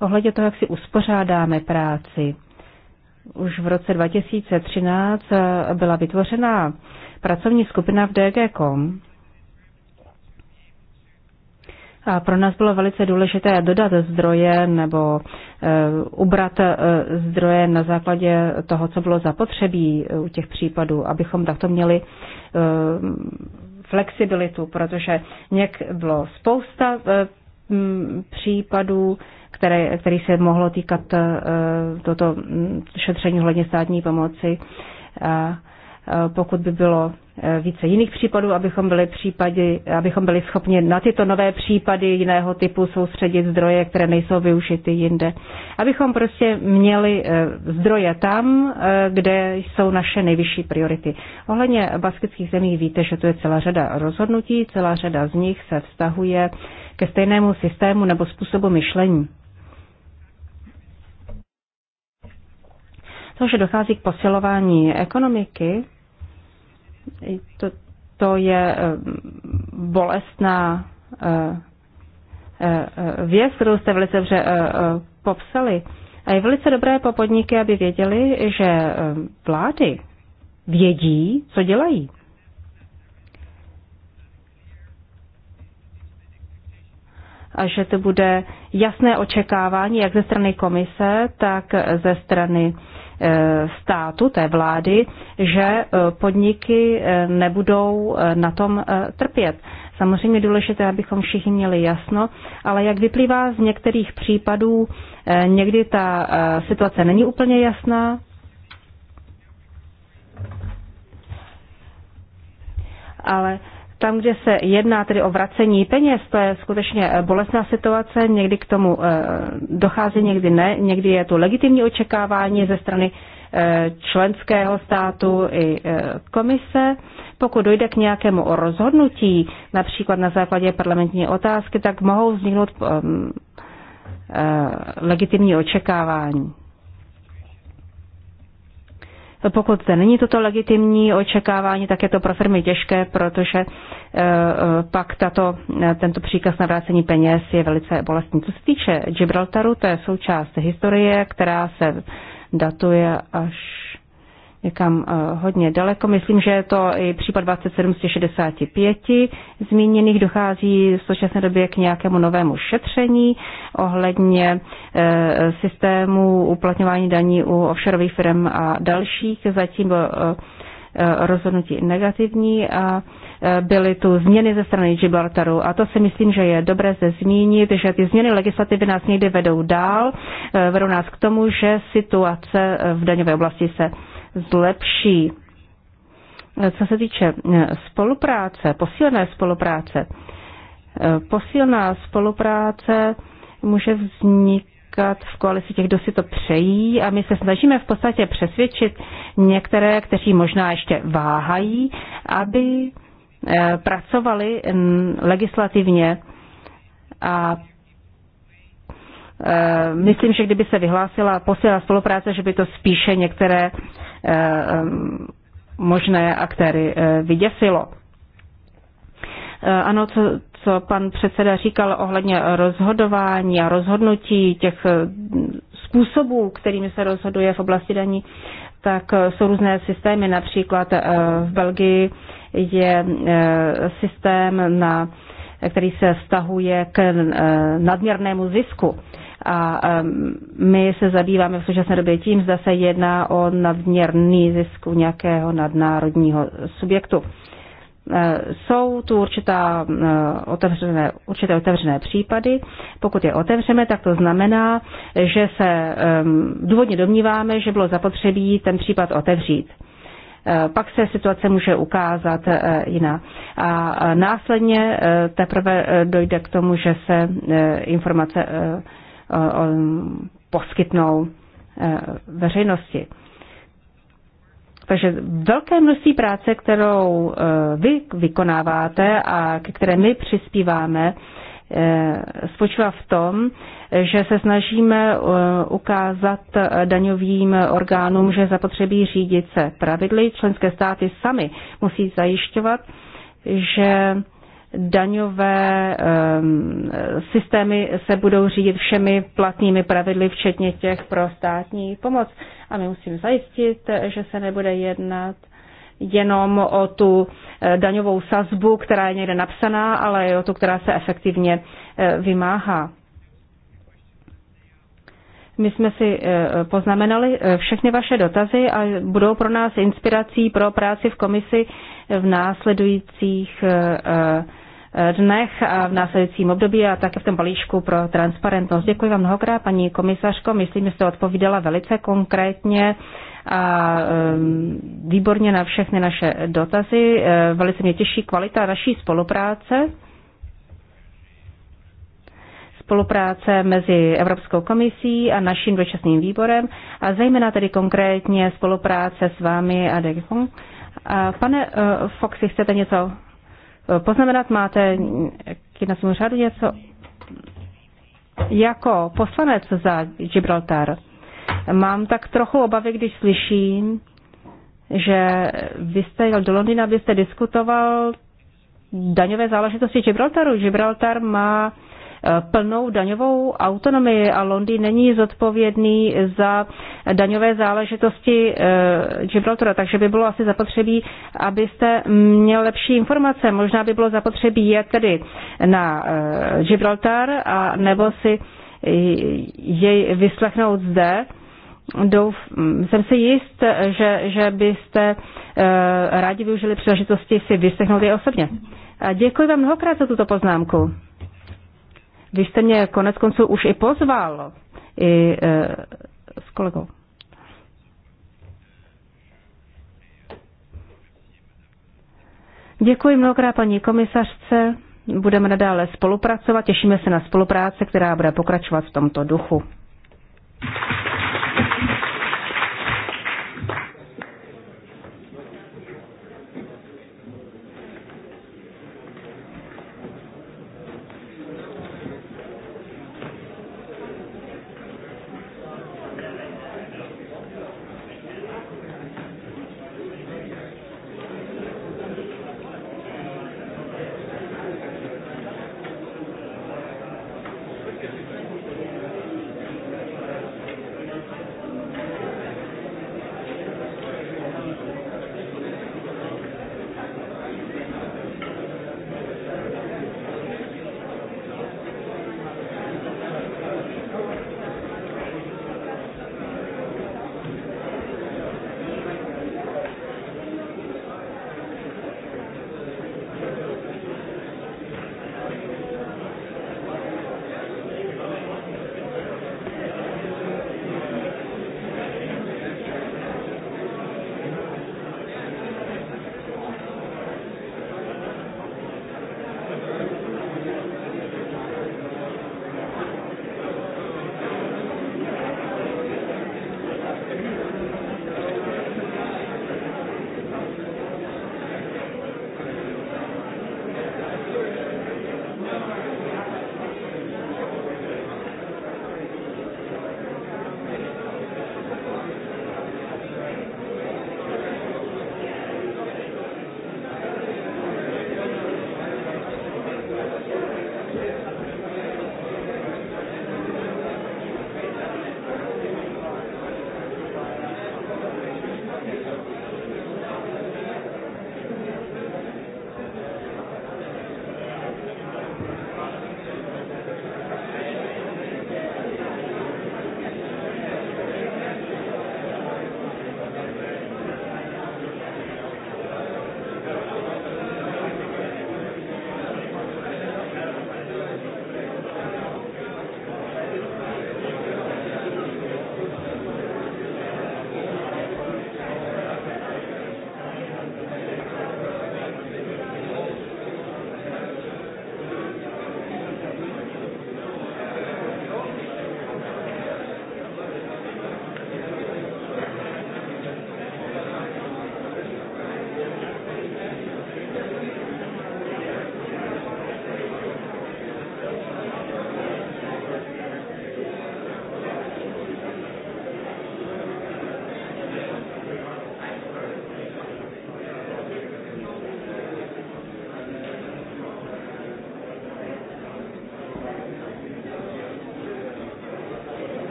Ohledně toho, jak si uspořádáme práci, už v roce 2013 eh, byla vytvořena pracovní skupina v DG.com. A pro nás bylo velice důležité dodat zdroje nebo e, ubrat e, zdroje na základě toho, co bylo zapotřebí u těch případů, abychom takto měli e, flexibilitu, protože něk bylo spousta m, případů, které, který se mohlo týkat eh, toto mm, šetření hledně státní pomoci. A eh, pokud by bylo eh, více jiných případů, abychom byli, případy, abychom byli schopni na tyto nové případy jiného typu soustředit zdroje, které nejsou využity jinde. Abychom prostě měli zdroje tam, kde jsou naše nejvyšší priority. Ohledně baskických zemí víte, že tu je celá řada rozhodnutí, celá řada z nich se vztahuje ke stejnému systému nebo způsobu myšlení. To, že dochází k posilování ekonomiky, to, to je eh, bolestná eh, eh, věc, kterou jste velice dobře popsali. A je velice dobré po podniky, aby věděli, že vlády vědí, co dělají. a že to bude jasné očekávání jak ze strany komise, tak ze strany e, státu, té vlády, že e, podniky e, nebudou na tom trpět. Samozřejmě důležité, abychom všichni měli jasno, ale jak vyplývá z některých případů, někdy ta situace není úplně jasná. Ale tam, kde se jedná tedy o vracení peněz, to je skutečně bolestná situace, někdy k tomu eh, dochází, někdy ne, někdy je to legitimní očekávání ze strany eh, členského státu i eh, komise. Pokud dojde k nějakému rozhodnutí, například na základě parlamentní otázky, tak mohou vzniknout ehm, legitimní očekávání. Pokud zde není toto legitimní očekávání, tak je to pro firmy těžké, protože eh, eh, pak tato, eh, tento příkaz na vrácení peněz je velice bolestný. Co se týče Gibraltaru, to je součást historie, která se datuje až někam eh, hodně daleko. Myslím, že je to i případ 2765 zmíněných. Dochází v současné době k nějakému novému šetření ohledně eh, systému uplatňování daní u offshoreových firm a dalších. Zatím eh, rozhodnutí negativní a byly tu změny ze strany Gibraltaru. A to si myslím, že je dobré se zmínit, že ty změny legislativy nás někdy vedou dál, vedou nás k tomu, že situace v daňové oblasti se zlepší. Co se týče eh, spolupráce, posílené spolupráce, eh, posílená spolupráce může vznikat v koalici těch, kdo si to přejí a my se snažíme v podstatě přesvědčit některé, kteří možná ještě váhají, aby eh, pracovali legislativně a Eh, myslím, že kdyby se vyhlásila posílená spolupráce, že by to spíše některé eh, eh, možné aktéry vyděsilo. Ano, co, co pan předseda říkal ohledně rozhodování a rozhodnutí těch způsobů, kterými se rozhoduje v oblasti daní, tak jsou různé systémy. Například v Belgii je systém, na, který se stahuje k nadměrnému zisku. A my se zabýváme v současné době tím, zda se jedná o nadměrný zisku nějakého nadnárodního subjektu. E, jsou tu určitá e, otevřené, určité otevřené případy. Pokud je otevřeme, tak to znamená, že se důvodně domníváme, že bylo zapotřebí ten případ otevřít e, pak se situace může ukázat jiná. A následně teprve dojde k tomu, že se informace Eh, eh, poskytnou eh, veřejnosti. Takže velké množství práce, kterou vy vykonáváte a ke které my přispíváme, spočívá v tom, že se snažíme ukázat daňovým orgánům, že zapotřebí řídit se pravidly. Členské státy sami musí zajišťovat, že daňové systémy se budou řídit všemi platnými pravidly, včetně těch pro státní pomoc. A my musíme zajistit, že se nebude jednat jenom o tu eh, daňovou sazbu, která je někde napsaná, ale i o tu, která se efektivně eh, vymáhá. My jsme si eh, poznamenali všechny vaše dotazy a budou pro nás inspirací pro práci v komisi v následujících dnech a v následujícím období a také v tom balíčku pro transparentnost. Děkuji vám mnohokrát, paní komisařko. Myslím, že jste odpovídala velice konkrétně a výborně na všechny naše dotazy. E, velice mě těší kvalita naší spolupráce spolupráce mezi Evropskou komisí a naším dočasným výborem a zejména tedy konkrétně spolupráce s vámi a Degfong. Pane e, Foxy, chcete něco poznamenat, máte k jednacímu řádu něco? Jako poslanec za Gibraltar mám tak trochu obavy, když slyším, že vy jste jel do Londýna, abyste diskutoval daňové záležitosti Gibraltaru. Gibraltar má plnou daňovou autonomii a Londýn není zodpovědný za daňové záležitosti eh, Gibraltara, takže by bylo asi zapotřebí, abyste měl lepší informace. Možná by bylo zapotřebí jet tedy na eh, Gibraltar a nebo si eh, jej vyslechnout zde. Douf, jsem si jist, že, že byste rádi využili příležitosti si vyslechnout je osobně. Děkuji vám mnohokrát za tuto poznámku. Vy jste mě konec konců už i pozval, i e, s kolegou. Děkuji mnohokrát paní komisařce, budeme nadále spolupracovat, těšíme se na spolupráci, která bude pokračovat v tomto duchu.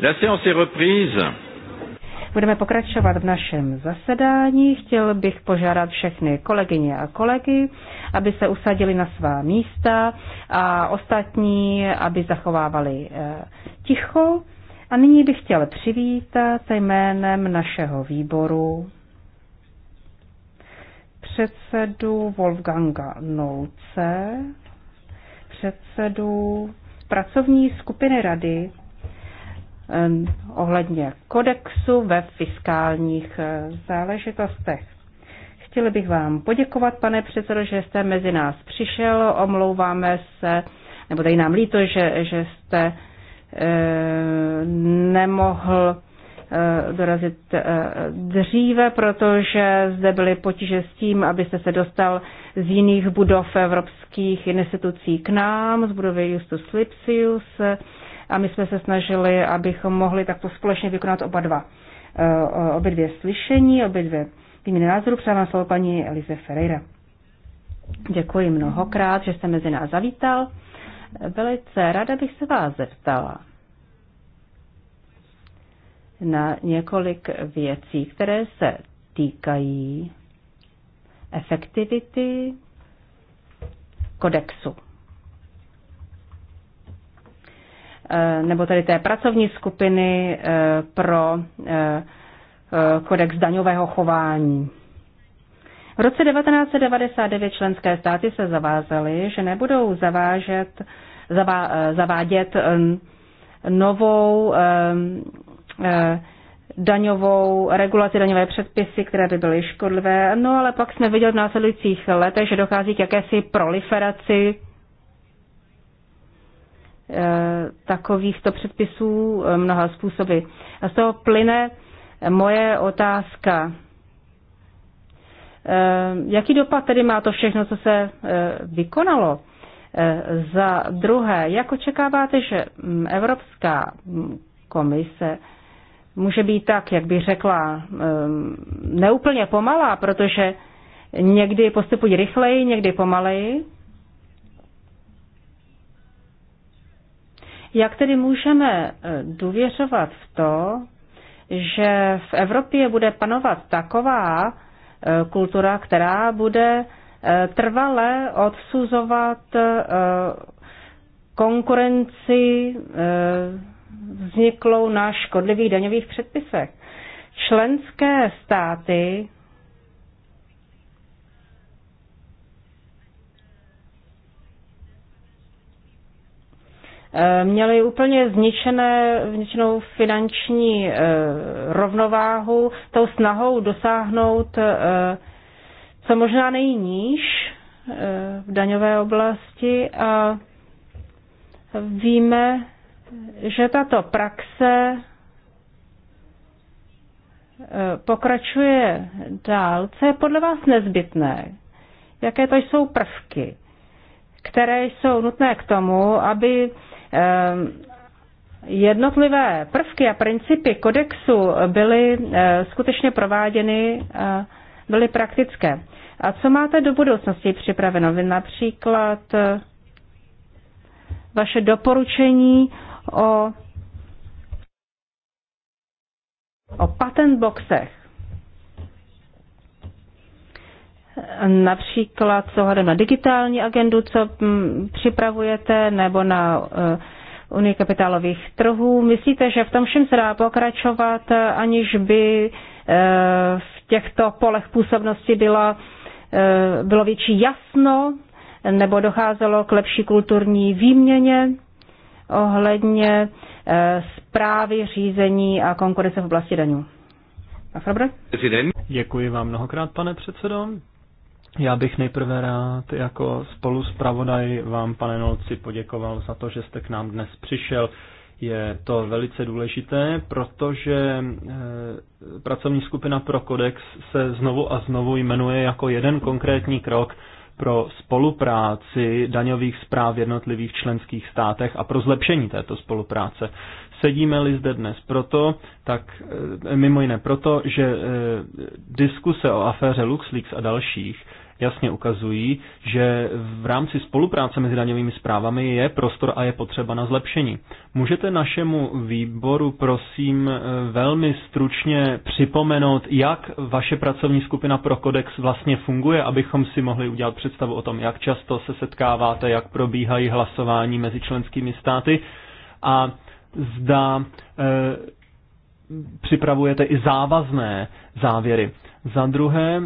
La séance est reprise. Budeme pokračovat v našem zasedání. Chtěl bych požádat všechny kolegyně a kolegy, aby se usadili na svá místa a ostatní, aby zachovávali eh, ticho. A nyní bych chtěl přivítat jménem našeho výboru předsedu Wolfganga Nolce, předsedu pracovní skupiny rady ohledně kodexu ve fiskálních eh, záležitostech. Chtěli bych vám poděkovat, pane předsedo, že jste mezi nás přišel. Omlouváme se, nebo tady nám líto, že, že jste eh, nemohl eh, dorazit dříve, protože zde byly potíže s tím, abyste se dostal z jiných budov evropských institucí k nám, z budovy Justus Lipsius a my jsme se snažili, abychom mohli takto společně vykonat oba dva. Eh, obě dvě slyšení, obě dvě výměny názoru Přávám slovo paní Elize Ferreira. Děkuji mnohokrát, že jste mezi nás zavítal. Velice ráda bych se vás zeptala na několik věcí, které se týkají efektivity kodexu. Eh, nebo tedy té pracovní skupiny eh, pro eh, kodex daňového chování. V roce 1999 členské státy se zavázaly, že nebudou zavážet, zavá, zavádět novou daňovou regulaci, daňové předpisy, které by byly škodlivé. No ale pak jsme viděli v následujících letech, že dochází k jakési proliferaci Eh, takovýchto předpisů eh, mnoha způsoby. A z toho plyne moje otázka. Eh, jaký dopad tedy má to všechno, co se vykonalo? Za druhé, jak očekáváte, že mm, Evropská mm, komise může být tak, jak bych řekla, neúplně pomalá, protože někdy postupují rychleji, někdy pomaleji, Jak tedy můžeme eh, důvěřovat v to, že v Evropě bude panovat taková eh, kultura, která bude eh, trvale odsuzovat konkurenci vzniklou na škodlivých daňových předpisech. Členské státy Eh, měli úplně zničené, zničenou finanční eh, rovnováhu tou snahou dosáhnout eh, co možná nejníž v daňové oblasti a víme, že tato praxe pokračuje dál. Co je podle vás nezbytné? Jaké to jsou prvky, které jsou nutné k tomu, aby Ehm, jednotlivé prvky a principy kodexu byly eh, skutečně prováděny, eh, byly praktické. A co máte do budoucnosti připraveno? Vy například eh, vaše doporučení o, o patent boxech. například s ohledem na digitální agendu, co mm, připravujete, nebo na e, Unii kapitálových trhů. Myslíte, že v tom všem se dá pokračovat, aniž by e, v těchto polech působnosti bylo e, bylo větší jasno, nebo docházelo k lepší kulturní výměně ohledně zprávy, řízení a konkurence v oblasti daňů? Děkuji vám mnohokrát, pane předsedo. Já bych nejprve rád jako spolu zpravodaj vám, pane Nolci, poděkoval za to, že jste k nám dnes přišel. Je to velice důležité, protože eh, pracovní skupina pro kodex se znovu a znovu jmenuje jako jeden konkrétní krok pro spolupráci daňových zpráv v jednotlivých členských státech a pro zlepšení této spolupráce. Sedíme-li zde dnes proto, tak eh, mimo jiné proto, že eh, diskuse o aféře LuxLeaks a dalších jasně ukazují, že v rámci spolupráce mezi daňovými zprávami je prostor a je potřeba na zlepšení. Můžete našemu výboru, prosím, eh, velmi stručně připomenout, jak vaše pracovní skupina pro kodex vlastně funguje, abychom si mohli udělat představu o tom, jak často se setkáváte, jak probíhají hlasování mezi členskými státy a zda e, připravujete i závazné závěry. Za druhé e,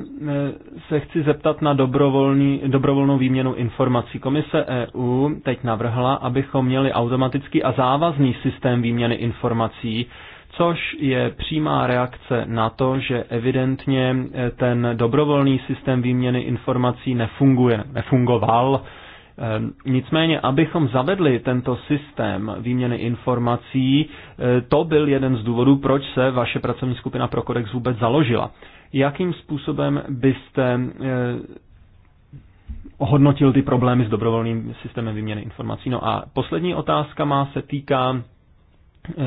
se chci zeptat na dobrovolný, dobrovolnou výměnu informací. Komise EU teď navrhla, abychom měli automatický a závazný systém výměny informací, což je přímá reakce na to, že evidentně e, ten dobrovolný systém výměny informací nefunguje, nefungoval. E, nicméně, abychom zavedli tento systém výměny informací, to byl jeden z důvodů, proč se vaše pracovní skupina pro kodex vůbec založila jakým způsobem byste eh, ohodnotil ty problémy s dobrovolným systémem výměny informací. No a poslední otázka má se týká eh,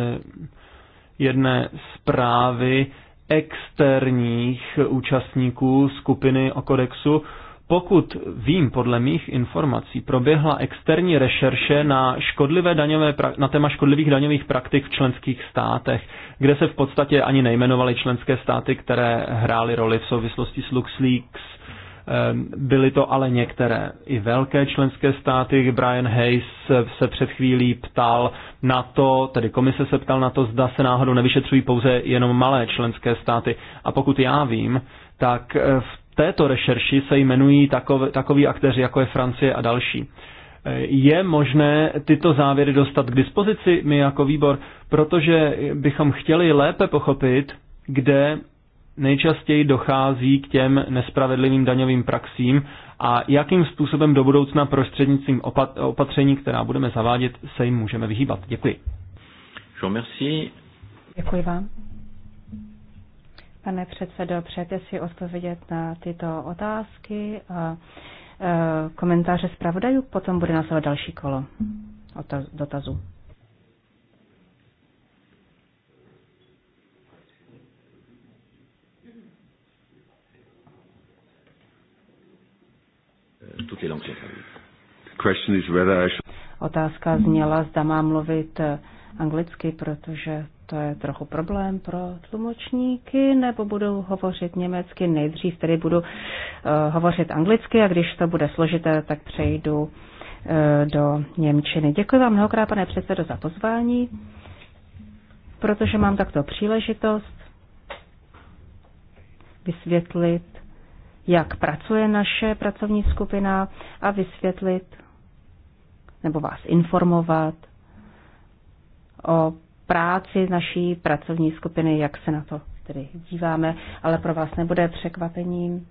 jedné zprávy externích účastníků skupiny o kodexu, pokud vím, podle mých informací, proběhla externí rešerše na, škodlivé daňové, na téma škodlivých daňových praktik v členských státech, kde se v podstatě ani nejmenovaly členské státy, které hrály roli v souvislosti s LuxLeaks. Ehm, byly to ale některé i velké členské státy. Brian Hayes se před chvílí ptal na to, tedy komise se ptal na to, zda se náhodou nevyšetřují pouze jenom malé členské státy. A pokud já vím, tak eh, v této rešerši se jmenují takové, takoví aktéři, jako je Francie a další. Je možné tyto závěry dostat k dispozici my jako výbor, protože bychom chtěli lépe pochopit, kde nejčastěji dochází k těm nespravedlivým daňovým praxím a jakým způsobem do budoucna prostřednictvím opat- opatření, která budeme zavádět, se jim můžeme vyhýbat. Děkuji. Děkuji vám. Pane předsedo, přejete si odpovědět na tyto otázky a e, komentáře zpravodajů, potom bude následovat další kolo dotazů. Otázka zněla, zda má mluvit e, anglicky, protože to je trochu problém pro tlumočníky, nebo budu hovořit německy. Nejdřív tedy budu uh, hovořit anglicky a když to bude složité, tak přejdu uh, do Němčiny. Děkuji vám mnohokrát, pane předsedo, za pozvání, protože mám takto příležitost vysvětlit, jak pracuje naše pracovní skupina a vysvětlit nebo vás informovat o práci naší pracovní skupiny, jak se na to tedy díváme, ale pro vás nebude překvapením,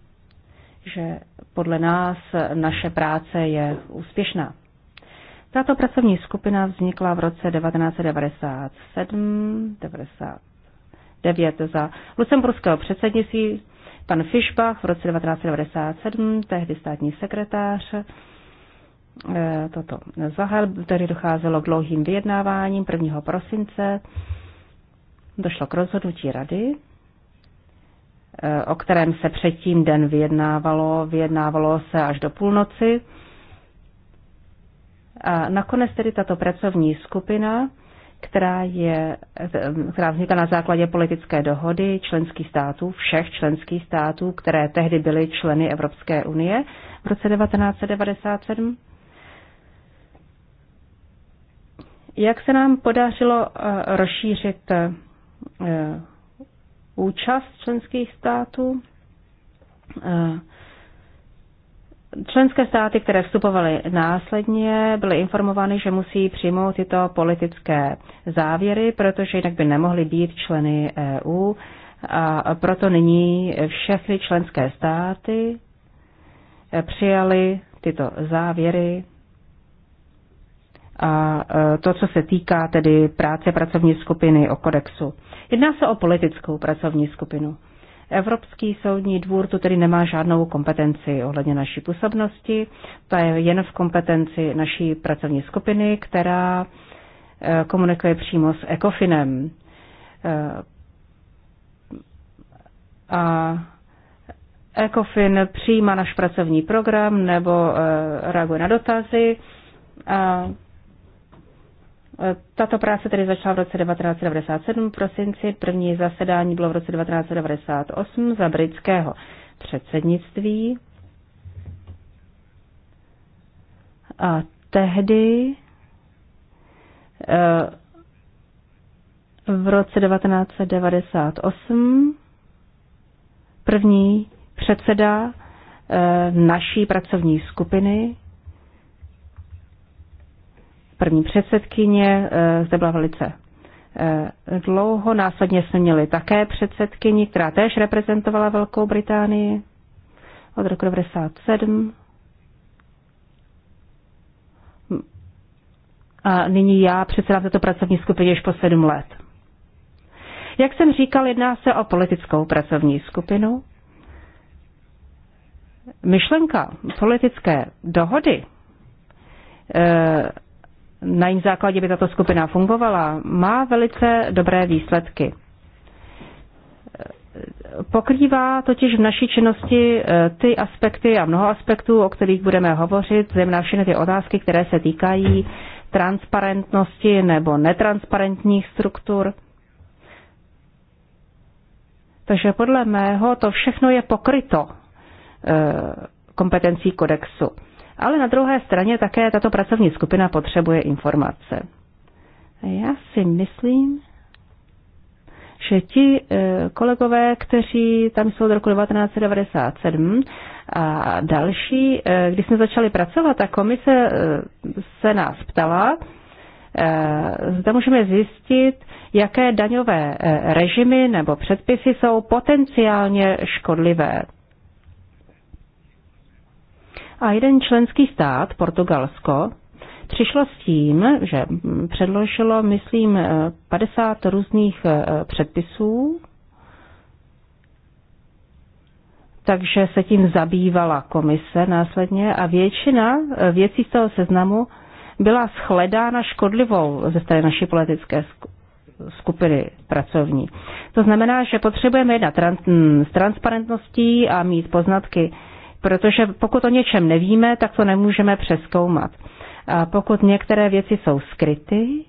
že podle nás naše práce je úspěšná. Tato pracovní skupina vznikla v roce 1997-99 za lucemburského předsednictví. Pan Fischbach v roce 1997, tehdy státní sekretář, E, toto zahal, tedy docházelo k dlouhým vyjednáváním 1. prosince. Došlo k rozhodnutí rady, e, o kterém se předtím den vyjednávalo, vyjednávalo se až do půlnoci. A nakonec tedy tato pracovní skupina, která, je, která vznikla na základě politické dohody členských států, všech členských států, které tehdy byly členy Evropské unie v roce 1997, Jak se nám podařilo eh, rozšířit eh, účast členských států? Eh, členské státy, které vstupovaly následně, byly informovány, že musí přijmout tyto politické závěry, protože jinak by nemohly být členy EU. A proto nyní všechny členské státy přijali tyto závěry a e, to, co se týká tedy práce pracovní skupiny o kodexu. Jedná se o politickou pracovní skupinu. Evropský soudní dvůr tu tedy nemá žádnou kompetenci ohledně naší působnosti, ta je jen v kompetenci naší pracovní skupiny, která e, komunikuje přímo s ECOFINem. E, a ECOFIN přijímá náš pracovní program nebo reaguje na dotazy a tato práce tedy začala v roce 1997 v prosinci, první zasedání bylo v roce 1998 za britského předsednictví. A tehdy eh, v roce 1998 první předseda eh, naší pracovní skupiny první předsedkyně, eh, zde byla velice eh, dlouho. Následně jsme měli také předsedkyni, která též reprezentovala Velkou Británii od roku 1997. A nyní já předsedám této pracovní skupině již po sedm let. Jak jsem říkal, jedná se o politickou pracovní skupinu. Myšlenka politické dohody eh, na jejím základě by tato skupina fungovala, má velice dobré výsledky. Pokrývá totiž v naší činnosti eh, ty aspekty a mnoho aspektů, o kterých budeme hovořit, zejména všechny ty otázky, které se týkají transparentnosti nebo netransparentních struktur. Takže podle mého to všechno je pokryto eh, kompetencí kodexu. Ale na druhé straně také tato pracovní skupina potřebuje informace. Já si myslím, že ti e, kolegové, kteří tam jsou od roku 1997 a další, e, když jsme začali pracovat, ta komise e, se nás ptala, zda můžeme zjistit, jaké daňové režimy nebo předpisy jsou potenciálně škodlivé a jeden členský stát, Portugalsko, přišlo s tím, že předložilo, myslím, 50 eh, různých eh, předpisů, takže se tím zabývala komise následně a většina eh, věcí z toho seznamu byla shledána škodlivou ze strany naší politické skupiny pracovní. To znamená, že potřebujeme jednat trans- s transparentností a mít poznatky protože pokud o něčem nevíme, tak to nemůžeme přeskoumat. A pokud některé věci jsou skryty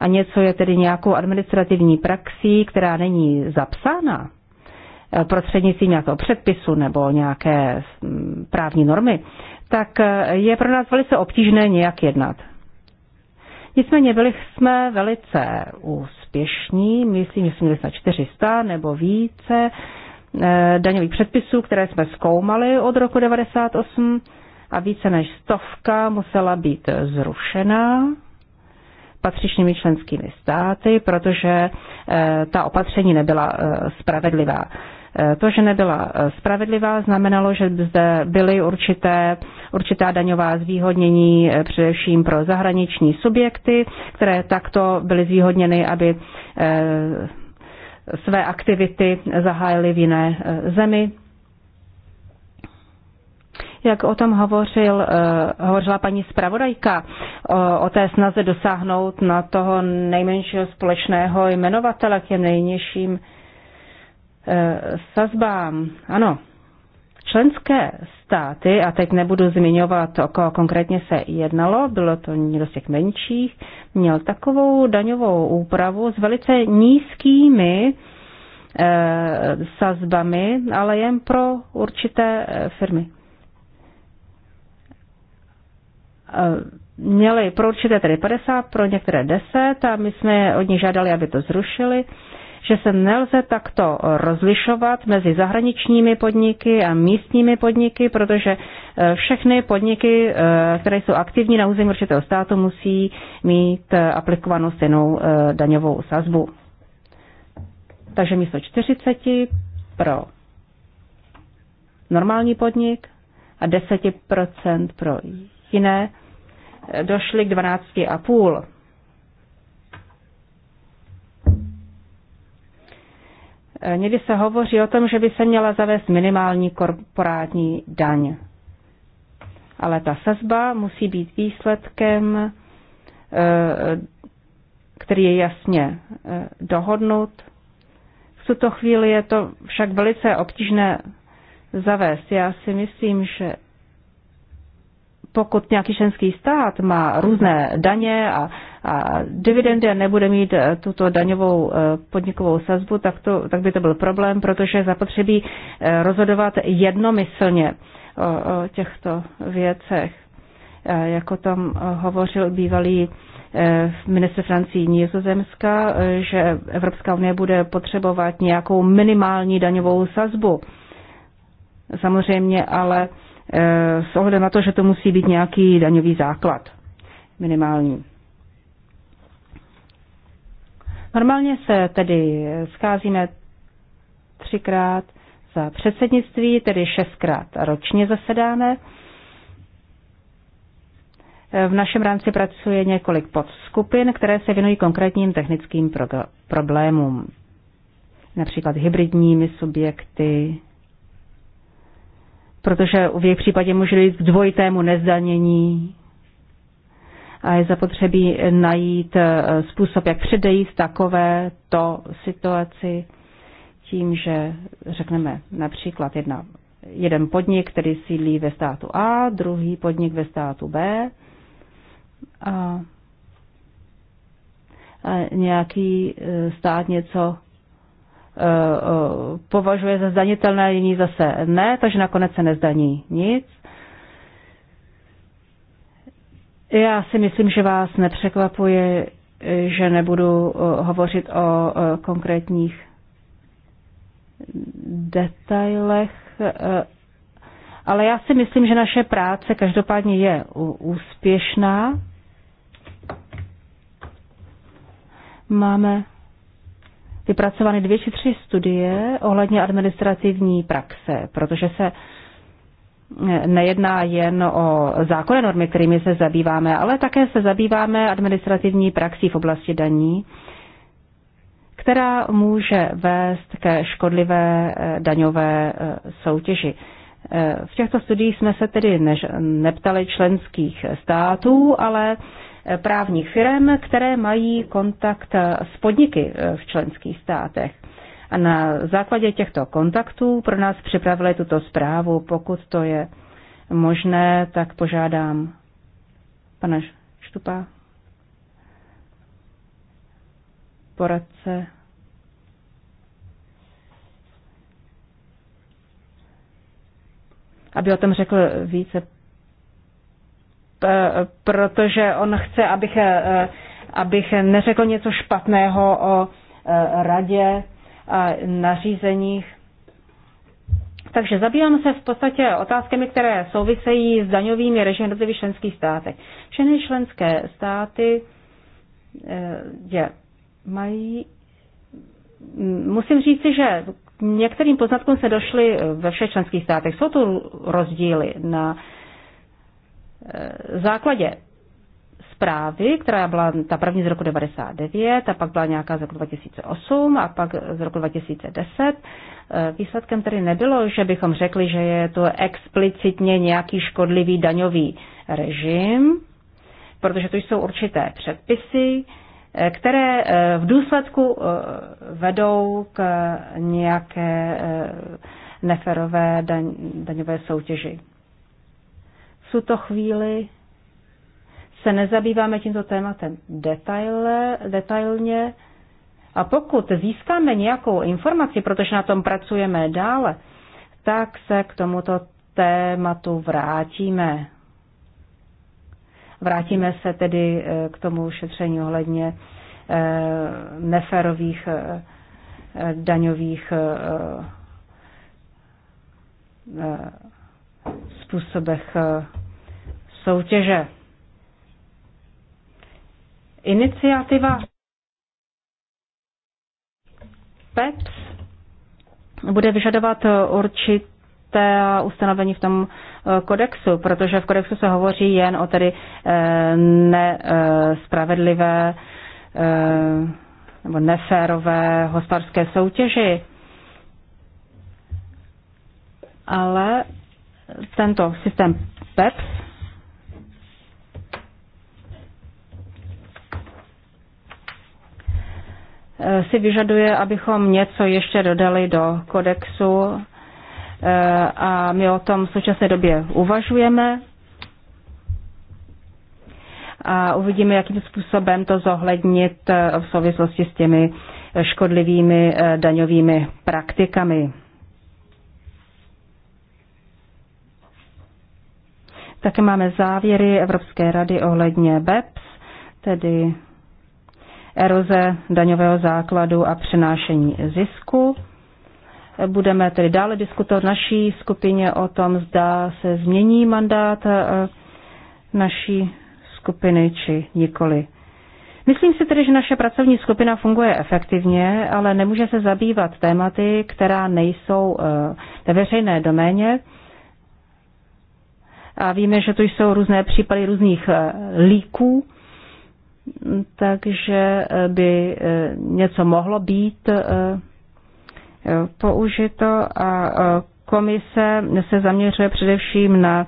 a něco je tedy nějakou administrativní praxí, která není zapsána e, prostřednictvím nějakého předpisu nebo nějaké mm, právní normy, tak e, je pro nás velice obtížné nějak jednat. Nicméně byli jsme velice úspěšní, myslím, že jsme měli na 400 nebo více Eh, daňových předpisů, které jsme zkoumali od roku 1998 a více než stovka musela být zrušena patřičnými členskými státy, protože eh, ta opatření nebyla eh, spravedlivá. To, že nebyla spravedlivá, znamenalo, že zde byly určité, určitá daňová zvýhodnění především pro zahraniční subjekty, které takto byly zvýhodněny, aby své aktivity zahájili v jiné e, zemi. Jak o tom hovořil, e, hovořila paní zpravodajka, o, o té snaze dosáhnout na toho nejmenšího společného jmenovatele k těm nejnižším e, sazbám. Ano, členské státy, a teď nebudu zmiňovat, o koho konkrétně se jednalo, bylo to někdo z těch menších, měl takovou daňovou úpravu s velice nízkými e, sazbami, ale jen pro určité eh, firmy. Eh, měli pro určité tedy 50, pro některé 10 a my jsme od nich žádali, aby to zrušili. E, že se nelze takto rozlišovat mezi zahraničními podniky a místními podniky, protože e, všechny podniky, e, které jsou aktivní na území určitého státu, musí mít e, aplikovanou stejnou daňovou sazbu. Takže místo 40 pro normální podnik a 10% pro jiné došli k 12,5. Eh, někdy se hovoří o tom, že by se měla zavést minimální korporátní daň. Ale ta sazba musí být výsledkem, eh, který je jasně eh, dohodnut. V tuto chvíli je to však velice obtížné zavést. Já si myslím, že pokud nějaký ženský stát má různé daně a dividendy a nebude mít e, tuto daňovou e, podnikovou sazbu, tak, to, tak by to byl problém, protože zapotřebí e, rozhodovat jednomyslně o, o těchto věcech. jako tam hovořil bývalý ministr Francí Nizozemska, že Evropská unie bude potřebovat nějakou minimální daňovou sazbu. Samozřejmě ale s ohledem na to, že to musí být nějaký daňový základ minimální. Normálně se tedy scházíme třikrát za předsednictví, tedy šestkrát ročně zasedáme. V našem rámci pracuje několik podskupin, které se věnují konkrétním technickým problémům, například hybridními subjekty, protože v jejich případě může jít k dvojitému nezdanění a je zapotřebí najít eh, způsob, jak předejít takové to situaci tím, že řekneme například jedna, jeden podnik, který sídlí ve státu A, druhý podnik ve státu B a, a nějaký eh, stát něco eh, považuje za zdanitelné, jiný zase ne, takže nakonec se nezdaní nic Já si myslím, že vás nepřekvapuje, že nebudu eh, hovořit o eh, konkrétních detailech, eh, ale já si myslím, že naše práce každopádně je úspěšná. Máme vypracovány dvě či tři studie ohledně administrativní praxe, protože se nejedná jen o zákonné normy, kterými se zabýváme, ale také se zabýváme administrativní praxí v oblasti daní, která může vést ke škodlivé eh, daňové eh, soutěži. Eh, v těchto studiích jsme se tedy než, neptali členských států, ale právních firm, které mají kontakt s podniky v členských státech. A na základě těchto kontaktů pro nás připravili tuto zprávu. Pokud to je možné, tak požádám pana Štupa, poradce. aby o tom řekl více, protože on chce, abych, eh, abych neřekl něco špatného o eh, radě a nařízeních. Takže zabýváme se v podstatě otázkami, které souvisejí s daňovými režimy jednotlivých členských státech. Všechny členské státy e, je, mají. Musím říci, že k některým poznatkům se došly ve všech členských státech. Jsou tu rozdíly na e, základě zprávy, která byla ta první z roku 99 a pak byla nějaká z roku 2008 a pak z roku 2010. E, výsledkem tedy nebylo, že bychom řekli, že je to explicitně nějaký škodlivý daňový režim, protože to jsou určité předpisy, e, které e, v důsledku vedou k nějaké neferové daň, daňové soutěži. V tuto chvíli se nezabýváme tímto tématem detaile, detailně. A pokud získáme nějakou informaci, protože na tom pracujeme dále, tak se k tomuto tématu vrátíme. Vrátíme se tedy eh, k tomu šetření ohledně eh, neférových eh, daňových způsobech soutěže. Iniciativa PEPS bude vyžadovat určité ustanovení v tom eh, kodexu, protože v kodexu se hovoří jen o tedy eh, nespravedlivé eh, nebo neférové hospodářské soutěži. Ale tento systém PEPS Eh, si vyžaduje, abychom něco ještě dodali do kodexu eh, a my o tom v současné době uvažujeme a uvidíme, jakým způsobem to zohlednit eh, v souvislosti s těmi škodlivými daňovými praktikami. Také máme závěry Evropské rady ohledně BEPS, tedy eroze daňového základu a přenášení zisku. Budeme tedy dále diskutovat v naší skupině o tom, zda se změní mandát eh, naší skupiny či nikoli. Myslím si tedy, že naše pracovní skupina funguje efektivně, ale nemůže se zabývat tématy, která nejsou eh, ve veřejné doméně. A víme, že tu jsou různé případy různých eh, líků, takže eh, by eh, něco mohlo být eh, použito a komise se zaměřuje především na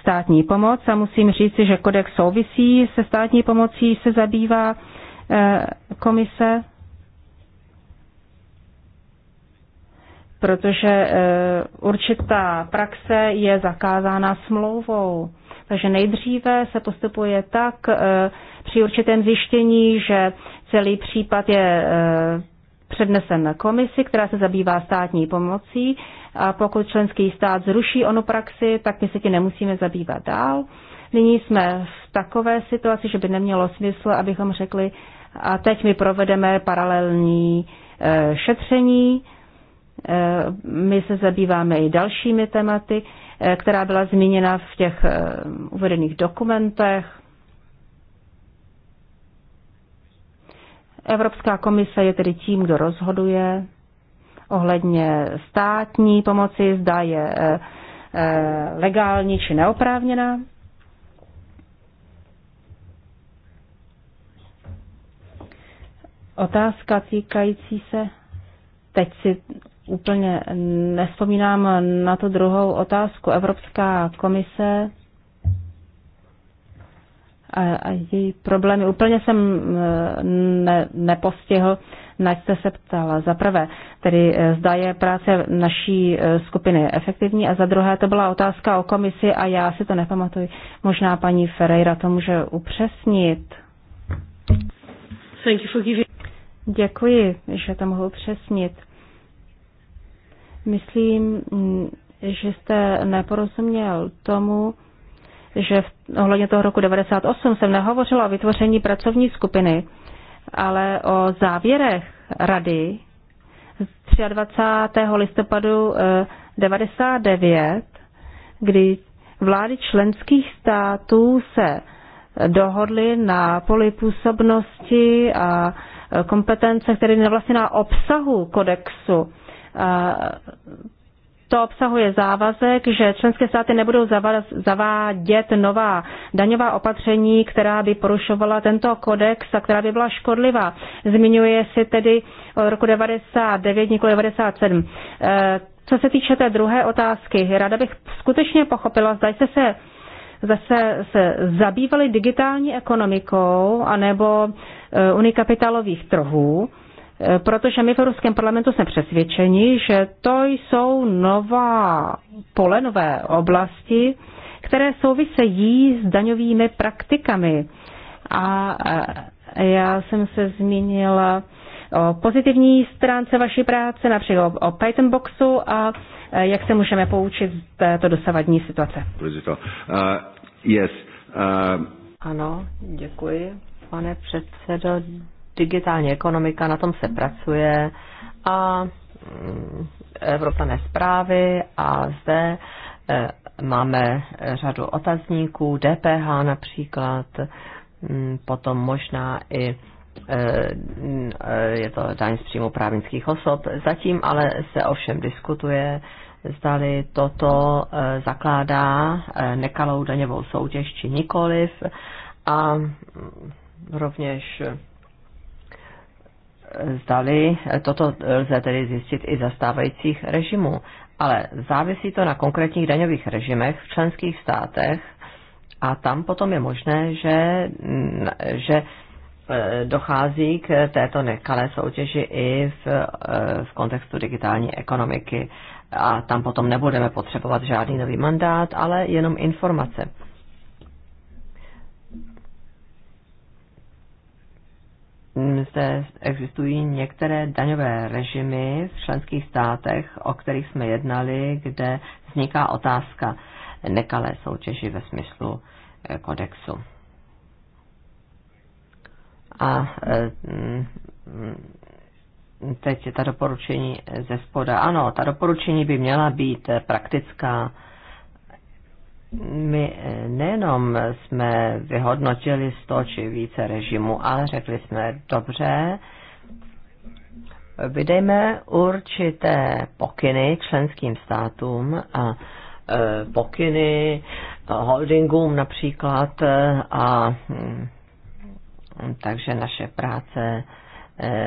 státní pomoc a musím říci, že kodex souvisí se státní pomocí, se zabývá komise, protože určitá praxe je zakázána smlouvou. Takže nejdříve se postupuje tak eh, při určitém zjištění, že celý případ je eh, přednesen komisi, která se zabývá státní pomocí a pokud členský stát zruší onu praxi, tak my se ti nemusíme zabývat dál. Nyní jsme v takové situaci, že by nemělo smysl, abychom řekli, a teď my provedeme paralelní eh, šetření, my se zabýváme i dalšími tématy. Eh, která byla zmíněna v těch eh, uvedených dokumentech. Evropská komise je tedy tím, kdo rozhoduje ohledně státní pomoci, zda je eh, legální či neoprávněná. Otázka týkající se, teď si úplně nespomínám na tu druhou otázku. Evropská komise a, a její problémy úplně jsem eh, ne, nepostihl, na jste se ptal. Za prvé, tedy eh, zda je práce naší eh, skupiny efektivní a za druhé to byla otázka o komisi a já si to nepamatuji. Možná paní Ferreira to může upřesnit. Thank you for giving... Děkuji, že to mohu upřesnit. Myslím, že jste neporozuměl tomu, že v, ohledně toho roku 98 jsem nehovořila o vytvoření pracovní skupiny, ale o závěrech rady z 23. listopadu 99, eh, kdy vlády členských států se dohodly na poli působnosti a eh, kompetence, které je vlastně na obsahu kodexu to obsahuje závazek, že členské státy nebudou zavádět nová daňová opatření, která by porušovala tento kodex a která by byla škodlivá. Zmiňuje si tedy od roku 99, nikoli 97. Eh, co se týče té druhé otázky, ráda bych skutečně pochopila, zda se se zase se zabývali digitální ekonomikou anebo eh, unikapitálových trhů Eh, protože my v Evropském parlamentu jsme přesvědčeni, že to jsou nová pole, nové oblasti, které souvisejí s daňovými praktikami. A eh, já jsem se zmínila o pozitivní stránce vaší práce, například o Python Boxu a eh, jak se můžeme poučit z této dosavadní situace. Uh, yes. uh... Ano, děkuji, pane předsedo digitální ekonomika, na tom se pracuje a mm, Evropané zprávy a zde e, máme řadu otazníků, DPH například, mm, potom možná i e, mm, e, je to daň z příjmu právnických osob. Zatím ale se ovšem diskutuje, zdali toto zakládá nekalou daňovou soutěž či nikoliv a rovněž zdali toto lze tedy zjistit i za stávajících režimů. Ale závisí to na konkrétních daňových režimech v členských státech a tam potom je možné, že, mm, že e, dochází k této nekalé soutěži i v, e, v kontextu digitální ekonomiky. A tam potom nebudeme potřebovat žádný nový mandát, ale jenom informace. zde existují některé daňové režimy v členských státech, o kterých jsme jednali, kde vzniká otázka nekalé soutěži ve smyslu eh, kodexu. A eh, teď ta doporučení ze spoda. Ano, ta doporučení by měla být eh, praktická, my eh, nejenom jsme vyhodnotili 100 či více režimů, ale řekli jsme, dobře, vydejme určité pokyny členským státům a eh, pokyny holdingům například eh, a hm, takže naše práce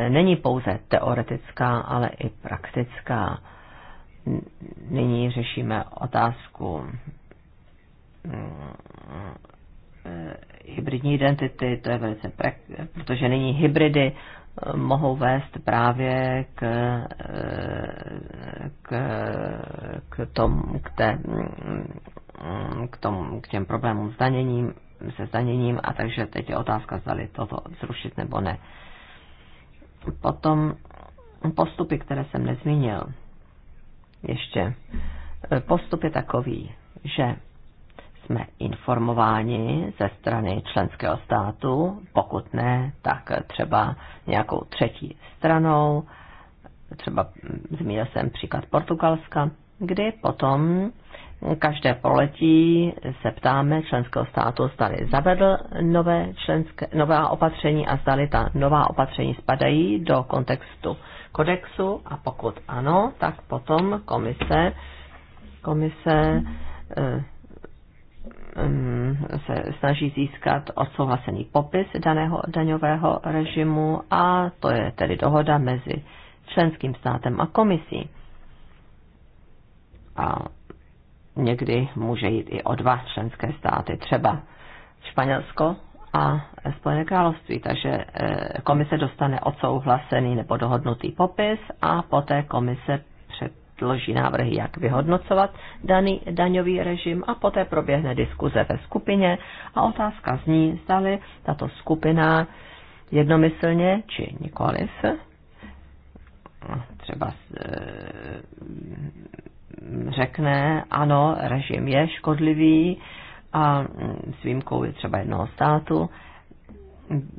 není pouze teoretická, ale i praktická. Nyní řešíme otázku Eh, hybridní identity, to je velice prak, protože nyní hybridy eh, mohou vést právě k, eh, k, k, tom, k, té, mm, k, tom, k těm problémům zdaněním, se zdaněním a takže teď je otázka, zdali toto zrušit nebo ne. Potom postupy, které jsem nezmínil ještě. Postup je takový, že jsme informováni ze strany členského státu, pokud ne, tak třeba nějakou třetí stranou, třeba zmínil jsem příklad Portugalska, kdy potom každé poletí se ptáme členského státu, zdali zavedl nové členské, nová opatření a zdali ta nová opatření spadají do kontextu kodexu a pokud ano, tak potom komise, komise eh, Mm, se snaží získat odsouhlasený popis daného daňového režimu a to je tedy dohoda mezi členským státem a komisí. A někdy může jít i o dva členské státy, třeba Španělsko a Spojené království. Takže eh, komise dostane odsouhlasený nebo dohodnutý popis a poté komise předloží návrhy, jak vyhodnocovat daný daňový režim a poté proběhne diskuze ve skupině a otázka zní, zdali tato skupina jednomyslně či nikoliv třeba eh, řekne, ano, režim je škodlivý a mm, s výjimkou je třeba jednoho státu.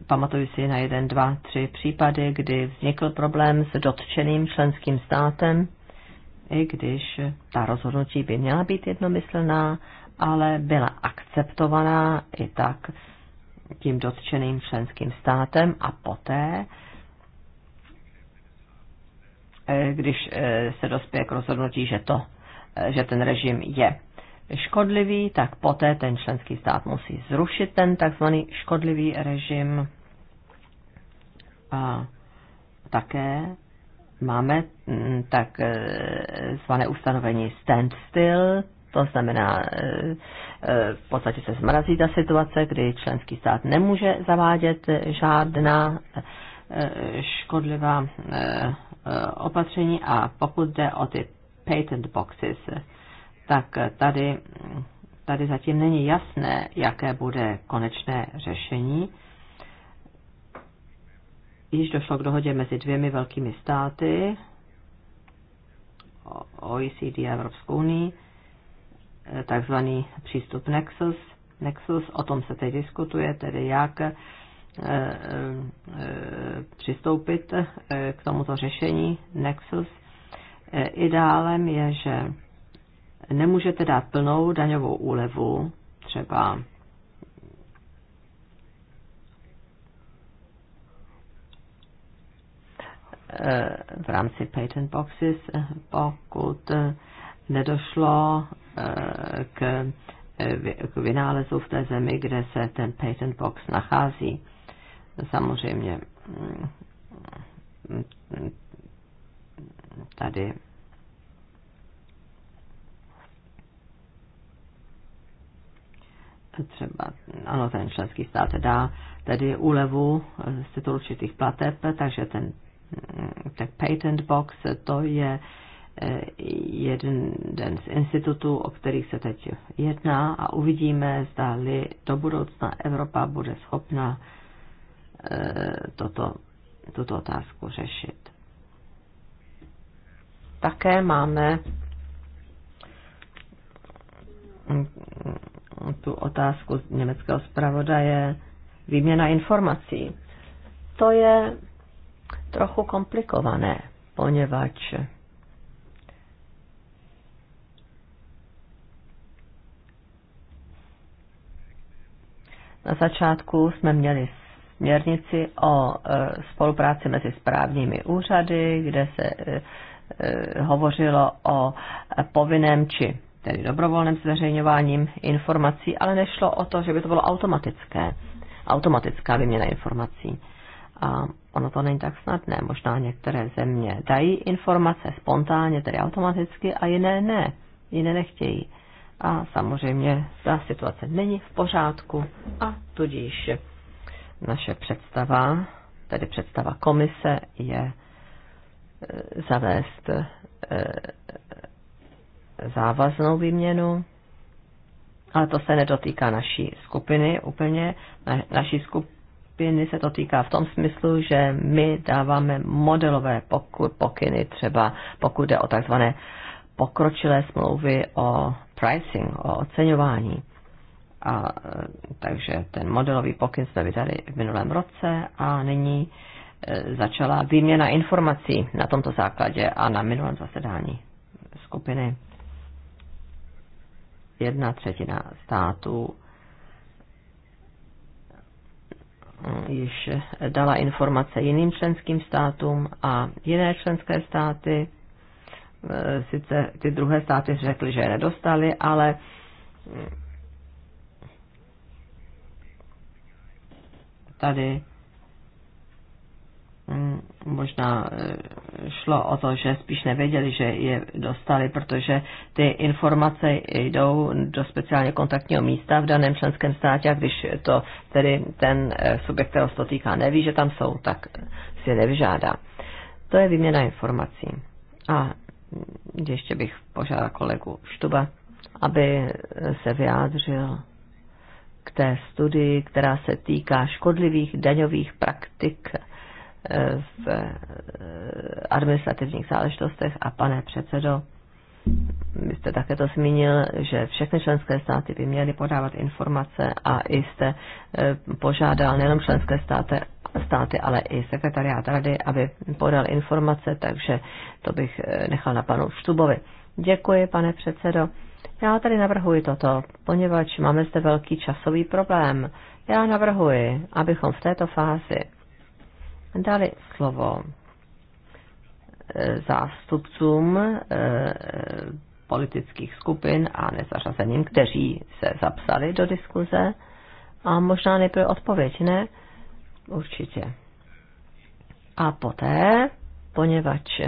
Pamatuju si na jeden, dva, tři případy, kdy vznikl problém s dotčeným členským státem i když ta rozhodnutí by měla být jednomyslná, ale byla akceptovaná i tak tím dotčeným členským státem a poté, e, když e, se dospěje k rozhodnutí, že, to, e, že ten režim je škodlivý, tak poté ten členský stát musí zrušit ten takzvaný škodlivý režim. A také máme mm, tak eh, zvané ustanovení standstill, to znamená, eh, eh, v podstatě se zmrazí ta situace, kdy členský stát nemůže zavádět žádná škodlivá opatření a pokud jde o ty patent boxes, tak tady, tady zatím není jasné, jaké bude konečné řešení již došlo k dohodě mezi dvěmi velkými státy, OECD a Evropskou unii, takzvaný přístup Nexus. Nexus, o tom se teď diskutuje, tedy jak eh, eh, přistoupit eh, k tomuto řešení Nexus. Ideálem je, že nemůžete dát plnou daňovou úlevu, třeba Eh, v rámci patent boxes, pokud nedošlo eh, k, eh, k vynálezu v té zemi, kde se ten patent box nachází. Samozřejmě mm, tady třeba, ano, ten členský stát dá tedy úlevu z titulu určitých plateb, takže ten Eh, tak Patent Box, to je eh, jeden den z institutů, o kterých se teď jedná a uvidíme, zda-li do budoucna Evropa bude schopna eh, toto, tuto otázku řešit. Také máme tu otázku z německého zpravodaje výměna informací. To je trochu komplikované, poněvadž na začátku jsme měli směrnici o e, spolupráci mezi správními úřady, kde se e, e, hovořilo o povinném či tedy dobrovolném zveřejňováním informací, ale nešlo o to, že by to bylo automatické, automatická výměna informací. A ono to není tak snadné. Možná některé země dají informace spontánně, tedy automaticky, a jiné ne. Jiné nechtějí. A samozřejmě ta situace není v pořádku a tudíž naše představa, tedy představa komise, je e, zavést e, závaznou výměnu, ale to se nedotýká naší skupiny úplně. Na, naší skup, skupiny se to týká v tom smyslu, že my dáváme modelové pokyny, třeba pokud jde o takzvané pokročilé smlouvy o pricing, o oceňování. A, e, takže ten modelový pokyn jsme vydali v minulém roce a nyní e, začala výměna informací na tomto základě a na minulém zasedání skupiny. Jedna třetina států již dala informace jiným členským státům a jiné členské státy, e, sice ty druhé státy řekly, že je nedostali, ale mm, tady Mm, možná eh, šlo o to, že spíš nevěděli, že je dostali, protože ty informace jdou do speciálně kontaktního místa v daném členském státě a když to tedy ten eh, subjekt, kterého se to týká, neví, že tam jsou, tak si je nevyžádá. To je výměna informací. A ještě bych požádal kolegu Štuba, aby se vyjádřil k té studii, která se týká škodlivých daňových praktik v eh, administrativních záležitostech. A pane předsedo, vy jste také to zmínil, že všechny členské státy by měly podávat informace a i jste eh, požádal nejenom členské státy, státy, ale i sekretariát rady, aby podal informace, takže to bych eh, nechal na panu Štubovi. Děkuji, pane předsedo. Já tady navrhuji toto, poněvadž máme zde velký časový problém. Já navrhuji, abychom v této fázi dali slovo e, zástupcům e, e, politických skupin a nezařazeným, kteří se zapsali do diskuze. A možná nejprve odpověď, ne? Určitě. A poté, poněvadž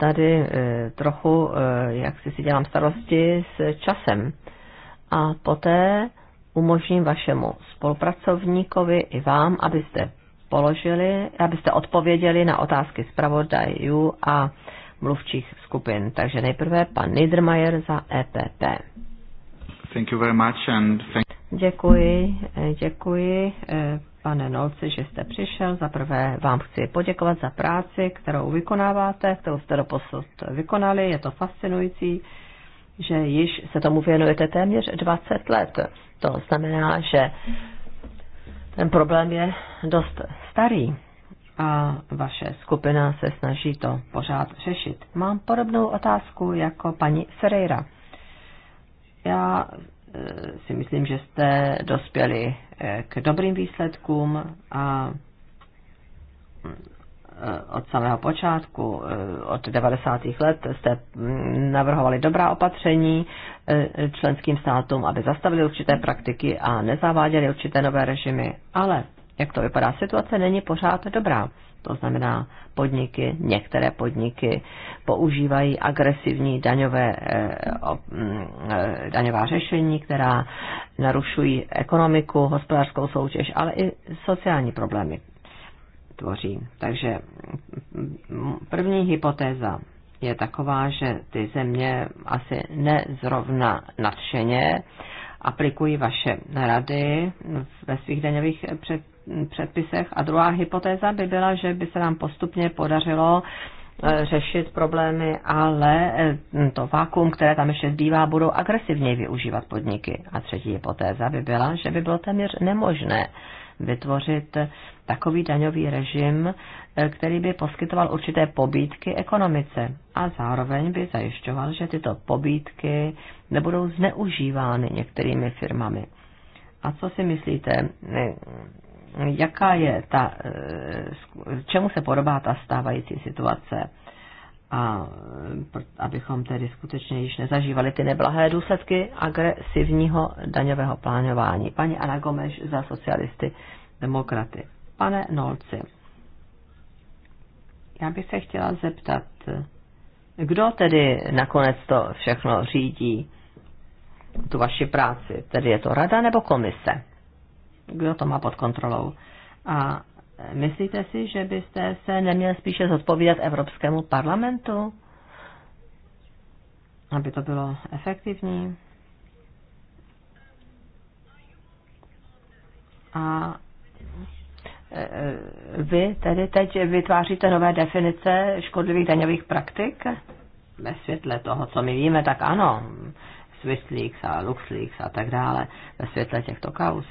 tady trochu, jak si si dělám starosti s časem, a poté umožním vašemu spolupracovníkovi i vám, abyste položili, abyste odpověděli na otázky zpravodajů a mluvčích skupin. Takže nejprve pan Niedermayer za EPP. Thank you very much and thank... Děkuji, děkuji, eh, pane Nolci, že jste přišel. Za prvé vám chci poděkovat za práci, kterou vykonáváte, kterou jste doposud vykonali. Je to fascinující, že již se tomu věnujete téměř 20 let. To znamená, že ten problém je dost starý a vaše skupina se snaží to pořád řešit. Mám podobnou otázku jako paní Ferreira. Já eh, si myslím, že jste dospěli eh, k dobrým výsledkům a Eh, od samého počátku, eh, od 90. let, jste mm, navrhovali dobrá opatření eh, členským státům, aby zastavili určité praktiky a nezaváděli určité nové režimy. Ale jak to vypadá, situace není pořád dobrá. To znamená, podniky, některé podniky používají agresivní daňové, mm, daňová řešení, která narušují ekonomiku, hospodářskou soutěž, ale i sociální problémy tvoří. Takže první hypotéza je taková, že ty země asi nezrovna nadšeně aplikují vaše rady ve svých daňových předpisech. A druhá hypotéza by byla, že by se nám postupně podařilo eh, řešit problémy, ale eh, to vákuum, které tam ještě zbývá, budou agresivněji využívat podniky. A třetí hypotéza by byla, že by bylo téměř nemožné vytvořit takový daňový režim, e, který by poskytoval určité pobídky ekonomice a zároveň by zajišťoval, že tyto pobídky nebudou zneužívány některými firmami. A co si myslíte, e, jaká je ta, e, čemu se podobá ta stávající situace? A abychom tedy skutečně již nezažívali ty neblahé důsledky agresivního daňového plánování. Paní Ana Gomeš za socialisty demokraty. Pane Nolci, já bych se chtěla zeptat, kdo tedy nakonec to všechno řídí, tu vaši práci? Tedy je to rada nebo komise? Kdo to má pod kontrolou? A myslíte si, že byste se neměl spíše zodpovídat Evropskému parlamentu, aby to bylo efektivní? A vy tedy teď vytváříte nové definice škodlivých daňových praktik? Ve světle toho, co my víme, tak ano, Swissleaks a LuxLeaks a tak dále, ve světle těchto kaus.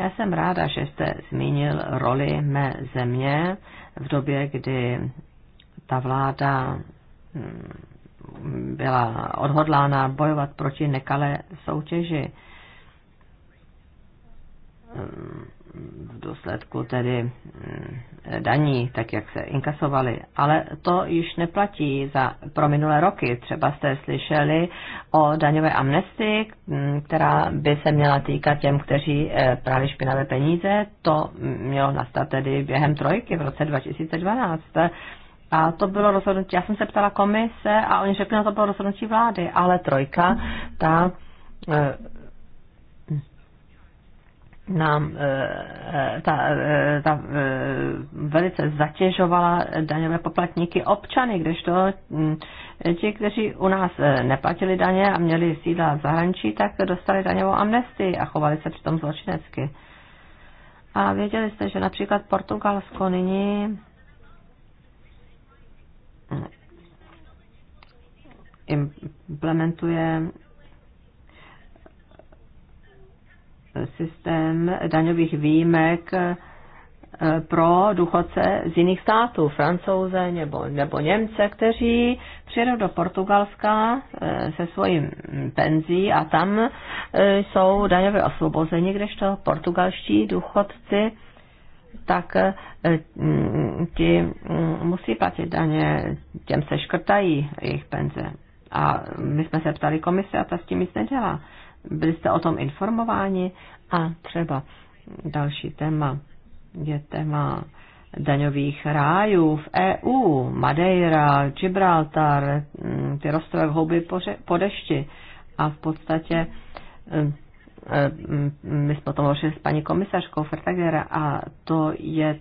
Já jsem ráda, že jste zmínil roli mé země v době, kdy ta vláda mm, byla odhodlána bojovat proti nekalé soutěži mm, v důsledku tedy eh, daní, tak jak se inkasovali, Ale to již neplatí za, pro minulé roky. Třeba jste slyšeli o daňové amnestii, mm, která by se měla týkat těm, kteří eh, právě špinavé peníze. To mělo nastat tedy během trojky v roce 2012. A to bylo rozhodnutí, já jsem se ptala komise a oni řekli, no to bylo rozhodnutí vlády, ale trojka, ta eh, nám eh, eh, ta, eh, ta velice zatěžovala daňové poplatníky občany, kdežto mm, ti, kteří u nás neplatili daně a měli sídla v zahraničí, tak dostali daňovou amnestii a chovali se přitom zločinecky. A věděli jste, že například Portugalsko nyní mm, implementuje systém daňových výjimek eh, pro důchodce z jiných států, francouze nebo, nebo Němce, kteří přijedou do Portugalska eh, se svojím penzí a tam eh, jsou daňové osvobození, kdežto portugalští důchodci tak mm, ti mm, musí platit daně, těm se škrtají jejich penze. A my jsme se ptali komise a ta s tím nic nedělá. Byli jste o tom informováni? A třeba další téma je téma daňových rájů v EU, Madeira, Gibraltar, mm, ty rostové houby po dešti. A v podstatě mm, e, mm, my jsme o tom hovořili s paní komisařkou Fertagera a to je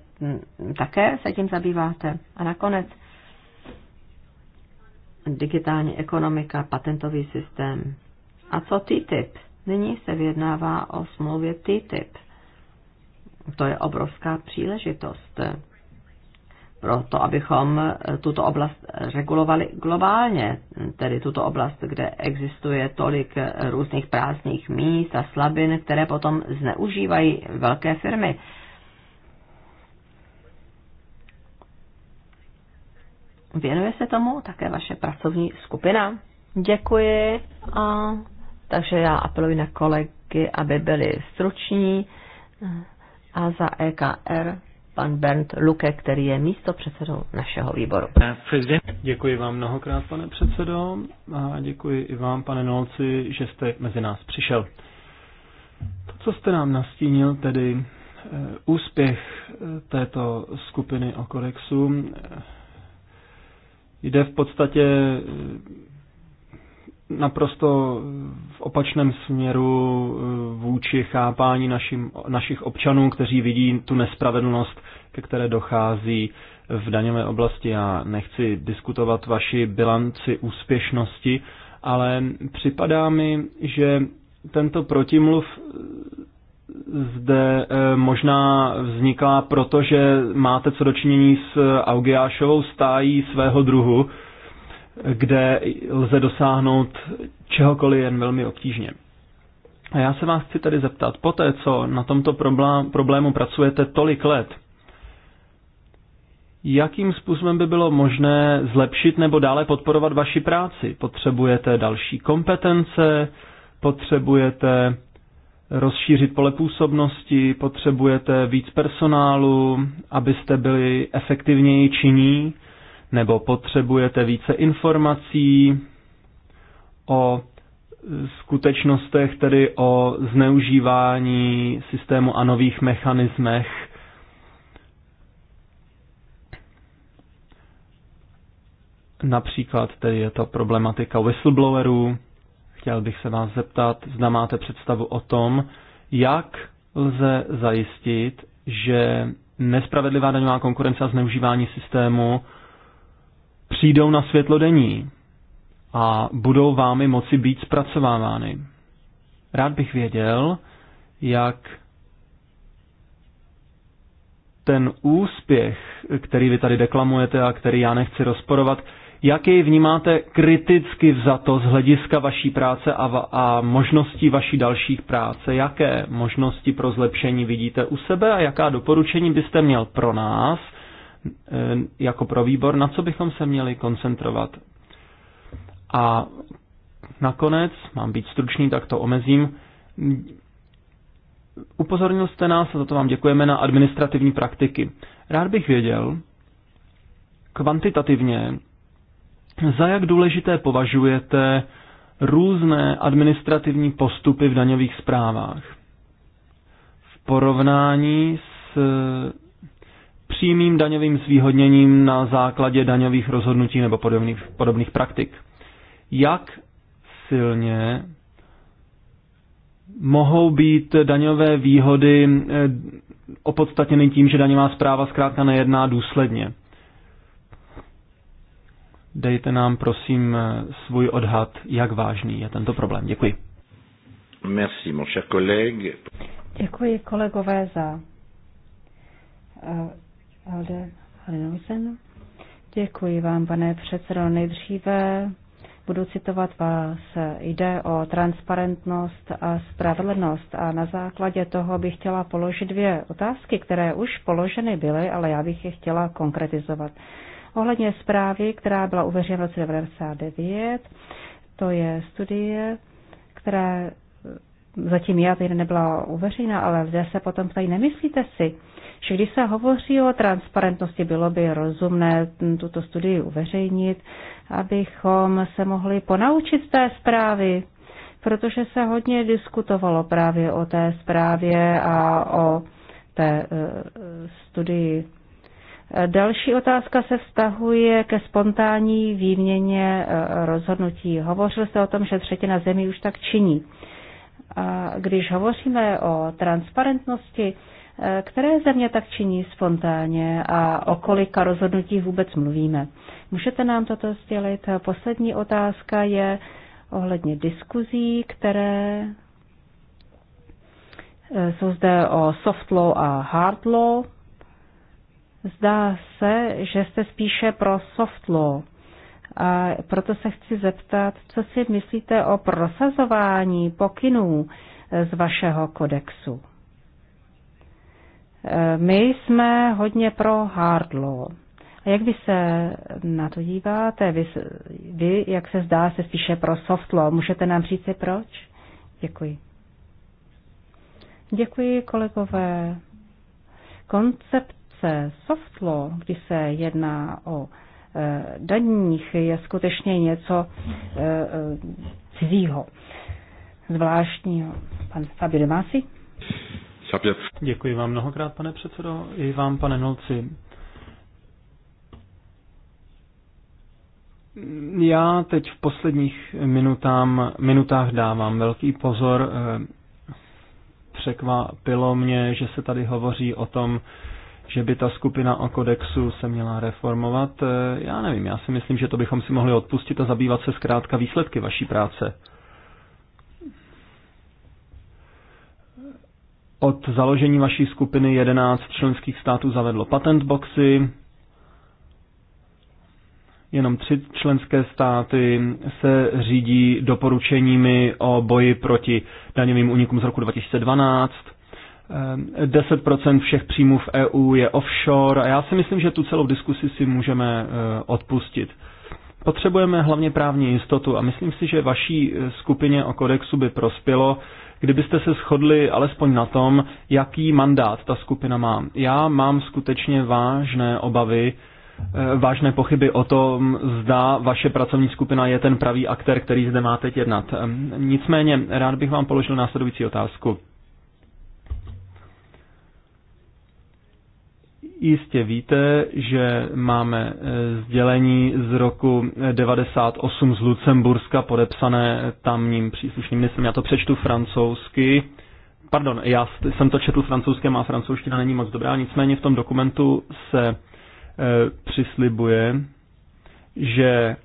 také se tím zabýváte. A nakonec digitální ekonomika, patentový systém. A co TTIP? Nyní se vyjednává o smlouvě TTIP. To je obrovská příležitost pro to, abychom tuto oblast regulovali globálně, tedy tuto oblast, kde existuje tolik různých prázdných míst a slabin, které potom zneužívají velké firmy. Věnuje se tomu také vaše pracovní skupina? Děkuji a takže já apeluji na kolegy, aby byli struční. A za EKR pan Bernd Luke, který je místo předsedou našeho výboru. Děkuji vám mnohokrát, pane předsedo, a děkuji i vám, pane Nolci, že jste mezi nás přišel. To, co jste nám nastínil, tedy e, úspěch e, této skupiny o kodexu, e, jde v podstatě naprosto v opačném směru eh, vůči chápání našim, našich občanů, kteří vidí tu nespravedlnost, ke které dochází v daňové oblasti. Já nechci diskutovat vaši bilanci úspěšnosti, ale připadá mi, že tento protimluv zde eh, možná vzniká proto, že máte co dočinění s augiášovou stájí svého druhu, kde lze dosáhnout čehokoliv jen velmi obtížně. A já se vás chci tady zeptat, po té, co na tomto problému pracujete tolik let, jakým způsobem by bylo možné zlepšit nebo dále podporovat vaši práci? Potřebujete další kompetence, potřebujete rozšířit pole působnosti, potřebujete víc personálu, abyste byli efektivněji činní, nebo potřebujete více informací o skutečnostech, tedy o zneužívání systému a nových mechanismech. Například tedy je to problematika whistleblowerů. Chtěl bych se vás zeptat, zda máte představu o tom, jak lze zajistit, že nespravedlivá daňová konkurence a zneužívání systému přijdou na světlo denní a budou vámi moci být zpracovávány. Rád bych věděl, jak ten úspěch, který vy tady deklamujete a který já nechci rozporovat, jak jej vnímáte kriticky vzato z hlediska vaší práce a, va- a možností vaší dalších práce? Jaké možnosti pro zlepšení vidíte u sebe a jaká doporučení byste měl pro nás, Eh, jako pro výbor, na co bychom se měli koncentrovat. A nakonec, mám být stručný, tak to omezím, upozornil jste nás, a za to vám děkujeme, na administrativní praktiky. Rád bych věděl, kvantitativně, za jak důležité považujete různé administrativní postupy v daňových zprávách v porovnání s přímým daňovým zvýhodněním na základě daňových rozhodnutí nebo podobných, podobných praktik. Jak silně mohou být daňové výhody eh, opodstatněny tím, že daňová zpráva zkrátka nejedná důsledně. Dejte nám prosím eh, svůj odhad, jak vážný je tento problém. Děkuji. Merci, mon cher collègue. Děkuji kolegové za eh, Alde Halinousen. Děkuji vám, pane předsedo. Nejdříve budu citovat vás. Jde o transparentnost a spravedlnost a na základě toho bych chtěla položit dvě otázky, které už položeny byly, ale já bych je chtěla konkretizovat. Ohledně zprávy, která byla uveřejněna v roce 1999, to je studie, která zatím já tedy nebyla uveřejná, ale zde se potom ptají, nemyslíte si, že když se hovoří o transparentnosti, bylo by rozumné tuto studii uveřejnit, abychom se mohli ponaučit z té zprávy, protože se hodně diskutovalo právě o té zprávě a o té e, studii. Další otázka se vztahuje ke spontánní výměně e, rozhodnutí. Hovořil jste o tom, že třetina zemí už tak činí. A když hovoříme o transparentnosti, které země tak činí spontánně a o kolika rozhodnutí vůbec mluvíme? Můžete nám toto sdělit? Poslední otázka je ohledně diskuzí, které e, jsou zde o soft law a hard law. Zdá se, že jste spíše pro soft law. A proto se chci zeptat, co si myslíte o prosazování pokynů z vašeho kodexu. Eh, my jsme hodně pro hard law. A jak vy se na to díváte? Vy, vy jak se zdá, se spíše pro soft law. Můžete nám říct proč? Děkuji. Děkuji, kolegové. Koncepce soft law, kdy se jedná o e, daních, je skutečně něco e, e, cizího, zvláštního. Pan Fabio Demasi? Tabě. Děkuji vám mnohokrát, pane předsedo, i vám, pane Nolci. Já teď v posledních minutám, minutách dávám velký pozor. Eh, překvapilo mě, že se tady hovoří o tom, že by ta skupina o kodexu se měla reformovat. Eh, já nevím, já si myslím, že to bychom si mohli odpustit a zabývat se zkrátka výsledky vaší práce. Od založení vaší skupiny 11 členských států zavedlo patentboxy, jenom tři členské státy se řídí doporučeními o boji proti daňovým únikům z roku 2012. 10% ehm, všech příjmů v EU je offshore a já si myslím, že tu celou diskusi si můžeme eh, odpustit. Potřebujeme hlavně právní jistotu a myslím si, že vaší eh, skupině o kodexu by prospělo, kdybyste se shodli alespoň na tom, jaký mandát ta skupina má. Já mám skutečně vážné obavy, eh, vážné pochyby o tom, zda vaše pracovní skupina je ten pravý aktér, který zde má teď jednat. Ehm, nicméně, rád bych vám položil následující otázku. Jistě víte, že máme eh, sdělení z roku 98 z Lucemburska, podepsané tamním příslušným myslím, Já to přečtu francouzsky. Pardon, já jsem to četl francouzsky, má francouzština není moc dobrá, nicméně v tom dokumentu se e, přislibuje, že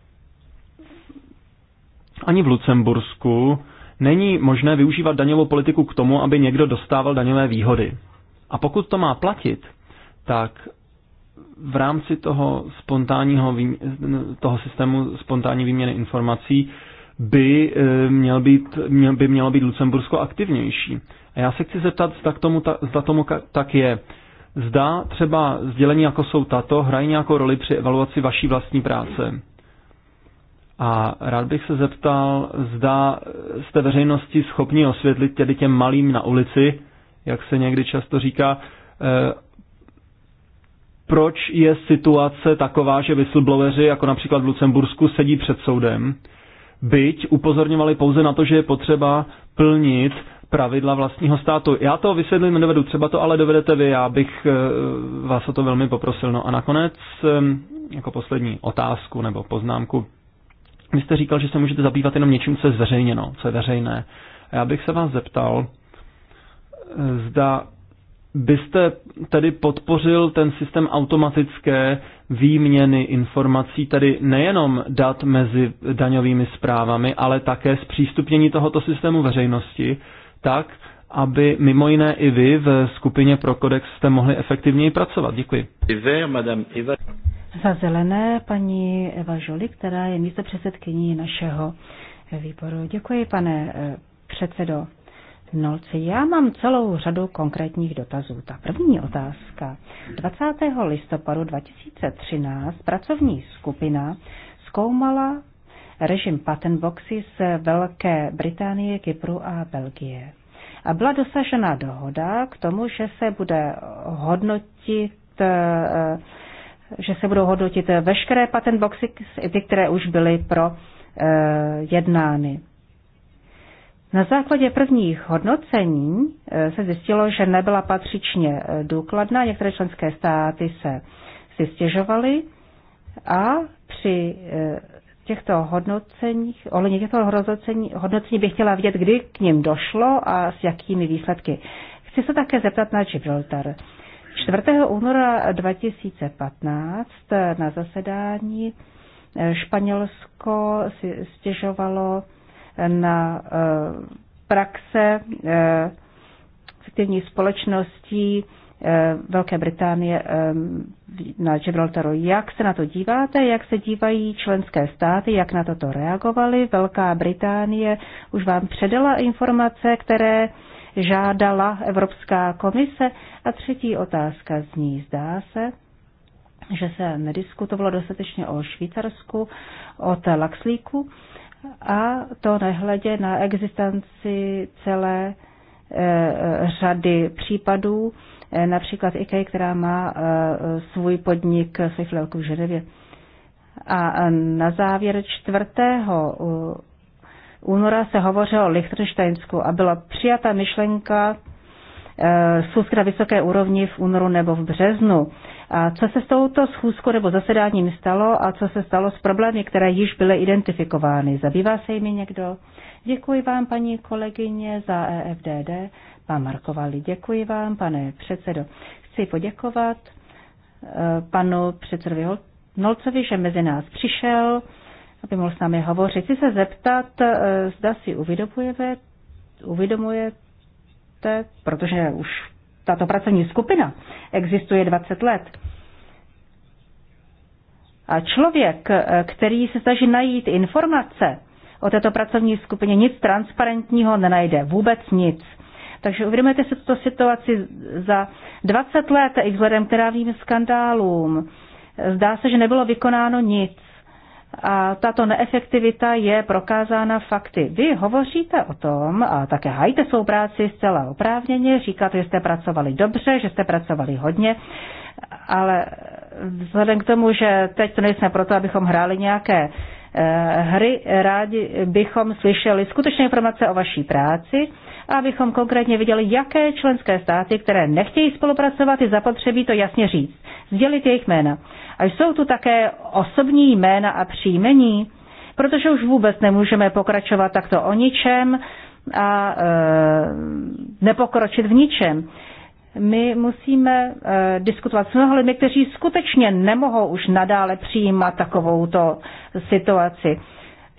ani v Lucembursku není možné využívat daňovou politiku k tomu, aby někdo dostával daňové výhody. A pokud to má platit, tak v rámci toho spontánního toho systému spontánní výměny informací by, eh, měl být, měl, by mělo být Lucembursko aktivnější. A já se chci zeptat, zda, k tomu, ta, zda tomu tak je. Zda třeba sdělení, jako jsou tato, hrají nějakou roli při evaluaci vaší vlastní práce. A rád bych se zeptal, zda jste veřejnosti schopni osvětlit tedy těm malým na ulici, jak se někdy často říká, eh, proč je situace taková, že whistlebloweri, jako například v Lucembursku, sedí před soudem, byť upozorňovali pouze na to, že je potřeba plnit pravidla vlastního státu. Já to vysvětlit nedovedu, třeba to ale dovedete vy, já bych eh, vás o to velmi poprosil. No a nakonec, eh, jako poslední otázku nebo poznámku, vy jste říkal, že se můžete zabývat jenom něčím, co je zveřejněno, co je veřejné. A já bych se vás zeptal, eh, zda byste tedy podpořil ten systém automatické výměny informací, tedy nejenom dat mezi daňovými zprávami, ale také zpřístupnění tohoto systému veřejnosti, tak, aby mimo jiné i vy v skupině pro kodex jste mohli efektivněji pracovat. Děkuji. Za zelené paní Eva Žoli, která je místo předsedkyní našeho výboru. Děkuji, pane eh, předsedo. Nolci, já mám celou řadu konkrétních dotazů. Ta první otázka. 20. listopadu 2013 pracovní skupina zkoumala režim patent boxy z Velké Británie, Kypru a Belgie. A byla dosažena dohoda k tomu, že se bude hodnotit eh, že se budou hodnotit veškeré patent boxy, ty, které už byly pro eh, jednány. Na základě prvních hodnocení eh, se zjistilo, že nebyla patřičně eh, důkladná, některé členské státy se si stěžovaly a při eh, těchto hodnoceních, ohledně těchto hodnocení, hodnocení bych chtěla vidět, kdy k ním došlo a s jakými výsledky. Chci se také zeptat na Gibraltar. 4. února 2015 na zasedání Španělsko si stěžovalo na eh, praxe eh, fiktivní společností eh, Velké Británie na Gibraltaru. Jak se na to díváte, jak se dívají členské státy, jak na toto reagovaly? Velká Británie už vám předala informace, které žádala Evropská komise. A třetí otázka ní zdá se, že se nediskutovalo dostatečně o Švýcarsku, o laxlíku a to nehledě na existenci celé e, řady případů, e, například IKEA, která má e, svůj podnik, svůj filialku v Ženevě. A na závěr čtvrtého února se hovořilo o Lichtensteinsku a byla přijata myšlenka Eh, schůzky na vysoké úrovni v únoru nebo v březnu. A co se s touto schůzkou nebo zasedáním stalo a co se stalo s problémy, které již byly identifikovány? Zabývá se jimi někdo? Děkuji vám, paní kolegyně, za EFDD. pan Markovali, děkuji vám, pane předsedo. Chci poděkovat eh, panu předsedovi Nolcovi, že mezi nás přišel, aby mohl s námi hovořit. Chci se zeptat, eh, zda si uvědomujete, uvědomujete víte, protože už tato pracovní skupina existuje 20 let. A člověk, který se snaží najít informace o této pracovní skupině, nic transparentního nenajde, vůbec nic. Takže uvědomujete se tuto situaci za 20 let, i vzhledem k rávým skandálům. Zdá se, že nebylo vykonáno nic a tato neefektivita je prokázána fakty. Vy hovoříte o tom, a také hajte svou práci zcela oprávněně, říkáte, že jste pracovali dobře, že jste pracovali hodně, ale vzhledem k tomu, že teď to nejsme proto, abychom hráli nějaké eh, hry, rádi bychom slyšeli skutečné informace o vaší práci, abychom konkrétně viděli, jaké členské státy, které nechtějí spolupracovat, je zapotřebí to jasně říct, sdělit jejich jména. A jsou tu také osobní jména a příjmení, protože už vůbec nemůžeme pokračovat takto o ničem a e, nepokročit v ničem. My musíme e, diskutovat s mnoha lidmi, kteří skutečně nemohou už nadále přijímat takovouto situaci.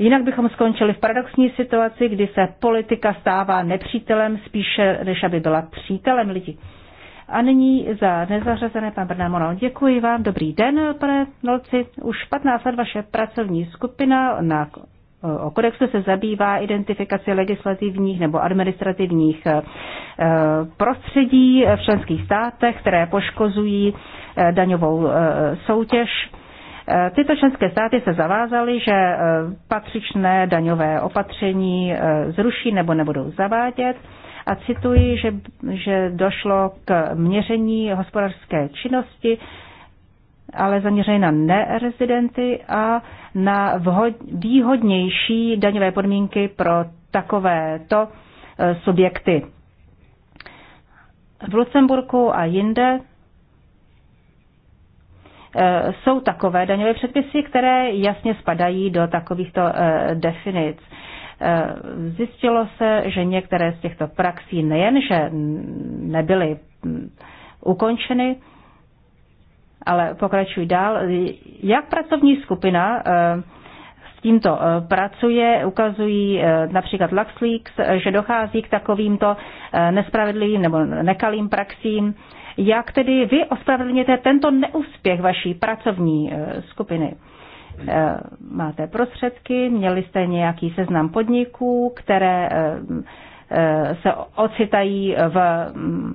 Jinak bychom skončili v paradoxní situaci, kdy se politika stává nepřítelem spíše, než aby byla přítelem lidí. A nyní za nezařazené pan Brnamono. Děkuji vám. Dobrý den, pane Nolci. Už 15 let vaše pracovní skupina na O kodexu se zabývá identifikaci legislativních nebo administrativních eh, prostředí v členských státech, které poškozují eh, daňovou eh, soutěž Eh, tyto členské státy se zavázaly, že eh, patřičné daňové opatření eh, zruší nebo nebudou zavádět. A cituji, že, že došlo k měření hospodářské činnosti, ale zaměřené na nerezidenty a na vhod, výhodnější daňové podmínky pro takovéto subjekty. V Lucemburku a jinde Eh, jsou takové daňové předpisy, které jasně spadají do takovýchto eh, definic. Eh, zjistilo se, že některé z těchto praxí nejenže nebyly ukončeny, ale pokračují dál. Jak pracovní skupina s tímto pracuje, ukazují například LuxLeaks, že dochází k takovýmto nespravedlivým nebo nekalým praxím, jak tedy vy ospravedlněte tento neúspěch vaší pracovní eh, skupiny? Eh, máte prostředky, měli jste nějaký seznam podniků, které eh, se ocitají v mm,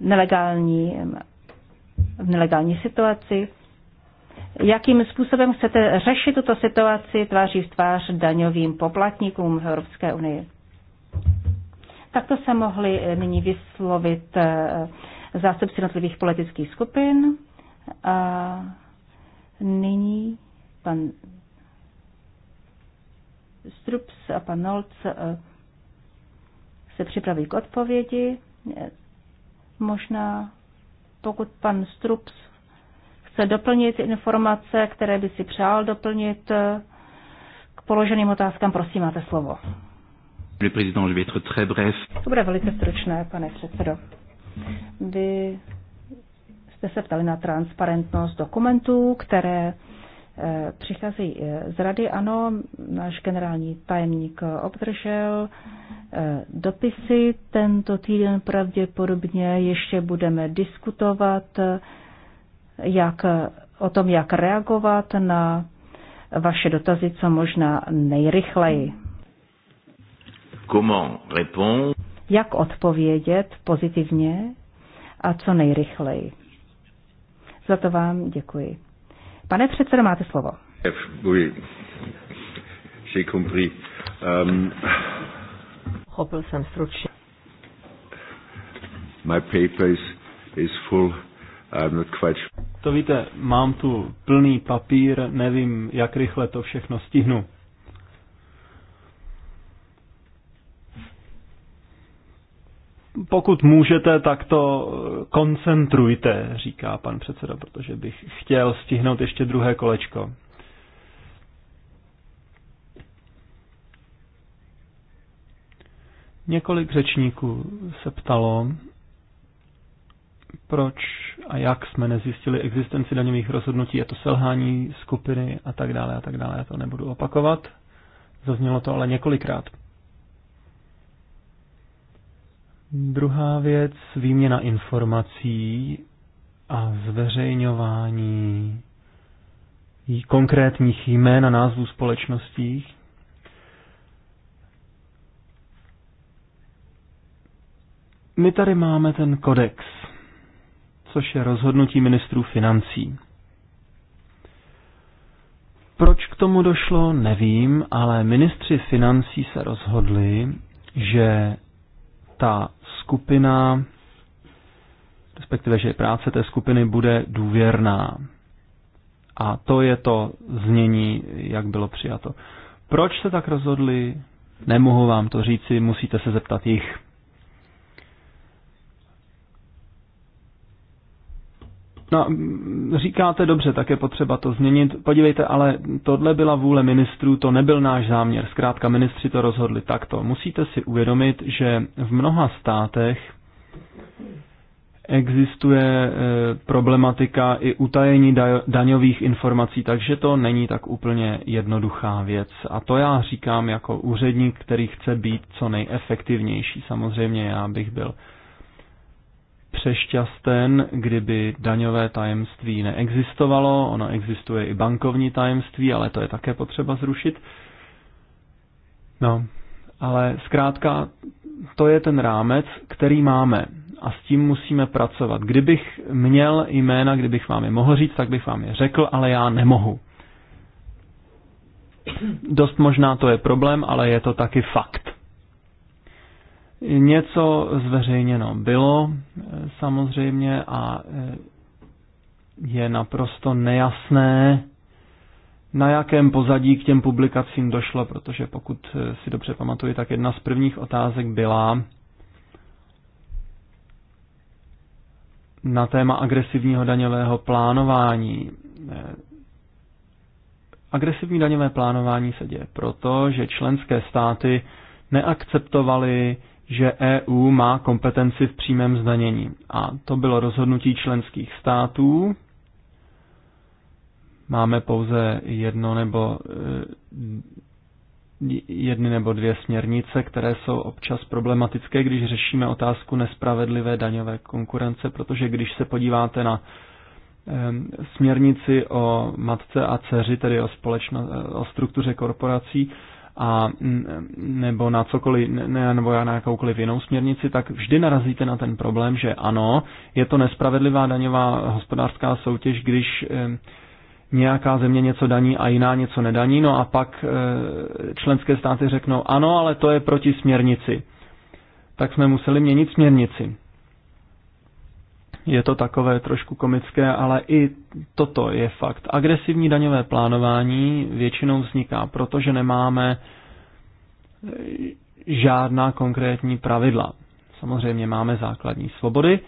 nelegální, v nelegální situaci. Jakým způsobem chcete řešit tuto situaci tváří v tvář daňovým poplatníkům v Evropské unii? Takto se mohli nyní vyslovit zástupci jednotlivých politických skupin. A nyní pan Strups a pan Nolc eh, se připraví k odpovědi. Možná pokud pan Strups chce doplnit informace, které by si přál doplnit eh, k položeným otázkám, prosím, máte slovo. To bude velice stručné, pane předsedo. Vy jste se ptali na transparentnost dokumentů, které eh, přicházejí eh, z rady. Ano, náš generální tajemník obdržel eh, dopisy. Tento týden pravděpodobně ještě budeme diskutovat jak, o tom, jak reagovat na vaše dotazy co možná nejrychleji. Comment jak odpovědět pozitivně a co nejrychleji. Za to vám děkuji. Pane předsedo, máte slovo. Um, Chopil jsem stručně. My paper is, is full. I'm not quite sure. To víte, mám tu plný papír, nevím, jak rychle to všechno stihnu. pokud můžete, tak to koncentrujte, říká pan předseda, protože bych chtěl stihnout ještě druhé kolečko. Několik řečníků se ptalo, proč a jak jsme nezjistili existenci daňových rozhodnutí, je to selhání skupiny a tak dále a tak dále, já to nebudu opakovat. Zaznělo to ale několikrát. Druhá věc, výměna informací a zveřejňování konkrétních jmén a názvů společností. My tady máme ten kodex, což je rozhodnutí ministrů financí. Proč k tomu došlo, nevím, ale ministři financí se rozhodli, že ta skupina, respektive že práce té skupiny bude důvěrná. A to je to znění, jak bylo přijato. Proč se tak rozhodli? Nemohu vám to říci, musíte se zeptat jich. No, říkáte dobře, tak je potřeba to změnit. Podívejte, ale tohle byla vůle ministrů, to nebyl náš záměr. Zkrátka ministři to rozhodli takto. Musíte si uvědomit, že v mnoha státech existuje e, problematika i utajení daňových informací, takže to není tak úplně jednoduchá věc. A to já říkám jako úředník, který chce být co nejefektivnější. Samozřejmě já bych byl přešťasten, kdyby daňové tajemství neexistovalo. Ono existuje i bankovní tajemství, ale to je také potřeba zrušit. No, ale zkrátka, to je ten rámec, který máme a s tím musíme pracovat. Kdybych měl jména, kdybych vám je mohl říct, tak bych vám je řekl, ale já nemohu. Dost možná to je problém, ale je to taky fakt. Něco zveřejněno bylo eh, samozřejmě a eh, je naprosto nejasné, na jakém pozadí k těm publikacím došlo, protože pokud eh, si dobře pamatuju, tak jedna z prvních otázek byla na téma agresivního daňového plánování. Agresivní daňové plánování se děje proto, že členské státy neakceptovaly že EU má kompetenci v přímém zdanění. A to bylo rozhodnutí členských států. Máme pouze jedno nebo eh, jedny nebo dvě směrnice, které jsou občas problematické, když řešíme otázku nespravedlivé daňové konkurence, protože když se podíváte na eh, směrnici o matce a dceři, tedy o, společno, eh, o struktuře korporací, a mm, nebo na cokoliv, ne, nebo na jakoukoliv jinou směrnici, tak vždy narazíte na ten problém, že ano, je to nespravedlivá daňová hospodářská soutěž, když eh, nějaká země něco daní a jiná něco nedaní, no a pak eh, členské státy řeknou ano, ale to je proti směrnici. Tak jsme museli měnit směrnici. Je to takové trošku komické, ale i toto je fakt. Agresivní daňové plánování většinou vzniká, protože nemáme e, žádná konkrétní pravidla. Samozřejmě máme základní svobody,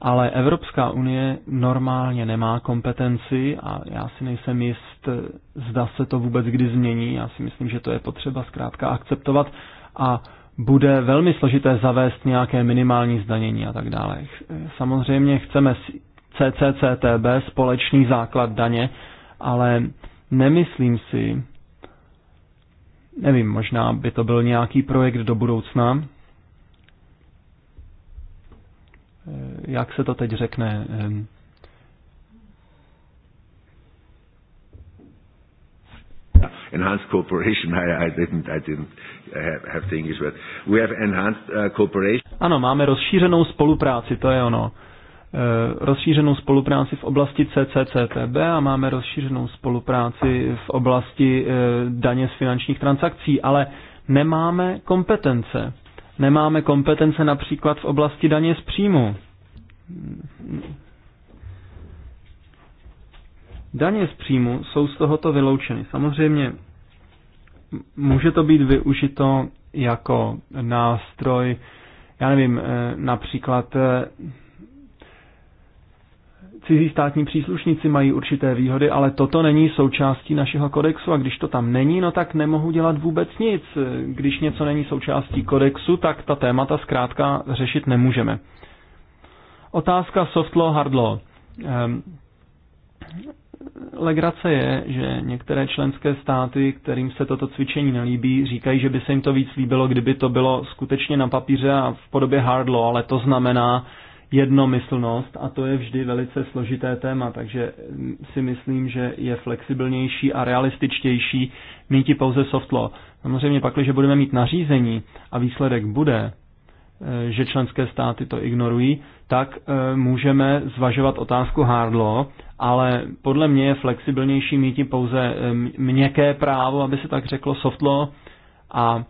ale Evropská unie normálně nemá kompetenci a já si nejsem jist, e, zda se to vůbec kdy změní. Já si myslím, že to je potřeba zkrátka akceptovat a bude velmi složité zavést nějaké minimální zdanění a tak dále. Samozřejmě chceme CCCTB, společný základ daně, ale nemyslím si, nevím, možná by to byl nějaký projekt do budoucna, eh, jak se to teď řekne, ehm, enhanced cooperation. I, I didn't, I didn't have things with. We have enhanced uh, cooperation. Ano, máme rozšířenou spolupráci, to je ono. E, rozšířenou spolupráci v oblasti CCCTB a máme rozšířenou spolupráci v oblasti e, daně z finančních transakcí, ale nemáme kompetence. Nemáme kompetence například v oblasti daně z příjmu. Daně z příjmu jsou z tohoto vyloučeny. Samozřejmě může to být využito jako nástroj, já nevím, eh, například eh, cizí státní příslušníci mají určité výhody, ale toto není součástí našeho kodexu a když to tam není, no tak nemohu dělat vůbec nic. Když něco není součástí kodexu, tak ta témata zkrátka řešit nemůžeme. Otázka soft law, hard law. Ehm, Legrace je, že některé členské státy, kterým se toto cvičení nelíbí, říkají, že by se jim to víc líbilo, kdyby to bylo skutečně na papíře a v podobě hard law, ale to znamená jednomyslnost a to je vždy velice složité téma, takže si myslím, že je flexibilnější a realističtější mít pouze soft law. Samozřejmě pak, když budeme mít nařízení a výsledek bude, Eh, že členské státy to ignorují, tak eh, můžeme zvažovat otázku hard law, ale podle mě je flexibilnější mít pouze eh, měkké právo, aby se tak řeklo soft law a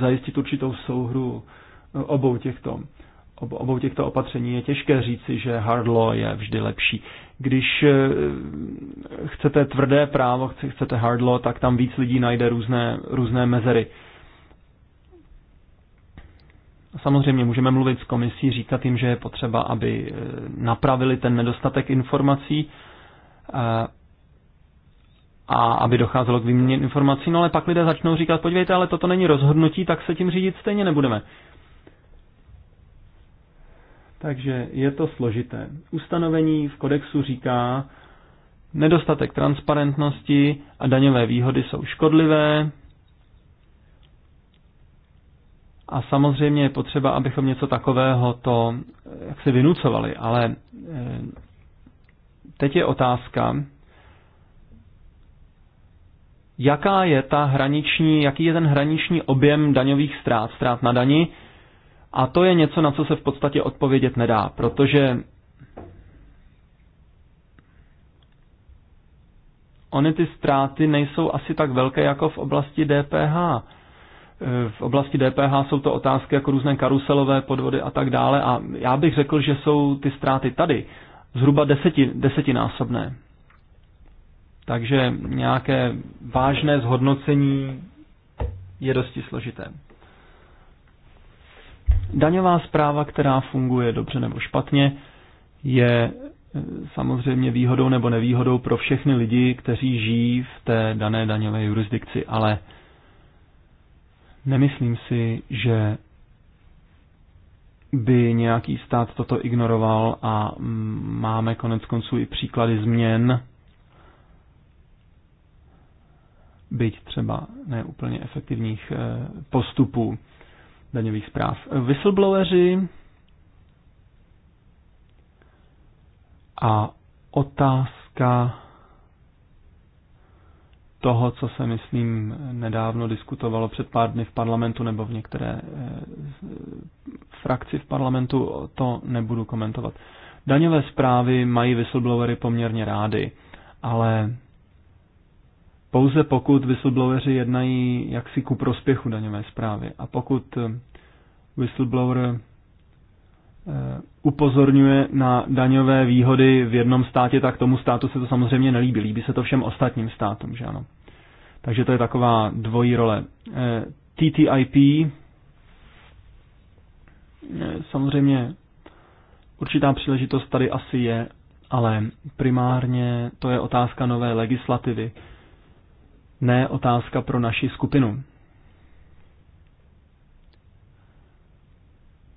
zajistit určitou souhru obou těchto obou těchto opatření je těžké říci, že hard law je vždy lepší. Když eh, chcete tvrdé právo, chcete hard law, tak tam víc lidí najde různé, různé mezery. Samozřejmě můžeme mluvit s komisí, říkat jim, že je potřeba, aby eh, napravili ten nedostatek informací eh, a aby docházelo k výměně informací, no ale pak lidé začnou říkat, podívejte, ale toto není rozhodnutí, tak se tím řídit stejně nebudeme. Takže je to složité. Ustanovení v kodexu říká, nedostatek transparentnosti a daňové výhody jsou škodlivé, a samozřejmě je potřeba, abychom něco takového to eh, jak si vynucovali, ale eh, teď je otázka, jaká je ta hraniční, jaký je ten hraniční objem daňových ztrát, ztrát na dani, a to je něco, na co se v podstatě odpovědět nedá, protože ony ty ztráty nejsou asi tak velké jako v oblasti DPH. V oblasti DPH jsou to otázky jako různé karuselové podvody a tak dále a já bych řekl, že jsou ty ztráty tady zhruba deseti, desetinásobné. Takže nějaké vážné zhodnocení je dosti složité. Daňová zpráva, která funguje dobře nebo špatně, je eh, samozřejmě výhodou nebo nevýhodou pro všechny lidi, kteří žijí v té dané daňové jurisdikci, ale nemyslím si, že by nějaký stát toto ignoroval a mm, máme konec konců i příklady změn, byť třeba neúplně efektivních eh, postupů daňových zpráv. Whistlebloweri a otázka toho, co se, myslím, nedávno diskutovalo před pár dny v parlamentu nebo v některé eh, frakci v parlamentu, to nebudu komentovat. Daňové zprávy mají whistleblowery poměrně rády, ale pouze pokud whistlebloweri jednají jaksi ku prospěchu daňové zprávy. A pokud eh, whistleblower eh, upozorňuje na daňové výhody v jednom státě, tak tomu státu se to samozřejmě nelíbí. Líbí se to všem ostatním státům, že ano. Takže to je taková dvojí role. Eh, TTIP samozřejmě určitá příležitost tady asi je, ale primárně to je otázka nové legislativy ne otázka pro naši skupinu.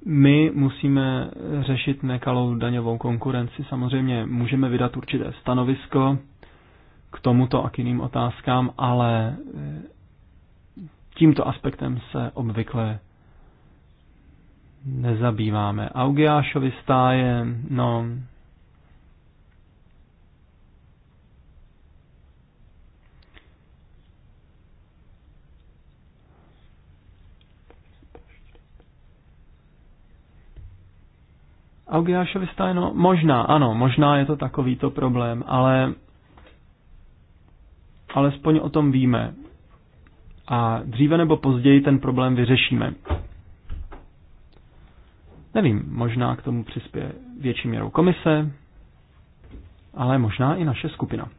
My musíme řešit nekalou daňovou konkurenci. Samozřejmě můžeme vydat určité stanovisko k tomuto a k jiným otázkám, ale e, tímto aspektem se obvykle nezabýváme. Augiášovi stáje, no, Augiášovi stajno, možná, ano, možná je to takovýto problém, ale alespoň o tom víme. A dříve nebo později ten problém vyřešíme. Nevím, možná k tomu přispěje větší měrou komise, ale možná i naše skupina.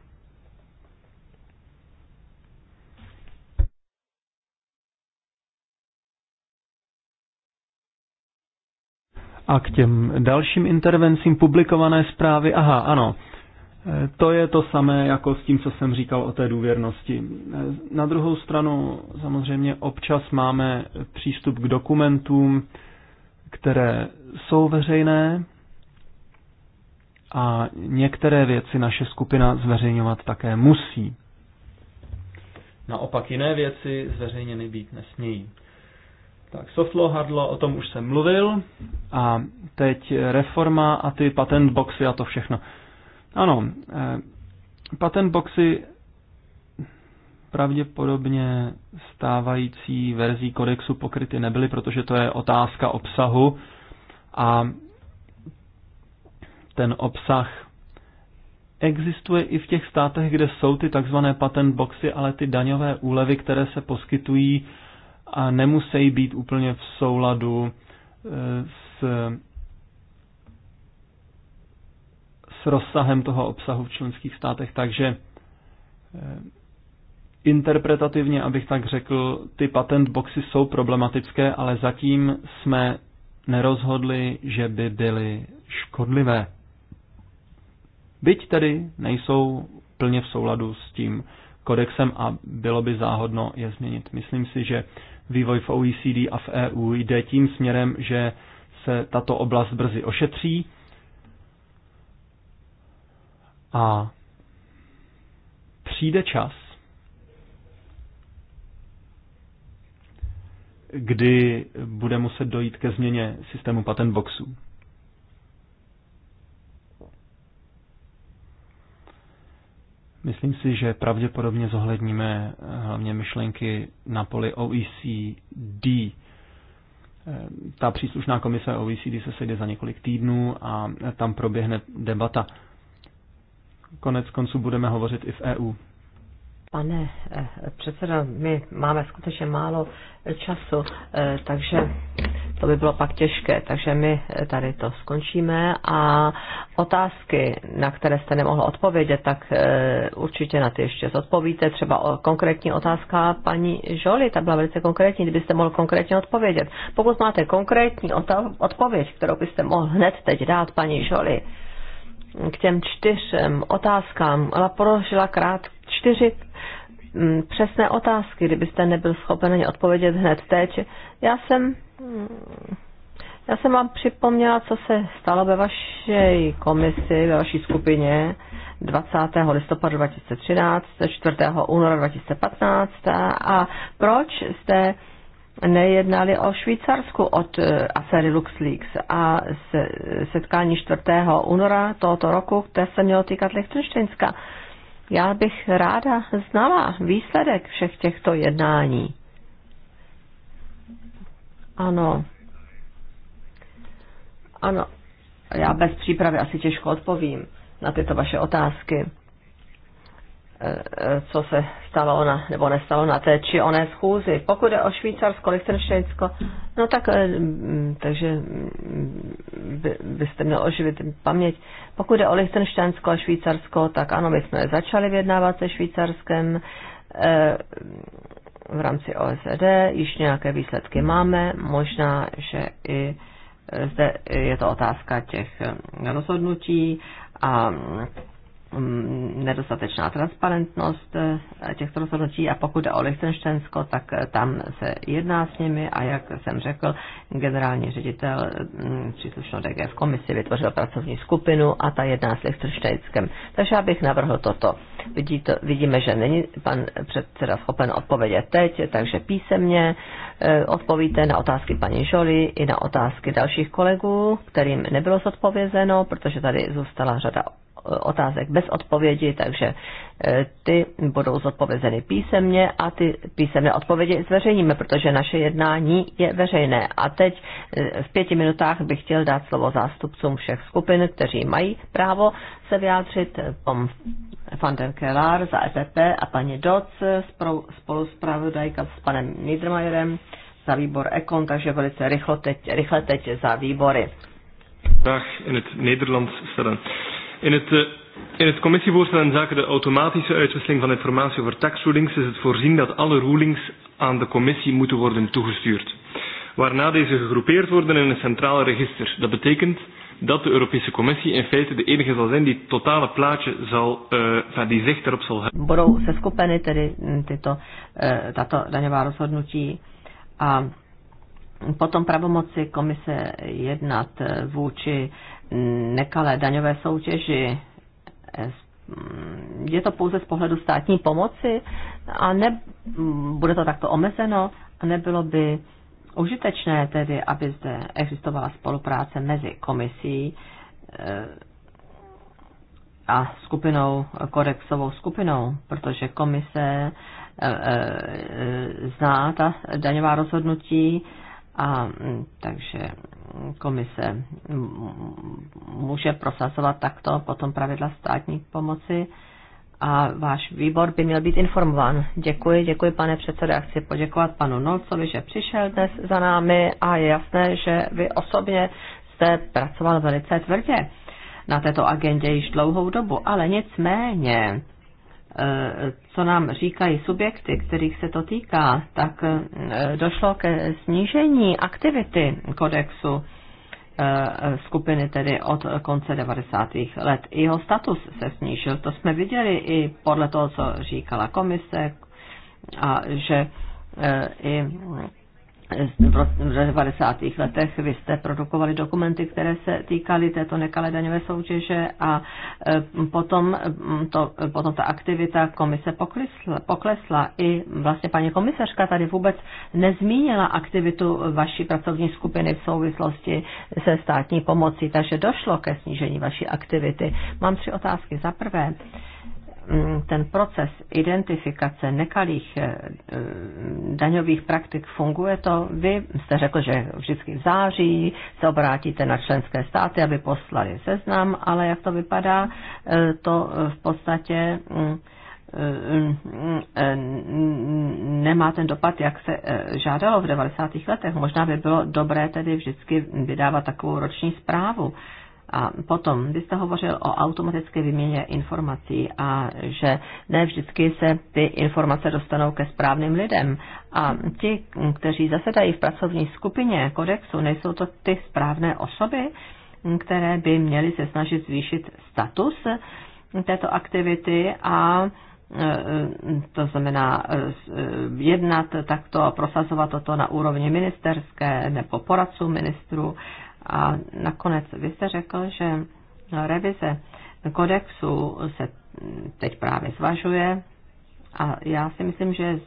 A k těm dalším intervencím publikované zprávy, aha, ano, e, to je to samé jako s tím, co jsem říkal o té důvěrnosti. E, na druhou stranu samozřejmě občas máme přístup k dokumentům, které jsou veřejné a některé věci naše skupina zveřejňovat také musí. Naopak jiné věci zveřejněny být nesmějí. Tak hard law, o tom už jsem mluvil. A teď reforma a ty patent boxy a to všechno. Ano, eh, patent boxy pravděpodobně stávající verzí kodexu pokryty nebyly, protože to je otázka obsahu a ten obsah existuje i v těch státech, kde jsou ty takzvané patent boxy, ale ty daňové úlevy, které se poskytují a nemusí být úplně v souladu e, s, s rozsahem toho obsahu v členských státech. Takže e, interpretativně, abych tak řekl, ty patent boxy jsou problematické, ale zatím jsme nerozhodli, že by byly škodlivé. Byť tedy nejsou plně v souladu s tím kodexem a bylo by záhodno je změnit. Myslím si, že vývoj v OECD a v EU jde tím směrem, že se tato oblast brzy ošetří a přijde čas, kdy bude muset dojít ke změně systému patent boxů. Myslím si, že pravděpodobně zohledníme eh, hlavně myšlenky na poli OECD. Eh, ta příslušná komise OECD se sejde za několik týdnů a tam proběhne debata. Konec konců budeme hovořit i v EU. Pane eh, předseda, my máme skutečně málo eh, času, eh, takže to by bylo pak těžké. Takže my tady to skončíme a otázky, na které jste nemohl odpovědět, tak určitě na ty ještě zodpovíte. Třeba o konkrétní otázka paní Žoli, ta byla velice konkrétní, kdybyste mohl konkrétně odpovědět. Pokud máte konkrétní odpověď, kterou byste mohl hned teď dát paní Žoli, k těm čtyřem otázkám, ona položila krát, čtyři mm, přesné otázky, kdybyste nebyl schopen ani odpovědět hned teď. Já jsem, mm, já jsem vám připomněla, co se stalo ve vaší komisi, ve vaší skupině 20. listopadu 2013, 4. února 2015 a proč jste nejednali o Švýcarsku od uh, aféry LuxLeaks a se, setkání 4. února tohoto roku, které se mělo týkat Lichtensteinska. Já bych ráda znala výsledek všech těchto jednání. Ano. Ano. Já bez přípravy asi těžko odpovím na tyto vaše otázky. Eh, eh, co se stalo na, nebo nestalo na té či oné schůzi. Pokud je o Švýcarsko, Lichtensteinsko, no tak, eh, mm, takže by, mm, byste měl oživit paměť. Pokud je o Lichtensteinsko a Švýcarsko, tak ano, my jsme začali vyjednávat se Švýcarskem v rámci OSD, již nějaké výsledky máme, možná, že i zde je to otázka těch rozhodnutí a mm, Mm, nedostatečná transparentnost eh, těchto rozhodnutí a pokud jde o Lichtenštensko, tak eh, tam se jedná s nimi a jak jsem řekl, generální ředitel mm, příslušnou DG v komisi vytvořil pracovní skupinu a ta jedná s Lichtenštejnskem. Takže já bych navrhl toto. Vidí to, vidíme, že není pan předseda schopen odpovědět teď, takže písemně eh, odpovíte na otázky paní Žoli i na otázky dalších kolegů, kterým nebylo zodpovězeno, protože tady zůstala řada otázek bez odpovědi, takže e, ty budou zodpovězeny písemně a ty písemné odpovědi zveřejníme, protože naše jednání je veřejné. A teď e, v pěti minutách bych chtěl dát slovo zástupcům všech skupin, kteří mají právo se vyjádřit. E, pom van den Kelar za EPP a paní Doc spolu s s panem Niedermayerem za výbor Ekon, takže velice rychle teď, rychle teď za výbory. Tak, in het Nederlands stellen. In het, uh, in het commissievoorstel en zaken de automatische uitwisseling van informatie over taxrulings is het voorzien dat alle rulings aan de commissie moeten worden toegestuurd. Waarna deze gegroepeerd worden in een centraal register. Dat betekent dat de Europese Commissie in feite de enige zal zijn die het totale plaatje zal, uh, die zicht erop zal hebben. Budou seskupeny tedy hm, tyto, uh, tato daňová rozhodnutí a potom pravomoci komise jednat vůči nekalé daňové soutěži, je to pouze z pohledu státní pomoci a ne, bude to takto omezeno a nebylo by užitečné tedy, aby zde existovala spolupráce mezi komisí eh, a skupinou, korexovou skupinou, protože komise eh, eh, zná ta daňová rozhodnutí a mm, takže komise může prosazovat takto potom pravidla státní pomoci a váš výbor by měl být informován. Děkuji, děkuji pane předsedo. Já chci poděkovat panu Nolcovi, že přišel dnes za námi a je jasné, že vy osobně jste pracoval velice tvrdě na této agendě již dlouhou dobu, ale nicméně Eh, co nám říkají subjekty, kterých se to týká, tak eh, došlo ke snížení aktivity kodexu eh, skupiny tedy od konce 90. let. jeho status se snížil. To jsme viděli i podle toho, co říkala komise, a že i v 90. letech vy jste produkovali dokumenty, které se týkaly této nekalé daňové soutěže a e, potom, to, potom ta aktivita komise poklesla, poklesla. I vlastně paní komisařka tady vůbec nezmínila aktivitu vaší pracovní skupiny v souvislosti se státní pomocí, takže došlo ke snížení vaší aktivity. Mám tři otázky. Za prvé, Mm, ten proces identifikace nekalých eh, daňových praktik funguje to? Vy jste řekl, že vždycky v září se obrátíte na členské státy, aby poslali seznam, ale jak to vypadá, eh, to v podstatě mm, eh, mm, nemá ten dopad, jak se žádalo v 90. letech. Možná by bylo dobré tedy vždycky vydávat takovou roční zprávu a potom, vy jste hovořil o automatické výměně informací a že ne vždycky se ty informace dostanou ke správným lidem. A ti, kteří zasedají v pracovní skupině kodexu, nejsou to ty správné osoby, které by měly se snažit zvýšit status této aktivity a e, e, to znamená e, jednat takto a prosazovat toto na úrovni ministerské nebo poradců ministru. A nakonec vy jste řekl, že revize kodexu se teď právě zvažuje a já si myslím, že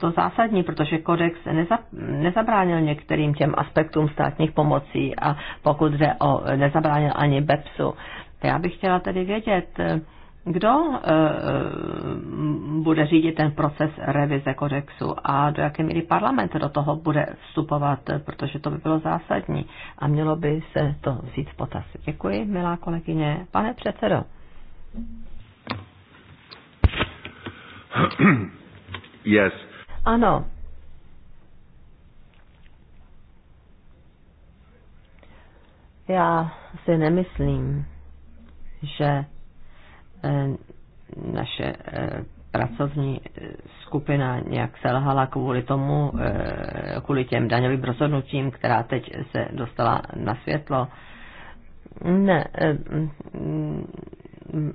to zásadní, protože kodex neza, nezabránil některým těm aspektům státních pomocí a pokud jde o, nezabránil ani BEPSu. Já bych chtěla tedy vědět, kdo eh, eh, bude řídit ten proces revize kodexu a do jaké míry parlament do toho bude vstupovat, protože to by bylo zásadní a mělo by se to vzít v potaz. Děkuji, milá kolegyně. Pane předsedo. Yes. Ano. Já si nemyslím, že Eh, naše eh, pracovní eh, skupina nějak selhala kvůli tomu, kvůli těm daňovým rozhodnutím, která teď se dostala na světlo. Ne, mm, mm,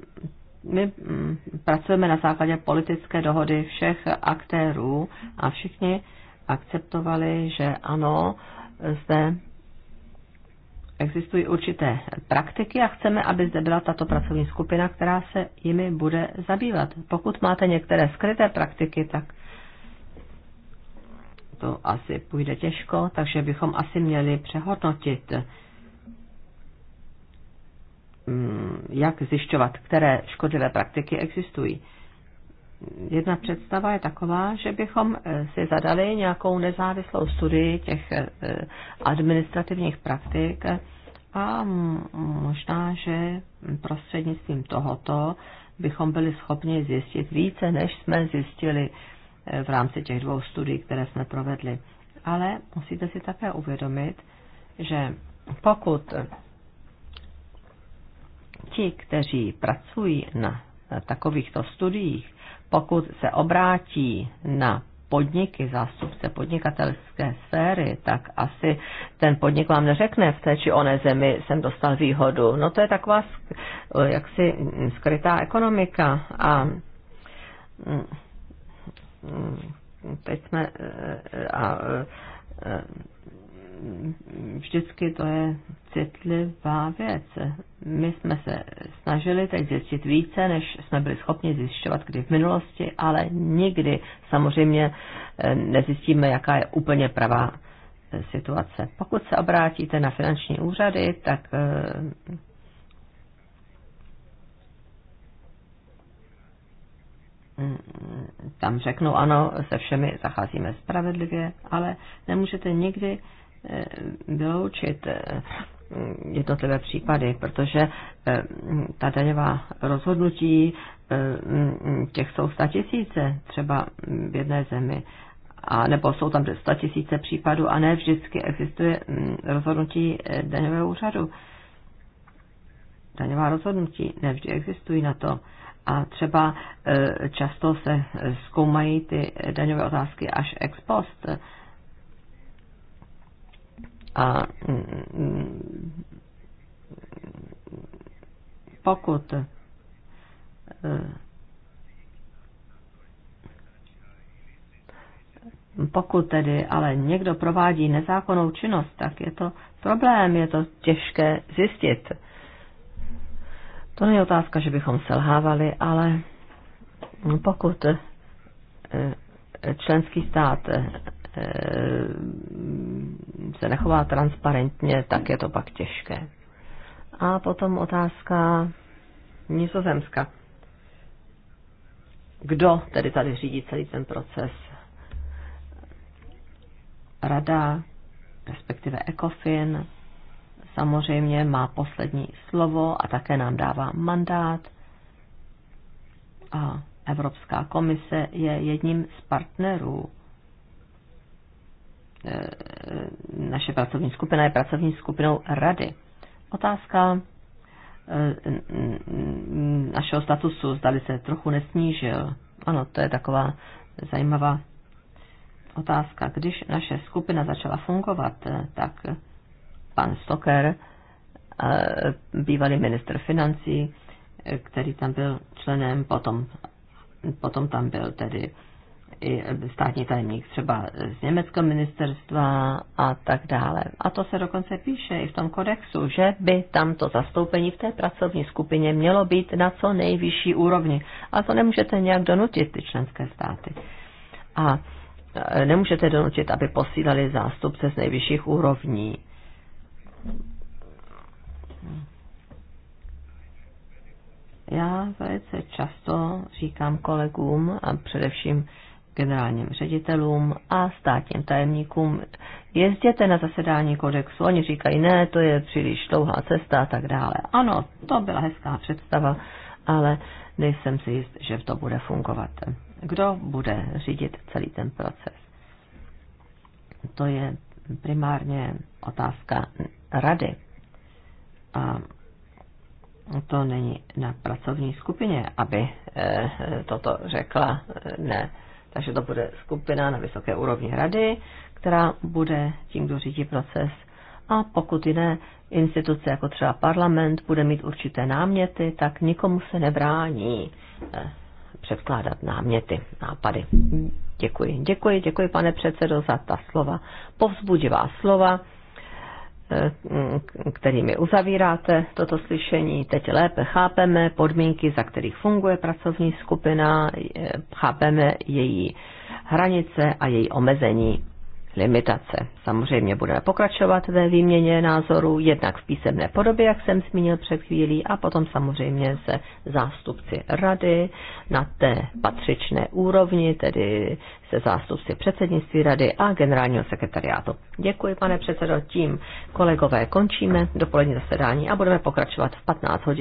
my mm, pracujeme na základě politické dohody všech aktérů a všichni akceptovali, že ano, zde existují určité praktiky a chceme, aby zde byla tato pracovní skupina, která se jimi bude zabývat. Pokud máte některé skryté praktiky, tak to asi půjde těžko, takže bychom asi měli přehodnotit, mm, jak zjišťovat, které škodlivé praktiky existují jedna představa je taková, že bychom eh, si zadali nějakou nezávislou studii těch eh, administrativních praktik a možná, že prostřednictvím tohoto bychom byli schopni zjistit více, než jsme zjistili eh, v rámci těch dvou studií, které jsme provedli. Ale musíte si také uvědomit, že pokud ti, kteří pracují na takovýchto studiích, pokud se obrátí na podniky, zástupce podnikatelské sféry, tak asi ten podnik vám neřekne, v té či oné zemi jsem dostal výhodu. No to je taková jaksi skrytá ekonomika a mm, mm, teď jsme e, e, a, a, e, vždycky to je citlivá věc. My jsme se snažili teď zjistit více, než jsme byli schopni zjišťovat kdy v minulosti, ale nikdy samozřejmě eh, nezjistíme, jaká je úplně pravá eh, situace. Pokud se obrátíte na finanční úřady, tak eh, mm, tam řeknou ano, se všemi zacházíme spravedlivě, ale nemůžete nikdy Eh, vyloučit eh, jednotlivé případy, protože eh, ta daňová rozhodnutí těch jsou tisíce třeba v jedné zemi, a nebo jsou tam 100 tisíce případů a ne vždycky existuje rozhodnutí daňového úřadu. Daňová rozhodnutí nevždy existují na to. A třeba často se zkoumají ty daňové otázky až ex post a mm, pokud eh, pokud tedy ale někdo provádí nezákonnou činnost, tak je to problém, je to těžké zjistit. To není otázka, že bychom selhávali, ale pokud eh, členský stát eh, Eh, se nechová transparentně, tak je to pak těžké. A potom otázka Nizozemska. Kdo tedy tady řídí celý ten proces? Rada, respektive ECOFIN, samozřejmě má poslední slovo a také nám dává mandát. A Evropská komise je jedním z partnerů Eh, naše pracovní skupina je pracovní skupinou rady. Otázka eh, našeho statusu, zdali se trochu nesnížil. Ano, to je taková zajímavá otázka. Když naše skupina začala fungovat, eh, tak pan Stoker, bývalý minister financí, který tam byl členem, potom, potom tam byl tedy i státní tajemník třeba z německého ministerstva a tak dále. A to se dokonce píše i v tom kodexu, že by tam to zastoupení v té pracovní skupině mělo být na co nejvyšší úrovni. A to nemůžete nějak donutit ty členské státy. A e, nemůžete donutit, aby posílali zástupce z nejvyšších úrovní. Já velice často říkám kolegům a především generálním ředitelům a státním tajemníkům, jezděte na zasedání kodexu. Oni říkají, ne, to je příliš dlouhá cesta a tak dále. Ano, to byla hezká představa, ale nejsem si jist, že to bude fungovat. Kdo bude řídit celý ten proces? To je primárně otázka rady. A to není na pracovní skupině, aby eh, toto řekla. Eh, ne, takže to bude skupina na vysoké úrovni rady, která bude tím, kdo řídí proces. A pokud jiné instituce, jako třeba parlament, bude mít určité náměty, tak nikomu se nebrání eh, předkládat náměty, nápady. Děkuji, děkuji, děkuji pane předsedo za ta slova, povzbudivá slova. Eh, kterými uzavíráte toto slyšení. Teď lépe chápeme podmínky, za kterých funguje pracovní skupina, eh, chápeme její hranice a její omezení limitace. Samozřejmě budeme pokračovat ve výměně názorů, jednak v písemné podobě, jak jsem zmínil před chvílí, a potom samozřejmě se zástupci rady na té patřičné úrovni, tedy se zástupci předsednictví rady a generálního sekretariátu. Děkuji, pane předsedo, tím kolegové končíme dopolední zasedání a budeme pokračovat v 15 hodin.